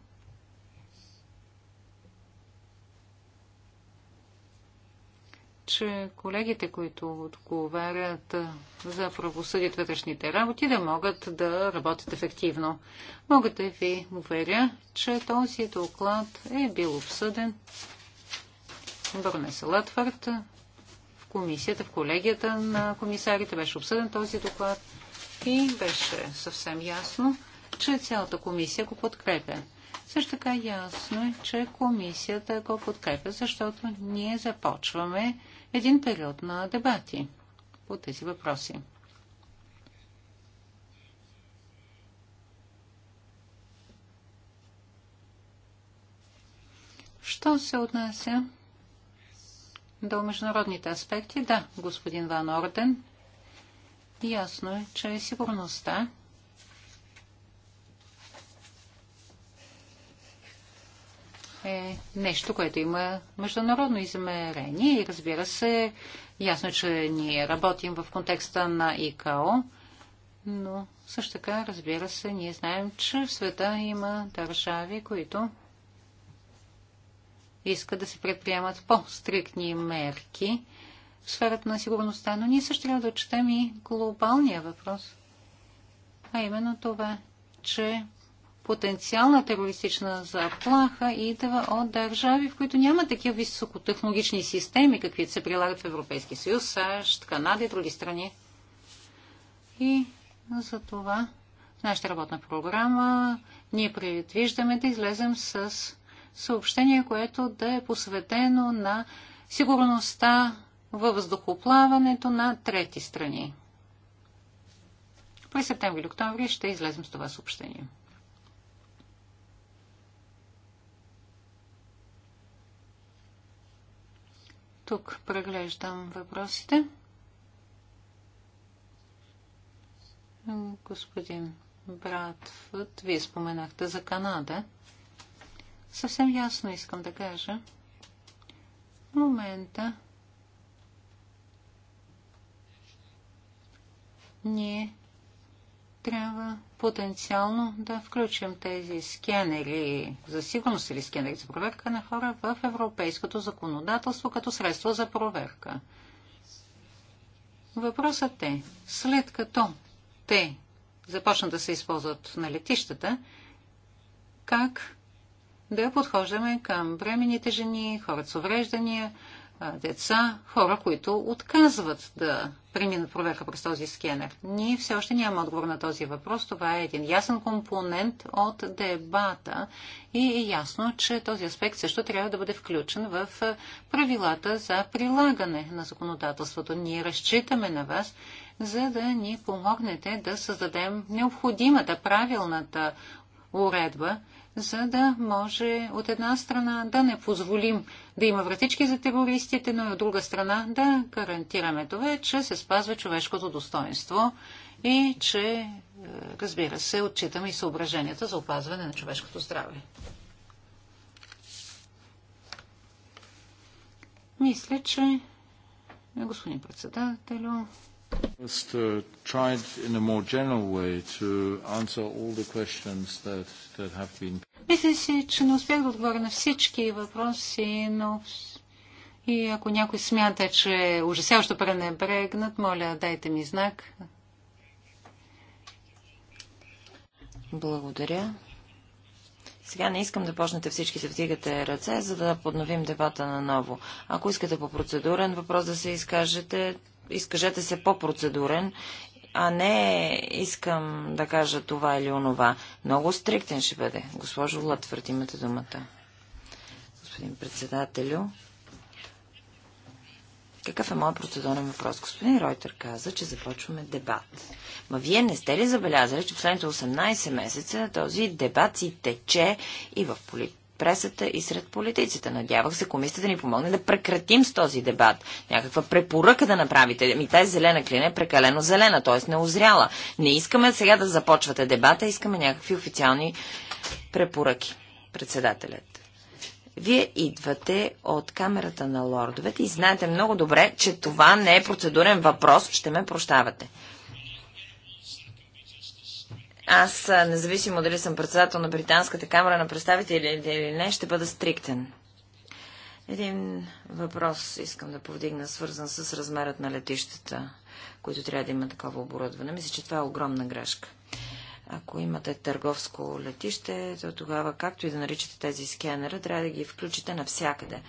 че колегите, които отговарят за правосъдието вътрешните работи, да могат да работят ефективно. Мога да ви уверя, че този доклад е бил обсъден Бърнеса Латвард в комисията, в колегията на комисарите беше обсъден този доклад и беше съвсем ясно, че цялата комисия го подкрепя. Също така ясно е, че комисията го подкрепя, защото ние започваме един период на дебати по тези въпроси. Що се отнася до международните аспекти, да, господин Ван Орден, ясно е, че сигурността е нещо, което има международно измерение и разбира се, ясно, че ние работим в контекста на ИКО, но също така, разбира се, ние знаем, че в света има държави, които искат да се предприемат по-стриктни мерки в сферата на сигурността, но ние също трябва да отчетем и глобалния въпрос, а именно това, че потенциална терористична заплаха идва от държави, в които няма такива високотехнологични системи, каквито се прилагат в Европейския съюз, САЩ, Канада и други страни. И за това в нашата работна програма ние предвиждаме да излезем с съобщение, което да е посветено на сигурността във въздухоплаването на трети страни. През септември-октомври ще излезем с това съобщение. Тук преглеждам въпросите. Господин Брат, вие споменахте за Канада. Съвсем ясно искам да кажа. В момента ние трябва потенциално да включим тези скенери за сигурност или скенери за проверка на хора в европейското законодателство като средство за проверка. Въпросът е, след като те започнат да се използват на летищата, как да подхождаме към бременните жени, хората с увреждания, деца, хора, които отказват да преминат проверка през този скенер. Ние все още нямаме отговор на този въпрос. Това е един ясен компонент от дебата и е ясно, че този аспект също трябва да бъде включен в правилата за прилагане на законодателството. Ние разчитаме на вас, за да ни помогнете да създадем необходимата, правилната уредба, за да може от една страна да не позволим да има вратички за терористите, но и от друга страна да гарантираме това, че се спазва човешкото достоинство и че, е, разбира се, отчитаме и съображенията за опазване на човешкото здраве. Мисля, че господин председателю, мисля си, че не успях да отговоря на всички въпроси, но и ако някой смята, че е ужасяващо пренебрегнат, моля, дайте ми знак. Благодаря. Сега не искам да почнете всички да вдигате ръце, за да подновим дебата наново. Ако искате по процедурен въпрос да се изкажете, изкажете се по-процедурен, а не искам да кажа това или онова. Много стриктен ще бъде. Госпожо Лътвърд, имате думата. Господин председателю, какъв е моят процедурен въпрос? Господин Ройтер каза, че започваме дебат. Ма вие не сте ли забелязали, че последните 18 месеца този дебат си тече и в полит пресата и сред политиците. Надявах се комисията да ни помогне да прекратим с този дебат. Някаква препоръка да направите. Ми тази зелена клина е прекалено зелена, т.е. неозряла. Не искаме сега да започвате дебата, искаме някакви официални препоръки. Председателят. Вие идвате от камерата на лордовете и знаете много добре, че това не е процедурен въпрос. Ще ме прощавате. Аз, независимо дали съм председател на Британската камера на представители или не, ще бъда стриктен. Един въпрос искам да повдигна, свързан с размерът на летищата, които трябва да има такова оборудване. Мисля, че това е огромна грешка. Ако имате търговско летище, то тогава, както и да наричате тези скенера, трябва да ги включите навсякъде.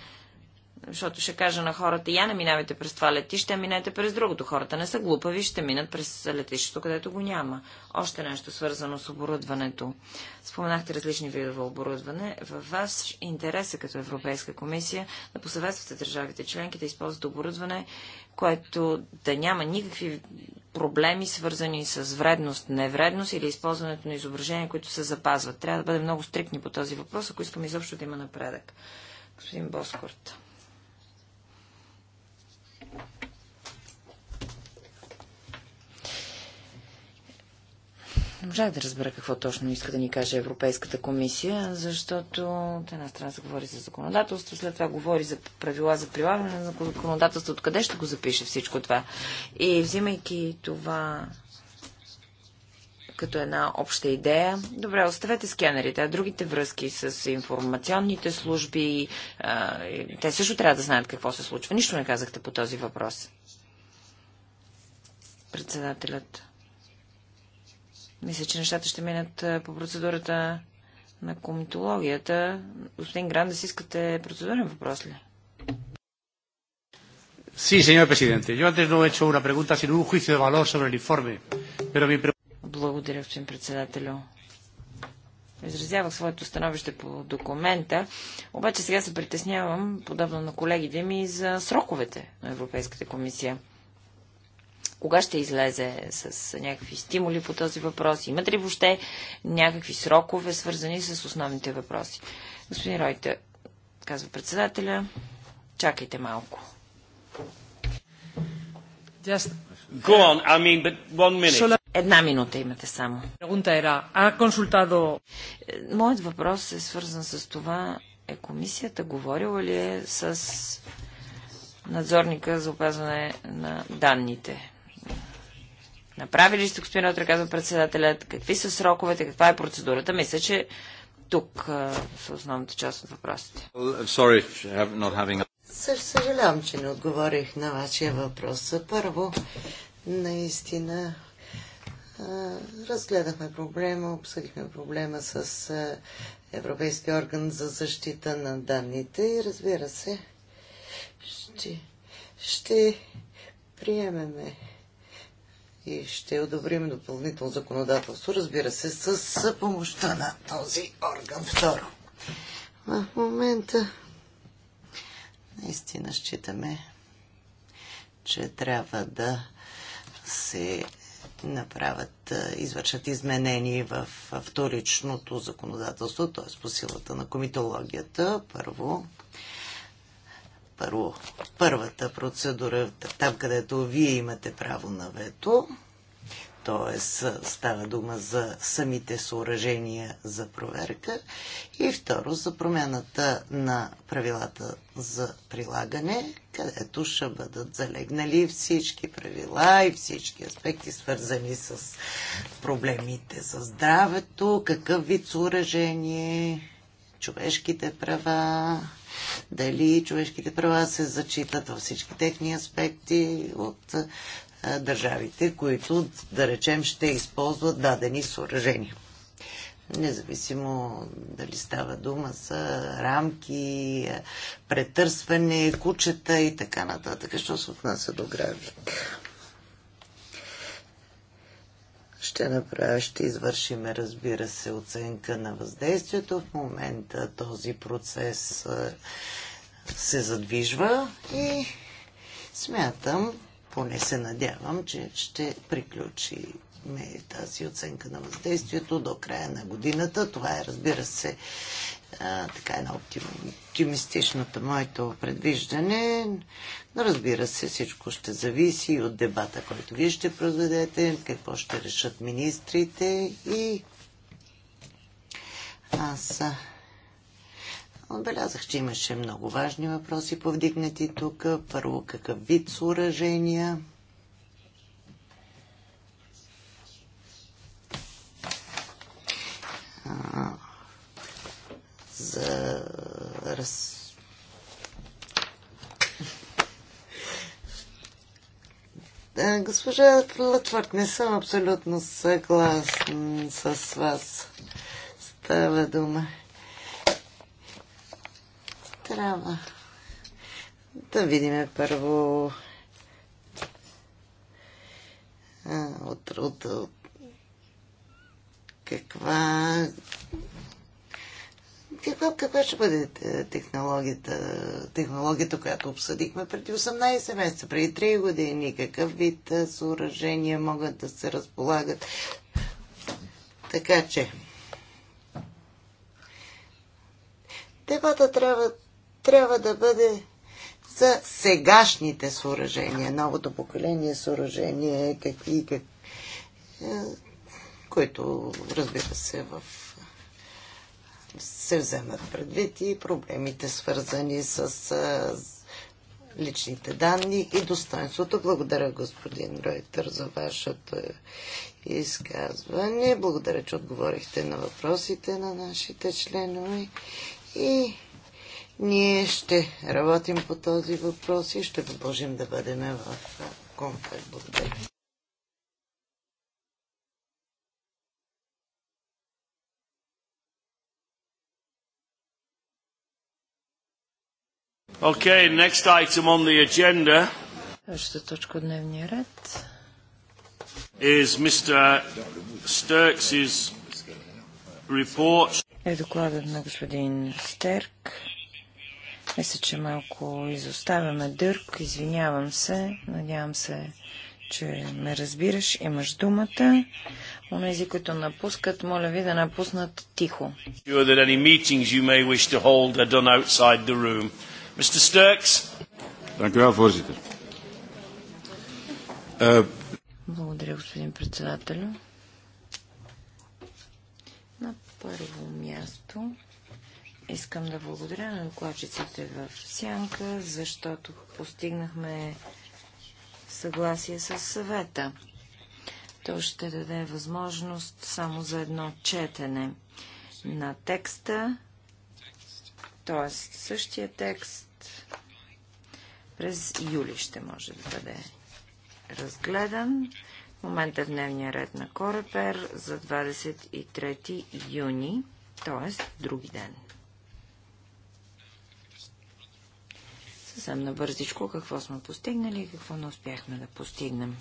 Защото ще кажа на хората, я не минавайте през това летище, а минете през другото. Хората не са глупави, ще минат през летището, където го няма. Още нещо свързано с оборудването. Споменахте различни видове оборудване. Във вас интерес е като Европейска комисия да посъветствате държавите членки да използват оборудване, което да няма никакви проблеми, свързани с вредност, невредност или използването на изображения, които се запазват. Трябва да бъдем много стрикни по този въпрос, ако искаме изобщо да има напредък. Господин Боскорт. Не можах да разбера какво точно иска да ни каже Европейската комисия, защото от една страна се говори за законодателство, след това говори за правила за прилагане на законодателство. Откъде ще го запише всичко това? И взимайки това като една обща идея. Добре, оставете скенерите, а другите връзки с информационните служби, те също трябва да знаят какво се случва. Нищо не казахте по този въпрос. Председателят. Мисля, че нещата ще минат по процедурата на комитологията. Господин си искате процедурен въпрос ли? Sí, señor presidente. Yo antes no he hecho una pregunta, sino un juicio de valor sobre el informe. Pero mi... Благодаря, господин председателю. Изразявах своето становище по документа, обаче сега се притеснявам, подобно на колегите ми, за сроковете на Европейската комисия. Кога ще излезе с някакви стимули по този въпрос? Имат ли въобще някакви срокове, свързани с основните въпроси? Господин Ройте, казва председателя, чакайте малко. Just... Go on, I mean, but one minute. Една минута имате само. Моят въпрос е свързан с това, е комисията говорила ли е с надзорника за опазване на данните? Направили ли сте, господин Отре, казва председателят, какви са сроковете, каква е процедурата? Мисля, че тук а, са основната част от въпросите. Също Съжалявам, че не отговорих на вашия въпрос. Първо, наистина разгледахме проблема, обсъдихме проблема с Европейския орган за защита на данните и разбира се, ще, ще приемеме и ще одобрим допълнително законодателство, разбира се, с помощта на този орган. Второ. В момента наистина считаме, че трябва да се направят, извършат изменения в вторичното законодателство, т.е. по силата на комитологията, първо. Първо, първата процедура, там където вие имате право на вето, т.е. става дума за самите съоръжения за проверка и второ за промяната на правилата за прилагане, където ще бъдат залегнали всички правила и всички аспекти, свързани с проблемите за здравето, какъв вид съоръжение, човешките права, дали човешките права се зачитат във всички техни аспекти от държавите, които, да речем, ще използват дадени съоръжения. Независимо дали става дума за рамки, претърсване, кучета и така нататък, що се отнася до график. Ще направя, ще извършиме, разбира се, оценка на въздействието. В момента този процес се задвижва и смятам, поне се надявам, че ще приключи тази оценка на въздействието до края на годината. Това е, разбира се, а, така едно оптимистичното моето предвиждане, но разбира се, всичко ще зависи от дебата, който вие ще проведете, какво ще решат министрите и аз отбелязах, че имаше много важни въпроси повдигнати тук. Първо, какъв вид съоръжения за раз... Госпожа Латвард, не съм абсолютно съгласен с вас. Става дума. Трябва да видиме първо а, от, от, от каква каква, каква ще бъде е, технологията, технологията, която обсъдихме преди 18 месеца, преди 3 години? Какъв вид е, съоръжения могат да се разполагат? Така че, дебата трябва, трябва да бъде за сегашните съоръжения, новото поколение съоръжения, какви, как, е, които, разбира се, в се вземат предвид и проблемите свързани с личните данни и достоинството. Благодаря, господин Ройтер, за вашето изказване. Благодаря, че отговорихте на въпросите на нашите членове. И ние ще работим по този въпрос и ще продължим да бъдем в конфликт. Благодаря. Okay, next item on the agenda. is Mr. Sturks's report. Е докладът на господин Стерк. Мисля, че малко изоставяме дърк. Извинявам се. Надявам се, че ме разбираш. Имаш думата. Онези, които напускат, моля ви да напуснат тихо. Mr. Sturks. Dank u wel, voorzitter. Uh... Благодаря, господин председател. На първо място искам да благодаря на докладчиците в Сянка, защото постигнахме съгласие с съвета. То ще даде възможност само за едно четене на текста Тоест, същия текст през юли ще може да бъде разгледан. В момента е в дневния ред на Корепер за 23 юни, т.е. други ден. Съвсем набързичко какво сме постигнали и какво не успяхме да постигнем.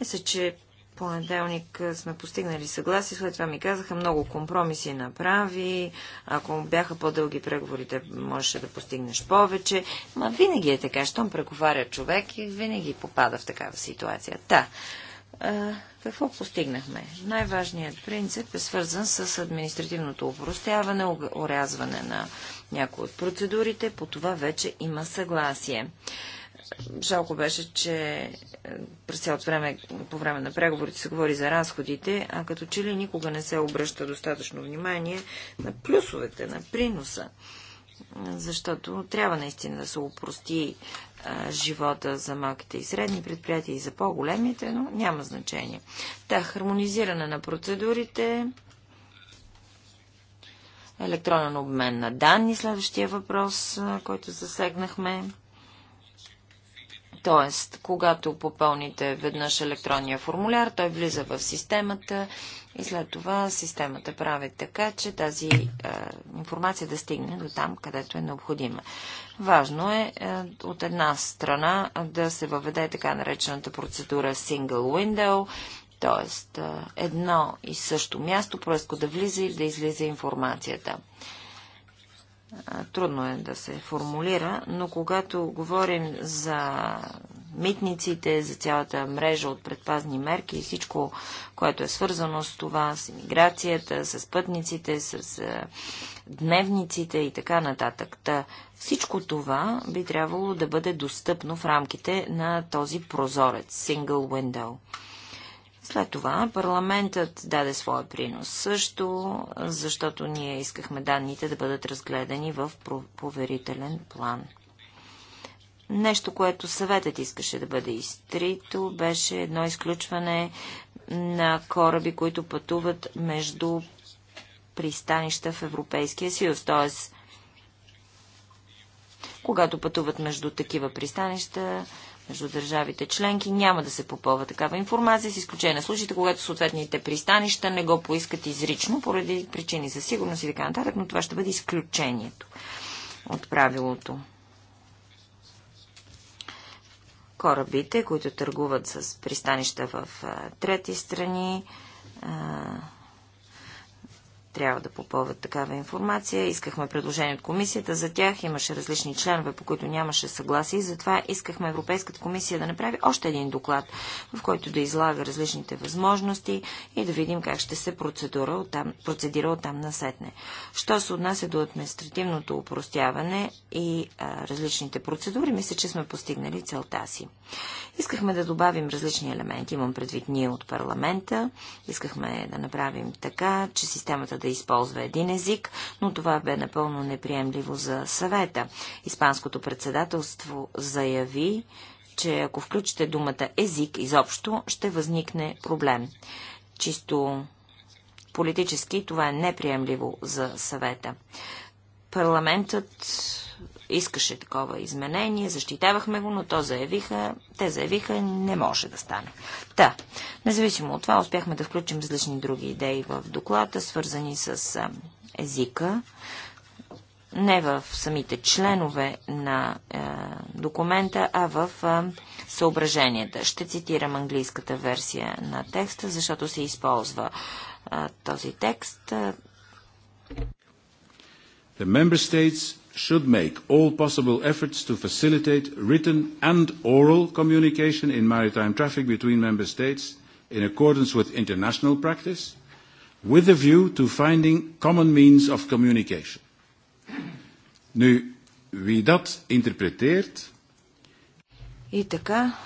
Мисля, че понеделник сме постигнали съгласие, след това ми казаха, много компромиси направи, ако бяха по-дълги преговорите, можеше да постигнеш повече. Ма винаги е така, щом преговаря човек и винаги попада в такава ситуация. Та, а, какво постигнахме? Най-важният принцип е свързан с административното упростяване, урязване на някои от процедурите, по това вече има съгласие. Жалко беше, че е, през цялото време, по време на преговорите се говори за разходите, а като че ли никога не се обръща достатъчно внимание на плюсовете, на приноса. Защото трябва наистина да се упрости а, е, живота за малките и средни предприятия и за по-големите, но няма значение. Та, хармонизиране на процедурите, електронен обмен на данни, следващия въпрос, е, който засегнахме. Тоест, когато попълните веднъж електронния формуляр, той влиза в системата и след това системата прави така, че тази е, информация да стигне до там, където е необходима. Важно е, е от една страна да се въведе така наречената процедура Single Window, т.е. едно и също място, происход да влиза и да излиза информацията трудно е да се формулира, но когато говорим за митниците, за цялата мрежа от предпазни мерки и всичко, което е свързано с това, с иммиграцията, с пътниците, с дневниците и така нататък. Та, всичко това би трябвало да бъде достъпно в рамките на този прозорец, single window. След това парламентът даде своя принос също, защото ние искахме данните да бъдат разгледани в поверителен план. Нещо, което съветът искаше да бъде изтрито, беше едно изключване на кораби, които пътуват между пристанища в Европейския съюз. Т.е. когато пътуват между такива пристанища, между държавите членки, няма да се попълва такава информация, с изключение на случаите, когато съответните пристанища не го поискат изрично, поради причини за сигурност и така нататък, но това ще бъде изключението от правилото. Корабите, които търгуват с пристанища в трети страни, трябва да попълват такава информация. Искахме предложение от комисията за тях. Имаше различни членове, по които нямаше съгласие. затова искахме Европейската комисия да направи още един доклад, в който да излага различните възможности и да видим как ще се процедура там, процедира там насетне. Що се отнася до административното упростяване и а, различните процедури, мисля, че сме постигнали целта си. Искахме да добавим различни елементи. Имам предвид ние от парламента. Искахме да направим така, че системата да използва един език, но това бе напълно неприемливо за съвета. Испанското председателство заяви, че ако включите думата език изобщо, ще възникне проблем. Чисто политически това е неприемливо за съвета. Парламентът искаше такова изменение, защитавахме го, но то заявиха, те заявиха, не може да стане. Та, независимо от това, успяхме да включим различни други идеи в доклада, свързани с езика, не в самите членове на е, документа, а в е, съображенията. Ще цитирам английската версия на текста, защото се използва е, този текст. The member states should make all possible efforts to facilitate written and oral communication in maritime traffic between member states in accordance with international practice, with a view to finding common means of communication. Nu, wie dat interpreteert... И така,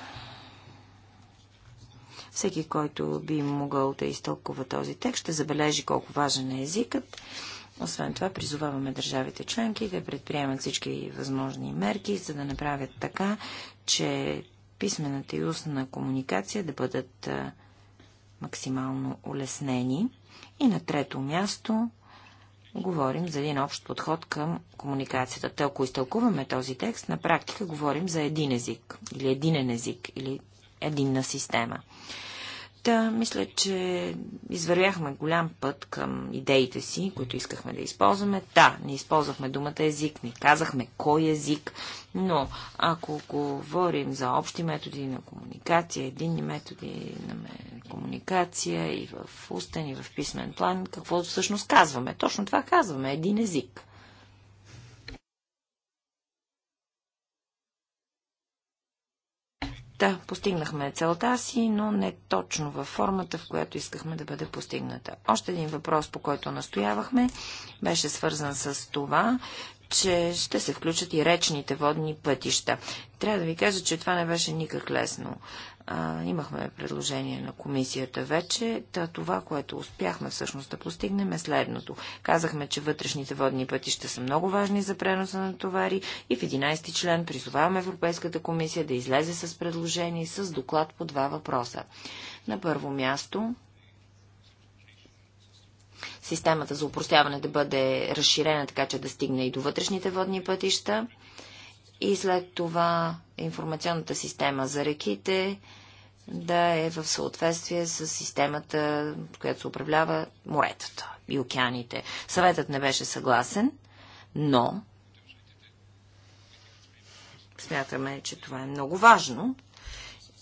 всеки, който би могъл да изтълкува този текст, ще забележи колко важен е езикът освен това, призоваваме държавите членки да предприемат всички възможни мерки, за да направят така, че писмената и устна комуникация да бъдат максимално улеснени. И на трето място говорим за един общ подход към комуникацията. Те, ако изтълкуваме този текст, на практика говорим за един език или единен език или единна система. Та, мисля, че извървяхме голям път към идеите си, които искахме да използваме. Да, не използвахме думата език, не казахме кой език, но ако говорим за общи методи на комуникация, единни методи на комуникация и в устен, и в писмен план, какво всъщност казваме? Точно това казваме. Един език. Та, да, постигнахме целта си, но не точно във формата, в която искахме да бъде постигната. Още един въпрос, по който настоявахме, беше свързан с това, че ще се включат и речните водни пътища. Трябва да ви кажа, че това не беше никак лесно. А, имахме предложение на комисията вече. Та това, което успяхме всъщност да постигнем е следното. Казахме, че вътрешните водни пътища са много важни за преноса на товари и в 11 член призоваваме Европейската комисия да излезе с предложение и с доклад по два въпроса. На първо място системата за упростяване да бъде разширена, така че да стигне и до вътрешните водни пътища. И след това информационната система за реките, да е в съответствие с системата, която се управлява моретата и океаните. Съветът не беше съгласен, но смятаме, че това е много важно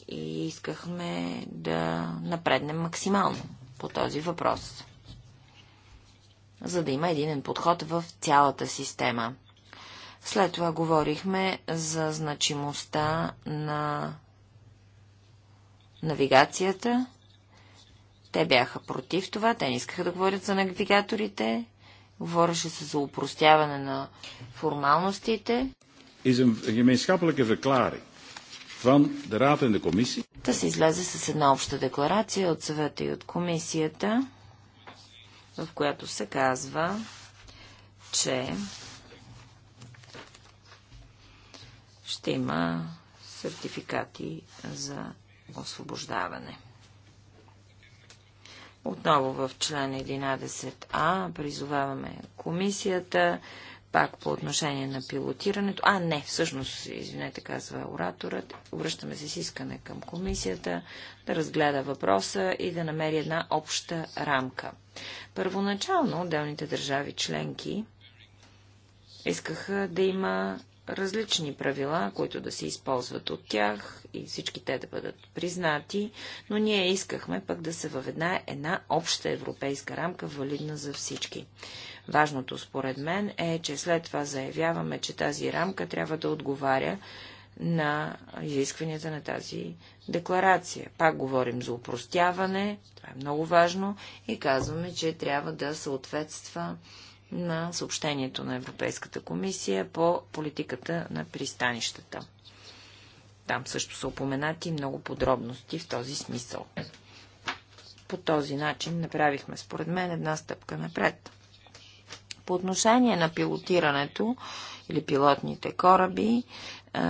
и искахме да напреднем максимално по този въпрос, за да има един подход в цялата система. След това говорихме за значимостта на навигацията. Те бяха против това, те не искаха да говорят за навигаторите. Говореше се за упростяване на формалностите. Is een Та се излезе с една обща декларация от съвета и от комисията, в която се казва, че ще има сертификати за освобождаване. Отново в член 11а призоваваме комисията, пак по отношение на пилотирането. А, не, всъщност, извинете, казва ораторът, обръщаме се с искане към комисията да разгледа въпроса и да намери една обща рамка. Първоначално отделните държави членки искаха да има различни правила, които да се използват от тях и всички те да бъдат признати, но ние искахме пък да се въведна една обща европейска рамка, валидна за всички. Важното според мен е, че след това заявяваме, че тази рамка трябва да отговаря на изискванията на тази декларация. Пак говорим за упростяване, това е много важно, и казваме, че трябва да съответства на съобщението на Европейската комисия по политиката на пристанищата. Там също са упоменати много подробности в този смисъл. По този начин направихме, според мен, една стъпка напред. По отношение на пилотирането или пилотните кораби,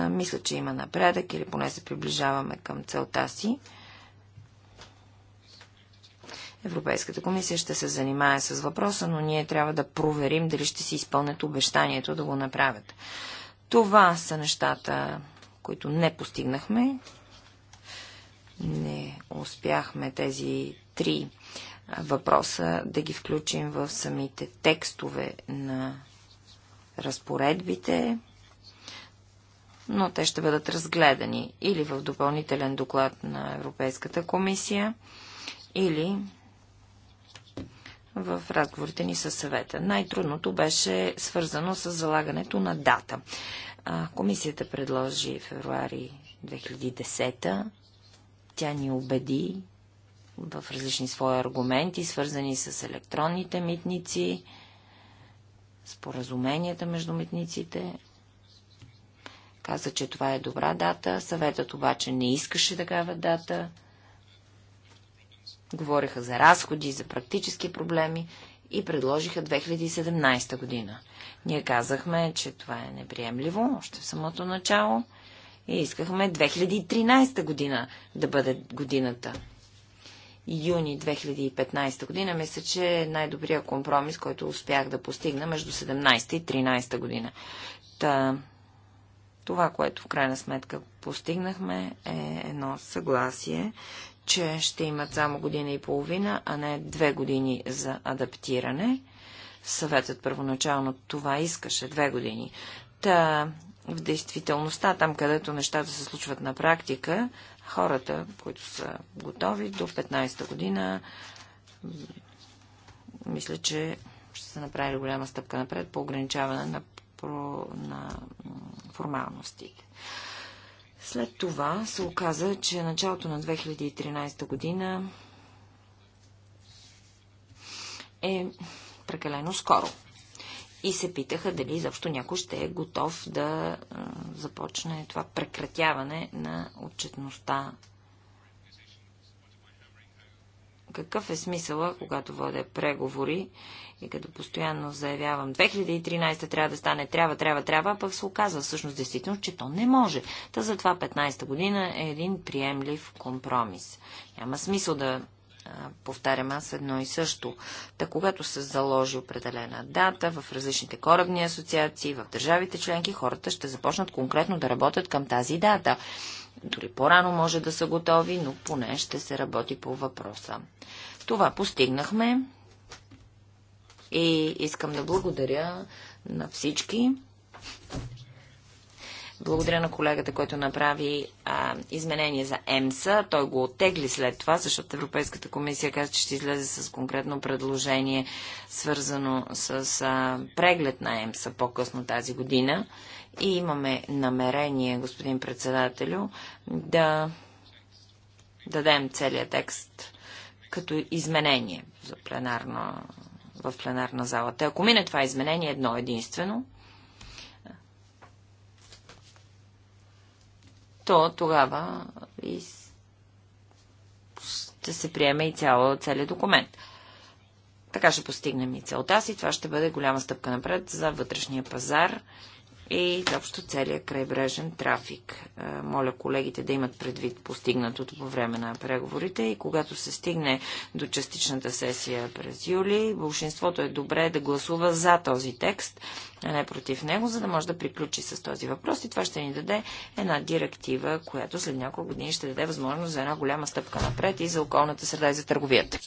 мисля, че има напредък или поне се приближаваме към целта си. Европейската комисия ще се занимае с въпроса, но ние трябва да проверим дали ще си изпълнят обещанието да го направят. Това са нещата, които не постигнахме. Не успяхме тези три въпроса да ги включим в самите текстове на разпоредбите, но те ще бъдат разгледани или в допълнителен доклад на Европейската комисия, или в разговорите ни със съвета. Най-трудното беше свързано с залагането на дата. Комисията предложи февруари 2010. Тя ни убеди в различни свои аргументи, свързани с електронните митници, споразуменията между митниците. Каза, че това е добра дата. Съветът обаче не искаше такава дата. Говориха за разходи, за практически проблеми и предложиха 2017 година. Ние казахме, че това е неприемливо още в самото начало и искахме 2013 година да бъде годината. Юни 2015 година, мисля, че е най-добрият компромис, който успях да постигна между 17 и 13 година. Та, това, което в крайна сметка постигнахме е едно съгласие, че ще имат само година и половина, а не две години за адаптиране. Съветът първоначално това искаше две години. Та в действителността, там където нещата се случват на практика, хората, които са готови до 15-та година, мисля, че ще са направили голяма стъпка напред по ограничаване на, на формалностите. След това се оказа, че началото на 2013 година е прекалено скоро. И се питаха дали изобщо някой ще е готов да започне това прекратяване на отчетността какъв е смисъла, когато водя преговори и като постоянно заявявам, 2013 трябва да стане, трябва, трябва, трябва, пък се оказва всъщност действително, че то не може. Та затова 15-та година е един приемлив компромис. Няма смисъл да повтарям аз едно и също. Та когато се заложи определена дата в различните корабни асоциации, в държавите членки, хората ще започнат конкретно да работят към тази дата. Дори по-рано може да са готови, но поне ще се работи по въпроса. Това постигнахме. И искам да благодаря на всички. Благодаря на колегата, който направи а, изменение за ЕМСА. Той го оттегли след това, защото Европейската комисия каза, че ще излезе с конкретно предложение, свързано с а, преглед на ЕМСА по-късно тази година. И имаме намерение, господин председателю, да дадем целият текст като изменение за пленарно в пленарна зала. Те, ако мине това изменение едно единствено, то тогава и ще се приеме и цяло, целият документ. Така ще постигнем и целта си. Това ще бъде голяма стъпка напред за вътрешния пазар и общо целият крайбрежен трафик. Моля колегите да имат предвид постигнатото по време на преговорите и когато се стигне до частичната сесия през юли, большинството е добре да гласува за този текст, а не против него, за да може да приключи с този въпрос и това ще ни даде една директива, която след няколко години ще даде възможност за една голяма стъпка напред и за околната среда и за търговията.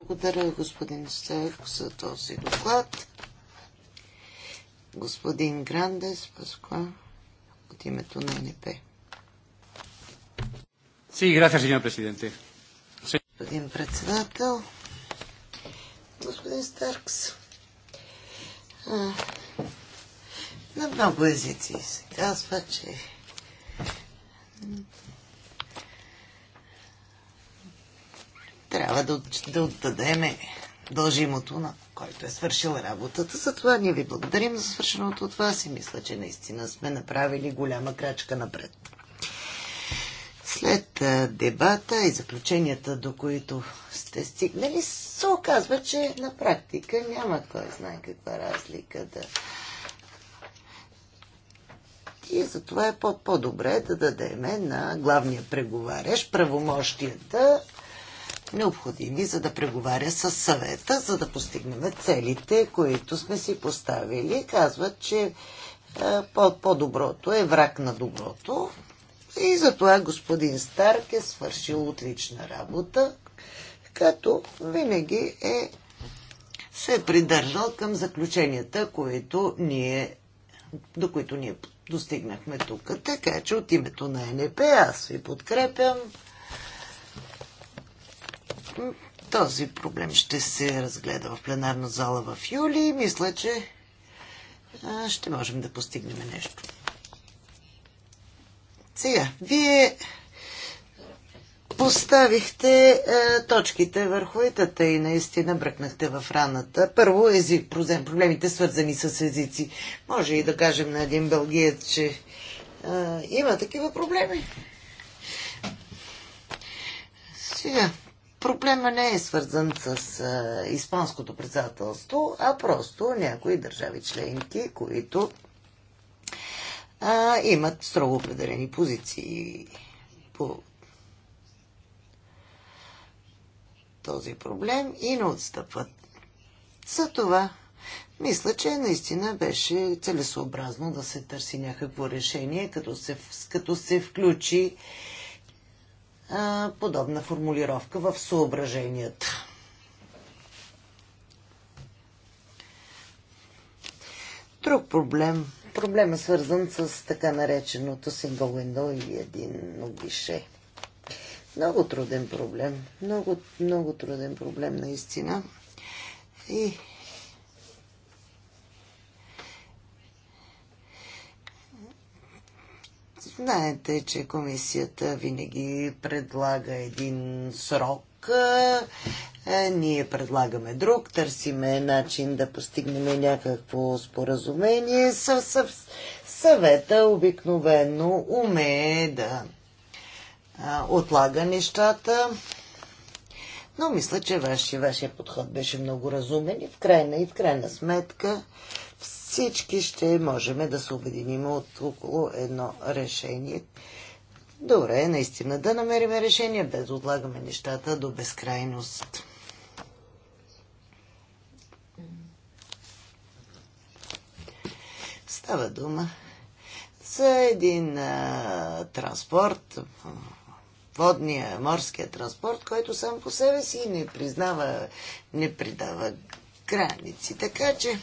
Благодаря, господин Стерк, за този доклад господин Грандес Паскуа от името на НП. Sí, gracias, señor presidente. Господин председател, господин Старкс, на много езици се казва, че трябва да, да отдадеме дължимото на който е свършил работата. Затова ние ви благодарим за свършеното от вас и мисля, че наистина сме направили голяма крачка напред. След дебата и заключенията, до които сте стигнали, се оказва, че на практика няма кой знае каква разлика да. И затова е по-добре -по да дадеме на главния преговарящ правомощията необходими, за да преговаря с съвета, за да постигнем целите, които сме си поставили. Казват, че е, по-доброто е враг на доброто. И затова господин Старк е свършил отлична работа, като винаги е се е придържал към заключенията, които ние, до които ние достигнахме тук. Така че от името на НП аз ви подкрепям този проблем ще се разгледа в пленарна зала в юли и мисля, че ще можем да постигнем нещо. Сега, вие поставихте е, точките върху етата и наистина бръкнахте в раната. Първо, език, проблемите свързани с езици. Може и да кажем на един бългият, че е, има такива проблеми. Сега, проблема не е свързан с а, испанското председателство, а просто някои държави членки, които а, имат строго определени позиции по този проблем и не отстъпват. За това мисля, че наистина беше целесообразно да се търси някакво решение, като се, като се включи подобна формулировка в съображенията. Друг проблем. Проблем е свързан с така нареченото single window или един обише. Много труден проблем. Много, много труден проблем, наистина. И Знаете, че комисията винаги предлага един срок. Ние предлагаме друг, търсиме начин да постигнем някакво споразумение. съвета обикновено умее да отлага нещата. Но мисля, че вашия, вашия подход беше много разумен и в крайна, и в крайна сметка всички ще можем да се обединим от около едно решение. Добре, е наистина да намерим решение, без да отлагаме нещата до безкрайност. Става дума за един а, транспорт, водния, морския транспорт, който сам по себе си не признава, не придава граници. Така че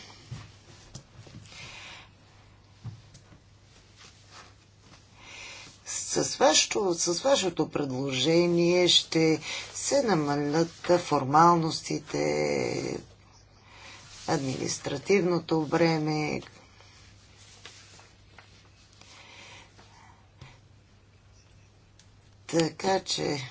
С, вашето, с вашето предложение ще се намалят формалностите, административното бреме, така че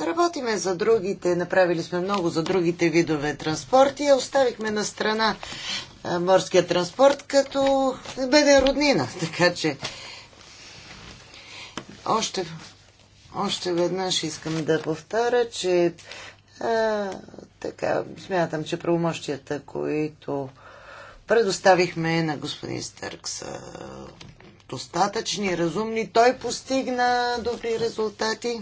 Работиме за другите, направили сме много за другите видове транспорти, а оставихме на страна морския транспорт като беден роднина. Така че още, още веднъж искам да повтаря, че а, така, смятам, че правомощията, които предоставихме на господин Стърк са достатъчни, разумни. Той постигна добри резултати.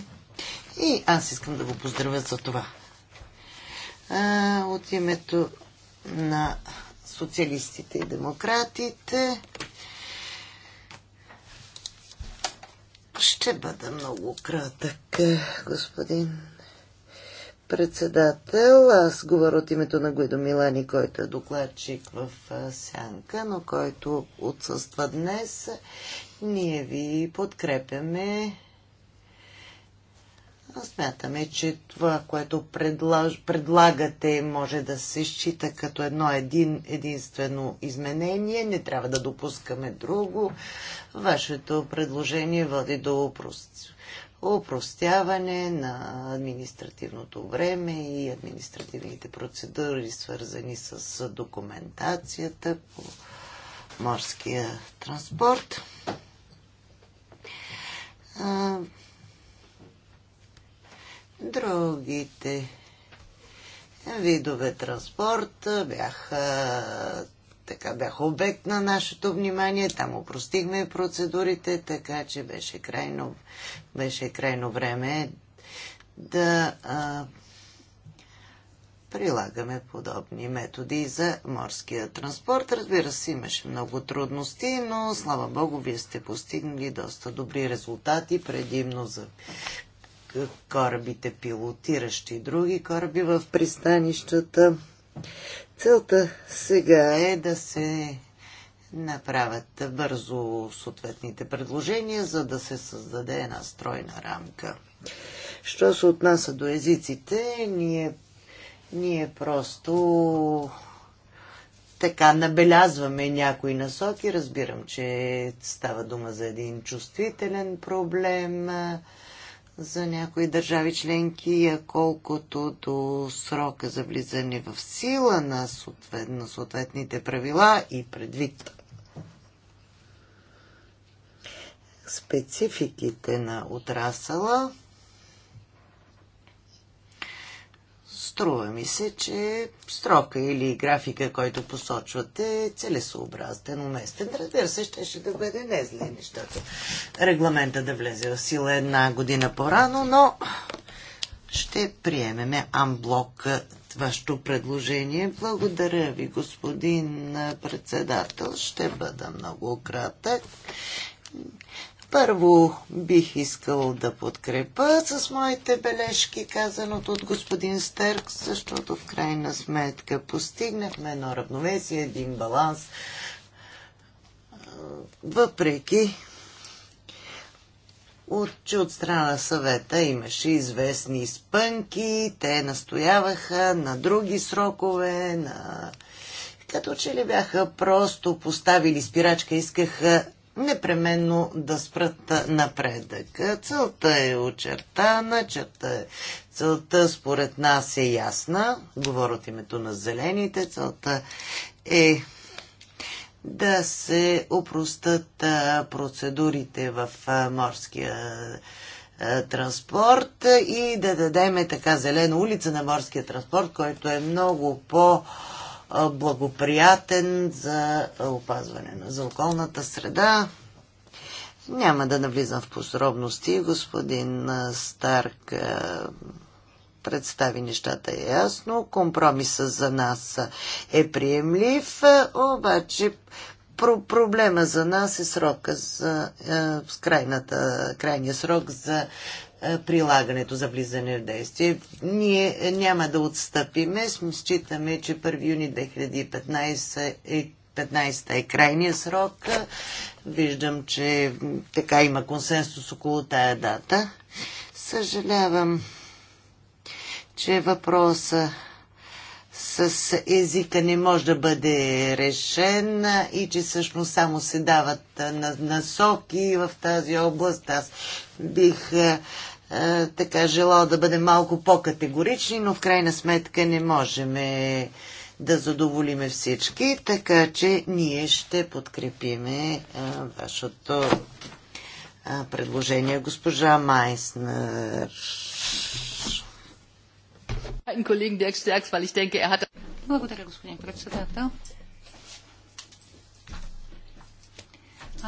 И аз искам да го поздравя за това. А, от името на социалистите и демократите ще бъда много кратък, господин председател. Аз говоря от името на Гуидо Милани, който е докладчик в Сянка, но който отсъства днес. Ние ви подкрепяме Смятаме, че това, което предлаж, предлагате, може да се счита като едно един, единствено изменение. Не трябва да допускаме друго. Вашето предложение води до упростяване на административното време и административните процедури, свързани с документацията по морския транспорт Другите видове транспорт бяха така бяха обект на нашето внимание. Там упростихме процедурите, така че беше крайно, беше крайно време да а, прилагаме подобни методи за морския транспорт. Разбира се, имаше много трудности, но слава Богу, вие сте постигнали доста добри резултати, предимно за корабите, пилотиращи други кораби в пристанищата. Целта сега е да се направят бързо съответните предложения, за да се създаде една стройна рамка. Що се отнася до езиците, ние, ние просто така набелязваме някои насоки. Разбирам, че става дума за един чувствителен проблем за някои държави членки, а колкото до срока за влизане в сила на, съответ, на съответните правила и предвид спецификите на отрасъла, Струва ми се, че строка или графика, който посочвате, е целесообразен, уместен. Разбира се, ще, ще да бъде не зле нещата. Регламента да влезе в сила една година по-рано, но ще приемеме амблок вашето предложение. Благодаря ви, господин председател. Ще бъда много кратък. Първо бих искал да подкрепа с моите бележки казаното от господин Стерк, защото в крайна сметка постигнахме едно равновесие, един баланс, въпреки от, че от страна съвета имаше известни спънки, те настояваха на други срокове, на... като че ли бяха просто поставили спирачка, искаха непременно да спрат напредък. Целта е очертана, черта е. Целта според нас е ясна, говоря от името на зелените, целта е да се опростат процедурите в морския транспорт и да дадеме така зелена улица на морския транспорт, който е много по- благоприятен за опазване на за околната среда. Няма да навлизам в подробности. Господин Старк представи нещата е ясно. Компромиса за нас е приемлив, обаче проблема за нас е срока за е, крайната, крайния срок за е, прилагането за влизане в действие. Ние няма да отстъпиме. Считаме, че 1 юни 2015 е 15 е крайния срок. Виждам, че така има консенсус около тая дата. Съжалявам, че въпроса с езика не може да бъде решен и че всъщност само се дават насоки в тази област. Аз бих е, е, така желал да бъдем малко по-категорични, но в крайна сметка не можем е, да задоволиме всички, така че ние ще подкрепиме вашето предложение. Госпожа Майснер. Er Благодаря, господин председател.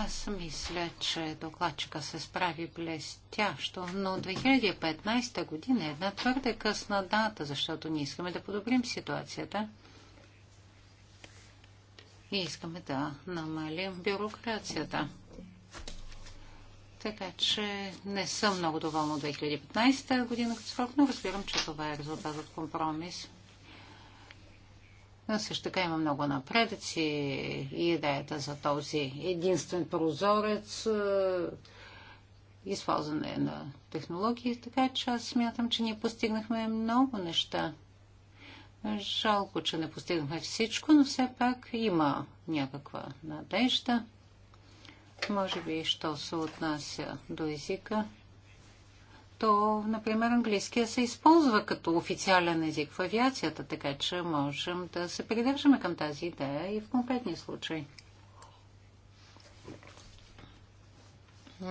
Аз мисля, че докладчика се справи блестящо, но 2015 година е една твърде късна дата, защото ние искаме да подобрим ситуацията и искаме да намалим бюрокрацията. Така че не съм много доволна от 2015 година като срок, но разбирам, че това е резултат от компромис. Също така има много напредъци и идеята за този единствен прозорец, е, използване на технологии, така че аз смятам, че ние постигнахме много неща. Жалко, че не постигнахме всичко, но все пак има някаква надежда. Може би, що се отнася до езика, то, например, английския се използва като официален език в авиацията, така че можем да се придържаме към тази идея и в конкретни случаи.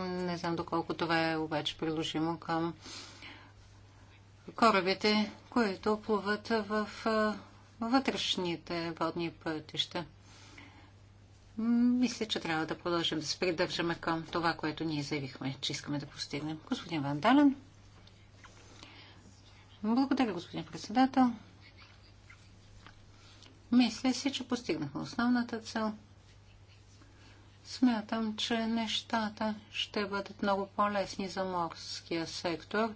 Не знам доколко това е обаче приложимо към корабите, които плуват в вътрешните водни пътища. Мисля, че трябва да продължим да се придържаме към това, което ние заявихме, че искаме да постигнем. Господин Вандален. Благодаря, господин председател. Мисля си, че постигнахме основната цел. Смятам, че нещата ще бъдат много по-лесни за морския сектор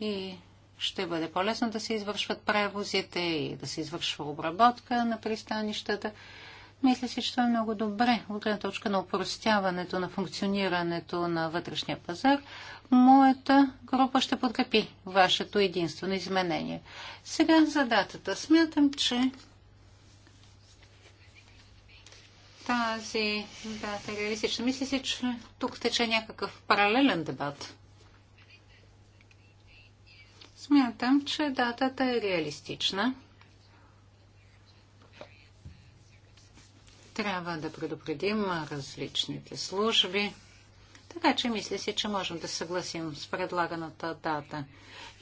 и ще бъде по-лесно да се извършват превозите и да се извършва обработка на пристанищата. Мисля си, че това е много добре от гледна точка на упростяването на функционирането на вътрешния пазар. Моята група ще подкрепи вашето единствено изменение. Сега за датата. Смятам, че тази дата е реалистична. Мисля си, че тук тече някакъв паралелен дебат. Смятам, че датата е реалистична. Трябва да предупредим различните служби. Така че мисля си, че можем да съгласим с предлаганата дата.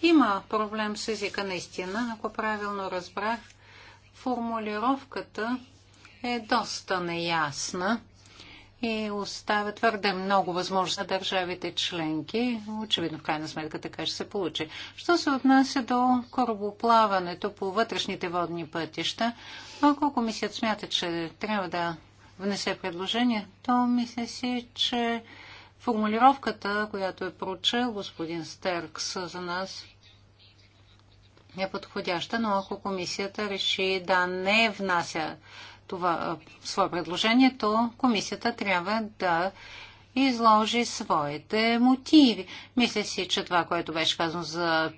Има проблем с езика наистина, ако правилно разбрах. Формулировката е доста неясна и оставя твърде много възможност на държавите членки. Очевидно, в крайна сметка така ще се получи. Що се отнася до корабоплаването по вътрешните водни пътища, ако комисията смята, че трябва да внесе предложение, то мисля си, че формулировката, която е прочел господин Стеркс за нас, е подходяща, но ако комисията реши да не внася това свое предложение, то комисията трябва да изложи своите мотиви. Мисля си, че това, което беше казано за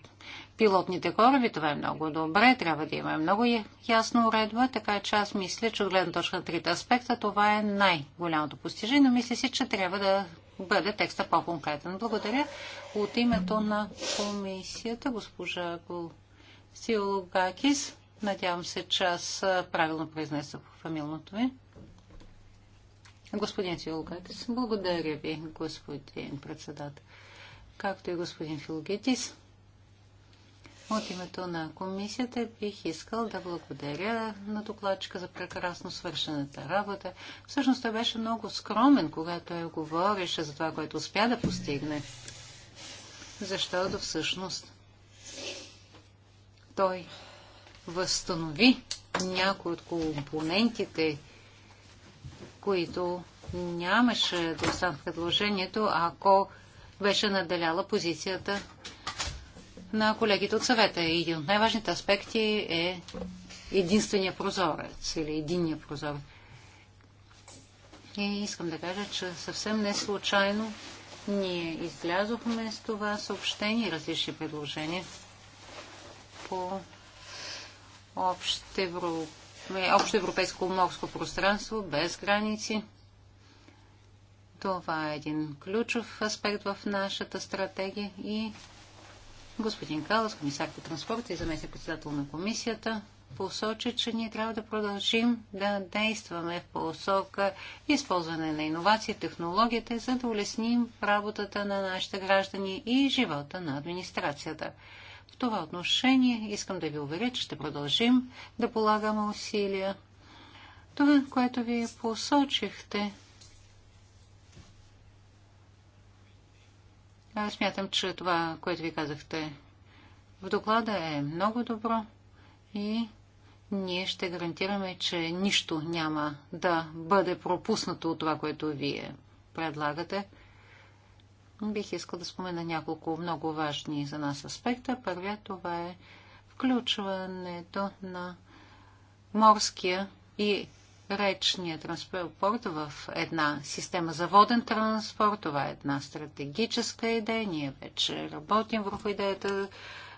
пилотните кораби, това е много добре, трябва да има много ясна уредба, така че аз мисля, че от гледна точка на трите аспекта това е най-голямото постижение, но мисля си, че трябва да бъде текста по-конкретен. Благодаря. От името на комисията, госпожа Силогакис. Надявам се, че аз правилно произнеса фамилното ми. Господин Филогетис, благодаря ви, господин председател. Както и господин Филогетис, от името на комисията бих искал да благодаря на докладчика за прекрасно свършената работа. Всъщност той беше много скромен, когато я говореше за това, което успя да постигне. Защото всъщност той възстанови някои от компонентите, които нямаше да останат в предложението, ако беше наделяла позицията на колегите от съвета. И един от най-важните аспекти е единствения прозорец или единния прозорец. И искам да кажа, че съвсем не случайно ние излязохме с това съобщение, различни предложения по е, общо, европейско морско пространство без граници. Това е един ключов аспект в нашата стратегия и господин Калас, комисар по транспорта и заместник председател на комисията, посочи, че ние трябва да продължим да действаме в посока използване на иновации, технологията, за да улесним работата на нашите граждани и живота на администрацията. В това отношение искам да ви уверя, че ще продължим да полагаме усилия. Това, което ви посочихте, аз смятам, че това, което ви казахте в доклада е много добро и ние ще гарантираме, че нищо няма да бъде пропуснато от това, което вие предлагате бих искал да спомена няколко много важни за нас аспекта. Първият това е включването на морския и речния транспорт в една система за воден транспорт. Това е една стратегическа идея. Ние вече работим върху идеята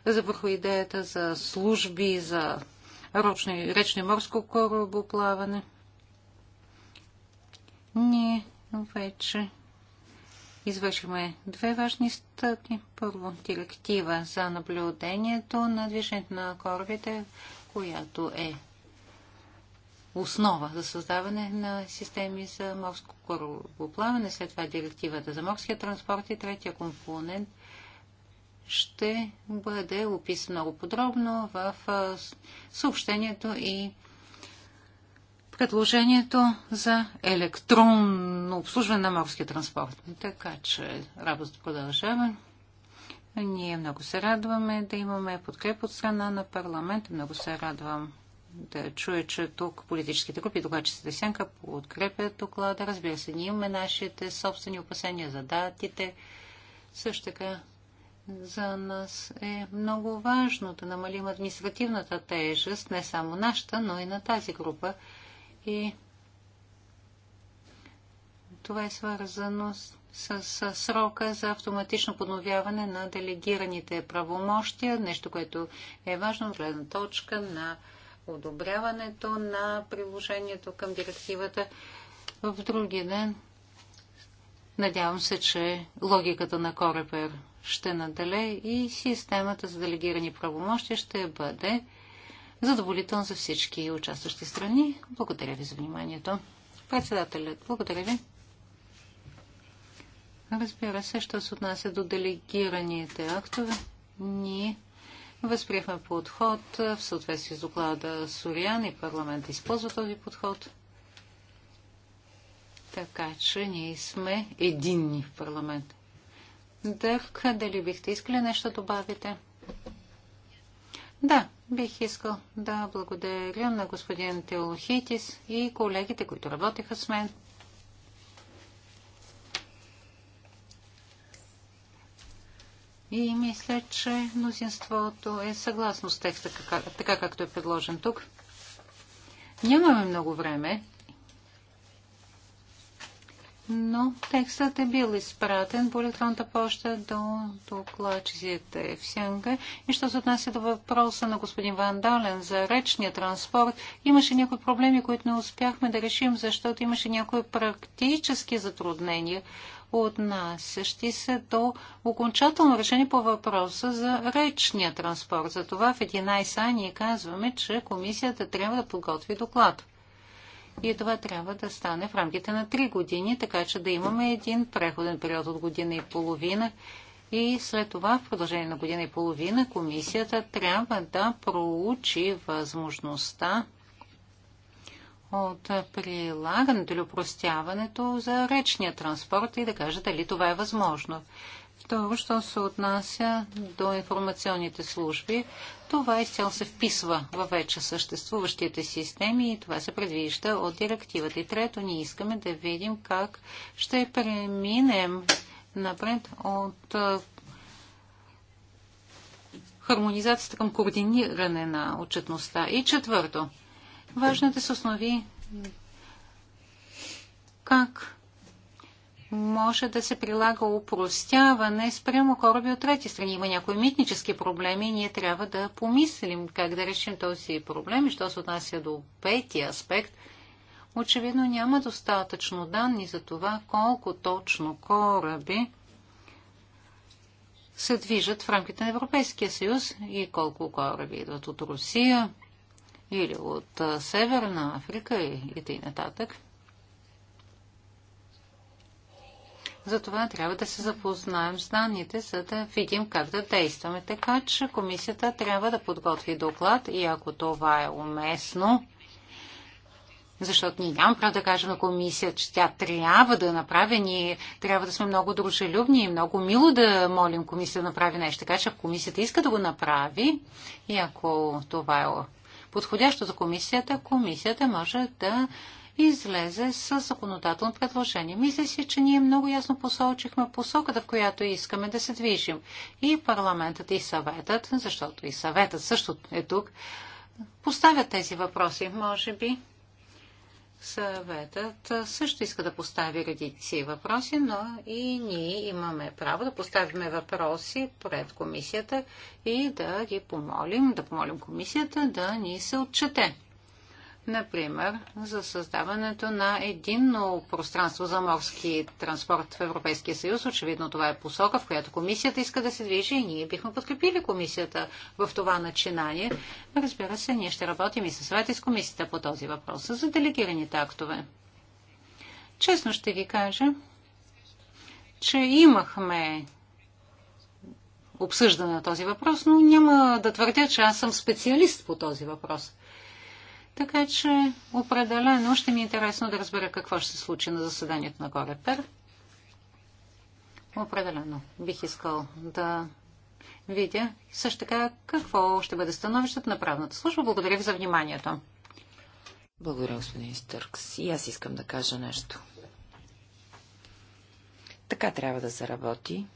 за, върху идеята за служби, за речно, речно и морско корабоплаване. Ние вече Извършваме две важни стъпки. Първо, директива за наблюдението на движението на корабите, която е основа за създаване на системи за морско корабоплаване, след това директивата за морския транспорт и третия компонент ще бъде описан много подробно в съобщението и предложението за електронно обслужване на морския транспорт. Така че работата продължава. Ние много се радваме да имаме подкреп от страна на парламент. Много се радвам да чуя, че тук политическите групи, докладчиците сянка, подкрепят доклада. Разбира се, ние имаме нашите собствени опасения за датите. Също така за нас е много важно да намалим административната тежест, не само нашата, но и на тази група. И това е свързано с с, срока за автоматично подновяване на делегираните правомощия, нещо, което е важно от гледна точка на одобряването на приложението към директивата. В други ден надявам се, че логиката на Корепер ще наделе и системата за делегирани правомощия ще бъде задоволително за всички участващи страни. Благодаря ви за вниманието. Председателят, благодаря ви. Разбира се, що се отнася до делегираните актове, ние възприехме подход в съответствие с доклада Сориан и парламент използва този подход. Така че ние сме единни в парламент. Дърк, дали бихте искали нещо добавите? Да, Бих искал да благодаря на господин Теохитис и колегите, които работеха с мен. И мисля, че мнозинството е съгласно с текста, така както е предложен тук. Нямаме много време но текстът е бил изпратен по електронната почта до докладчиците в Сянга. И що се отнася до въпроса на господин Ван Дален за речния транспорт, имаше някои проблеми, които не успяхме да решим, защото имаше някои практически затруднения, отнасящи се до окончателно решение по въпроса за речния транспорт. Затова в 11 а ние казваме, че комисията трябва да подготви доклад. И това трябва да стане в рамките на 3 години, така че да имаме един преходен период от година и половина. И след това, в продължение на година и половина, комисията трябва да проучи възможността от прилагането или упростяването за речния транспорт и да каже дали това е възможно. Второ, що се отнася до информационните служби, това изцяло се вписва в вече съществуващите системи и това се предвижда от директивата. И трето, ние искаме да видим как ще преминем напред от хармонизацията към координиране на отчетността. И четвърто, важно е да се основи как може да се прилага упростяване спрямо кораби от трети страни. Има някои митнически проблеми и ние трябва да помислим как да решим този проблем. И що се отнася до петия аспект, очевидно няма достатъчно данни за това колко точно кораби се движат в рамките на Европейския съюз и колко кораби идват от Русия или от Северна Африка и, и т.н. нататък. Затова трябва да се запознаем с данните, за да видим как да действаме. Така че комисията трябва да подготви доклад и ако това е уместно, защото ние нямам право да кажем на комисията, че тя трябва да направи. Ние трябва да сме много дружелюбни и много мило да молим комисията да направи нещо. Така че ако комисията иска да го направи и ако това е подходящо за комисията, комисията може да излезе с законодателно предложение. Мисля си, че ние много ясно посочихме посоката, в която искаме да се движим. И парламентът, и съветът, защото и съветът също е тук, поставят тези въпроси. Може би съветът също иска да постави редици въпроси, но и ние имаме право да поставиме въпроси пред комисията и да ги помолим, да помолим комисията да ни се отчете. Например, за създаването на единно пространство за морски транспорт в Европейския съюз. Очевидно това е посока, в която комисията иска да се движи и ние бихме подкрепили комисията в това начинание. Разбира се, ние ще работим и със съвет и с комисията по този въпрос за делегираните актове. Честно ще ви кажа, че имахме обсъждане на този въпрос, но няма да твърдя, че аз съм специалист по този въпрос – така че определено ще ми е интересно да разбера какво ще се случи на заседанието на Корепер. Определено бих искал да видя също така какво ще бъде становището на правната служба. Благодаря ви за вниманието. Благодаря, господин Стъркс. И аз искам да кажа нещо. Така трябва да заработи. работи.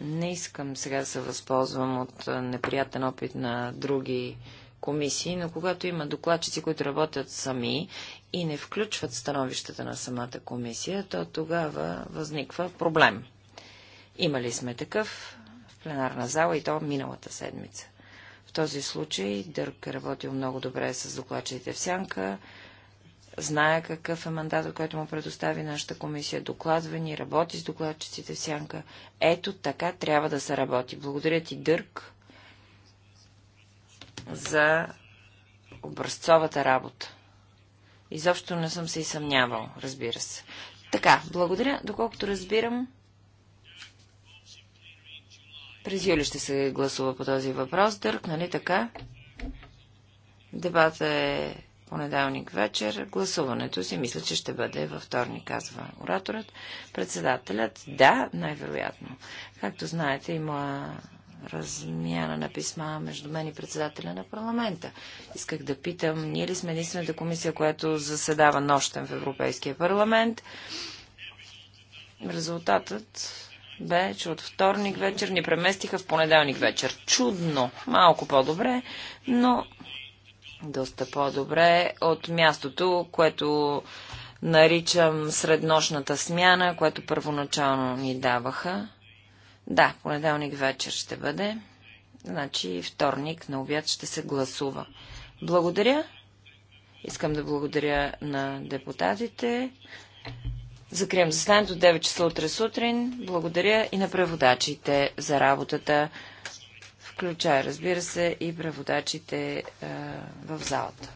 Не искам сега да се възползвам от неприятен опит на други комисии, но когато има докладчици, които работят сами и не включват становищата на самата комисия, то тогава възниква проблем. Имали сме такъв в пленарна зала и то миналата седмица. В този случай Дърк е работил много добре с докладчите в Сянка знае какъв е мандат, който му предостави нашата комисия, докладва ни, работи с докладчиците в сянка. Ето така трябва да се работи. Благодаря ти, Дърк, за образцовата работа. Изобщо не съм се и съмнявал, разбира се. Така, благодаря. Доколкото разбирам, през юли ще се гласува по този въпрос. Дърк, нали така? Дебата е понеделник вечер. Гласуването си мисля, че ще бъде във вторник, казва ораторът. Председателят, да, най-вероятно. Както знаете, има размяна на писма между мен и председателя на парламента. Исках да питам, ние ли сме единствената комисия, която заседава нощен в Европейския парламент? Резултатът бе, че от вторник вечер ни преместиха в понеделник вечер. Чудно, малко по-добре, но доста по-добре от мястото, което наричам среднощната смяна, което първоначално ни даваха. Да, понеделник вечер ще бъде. Значи вторник на обяд ще се гласува. Благодаря. Искам да благодаря на депутатите. Закрием заседанието 9 часа утре сутрин. Благодаря и на преводачите за работата включая, разбира се, и преводачите а, в залата.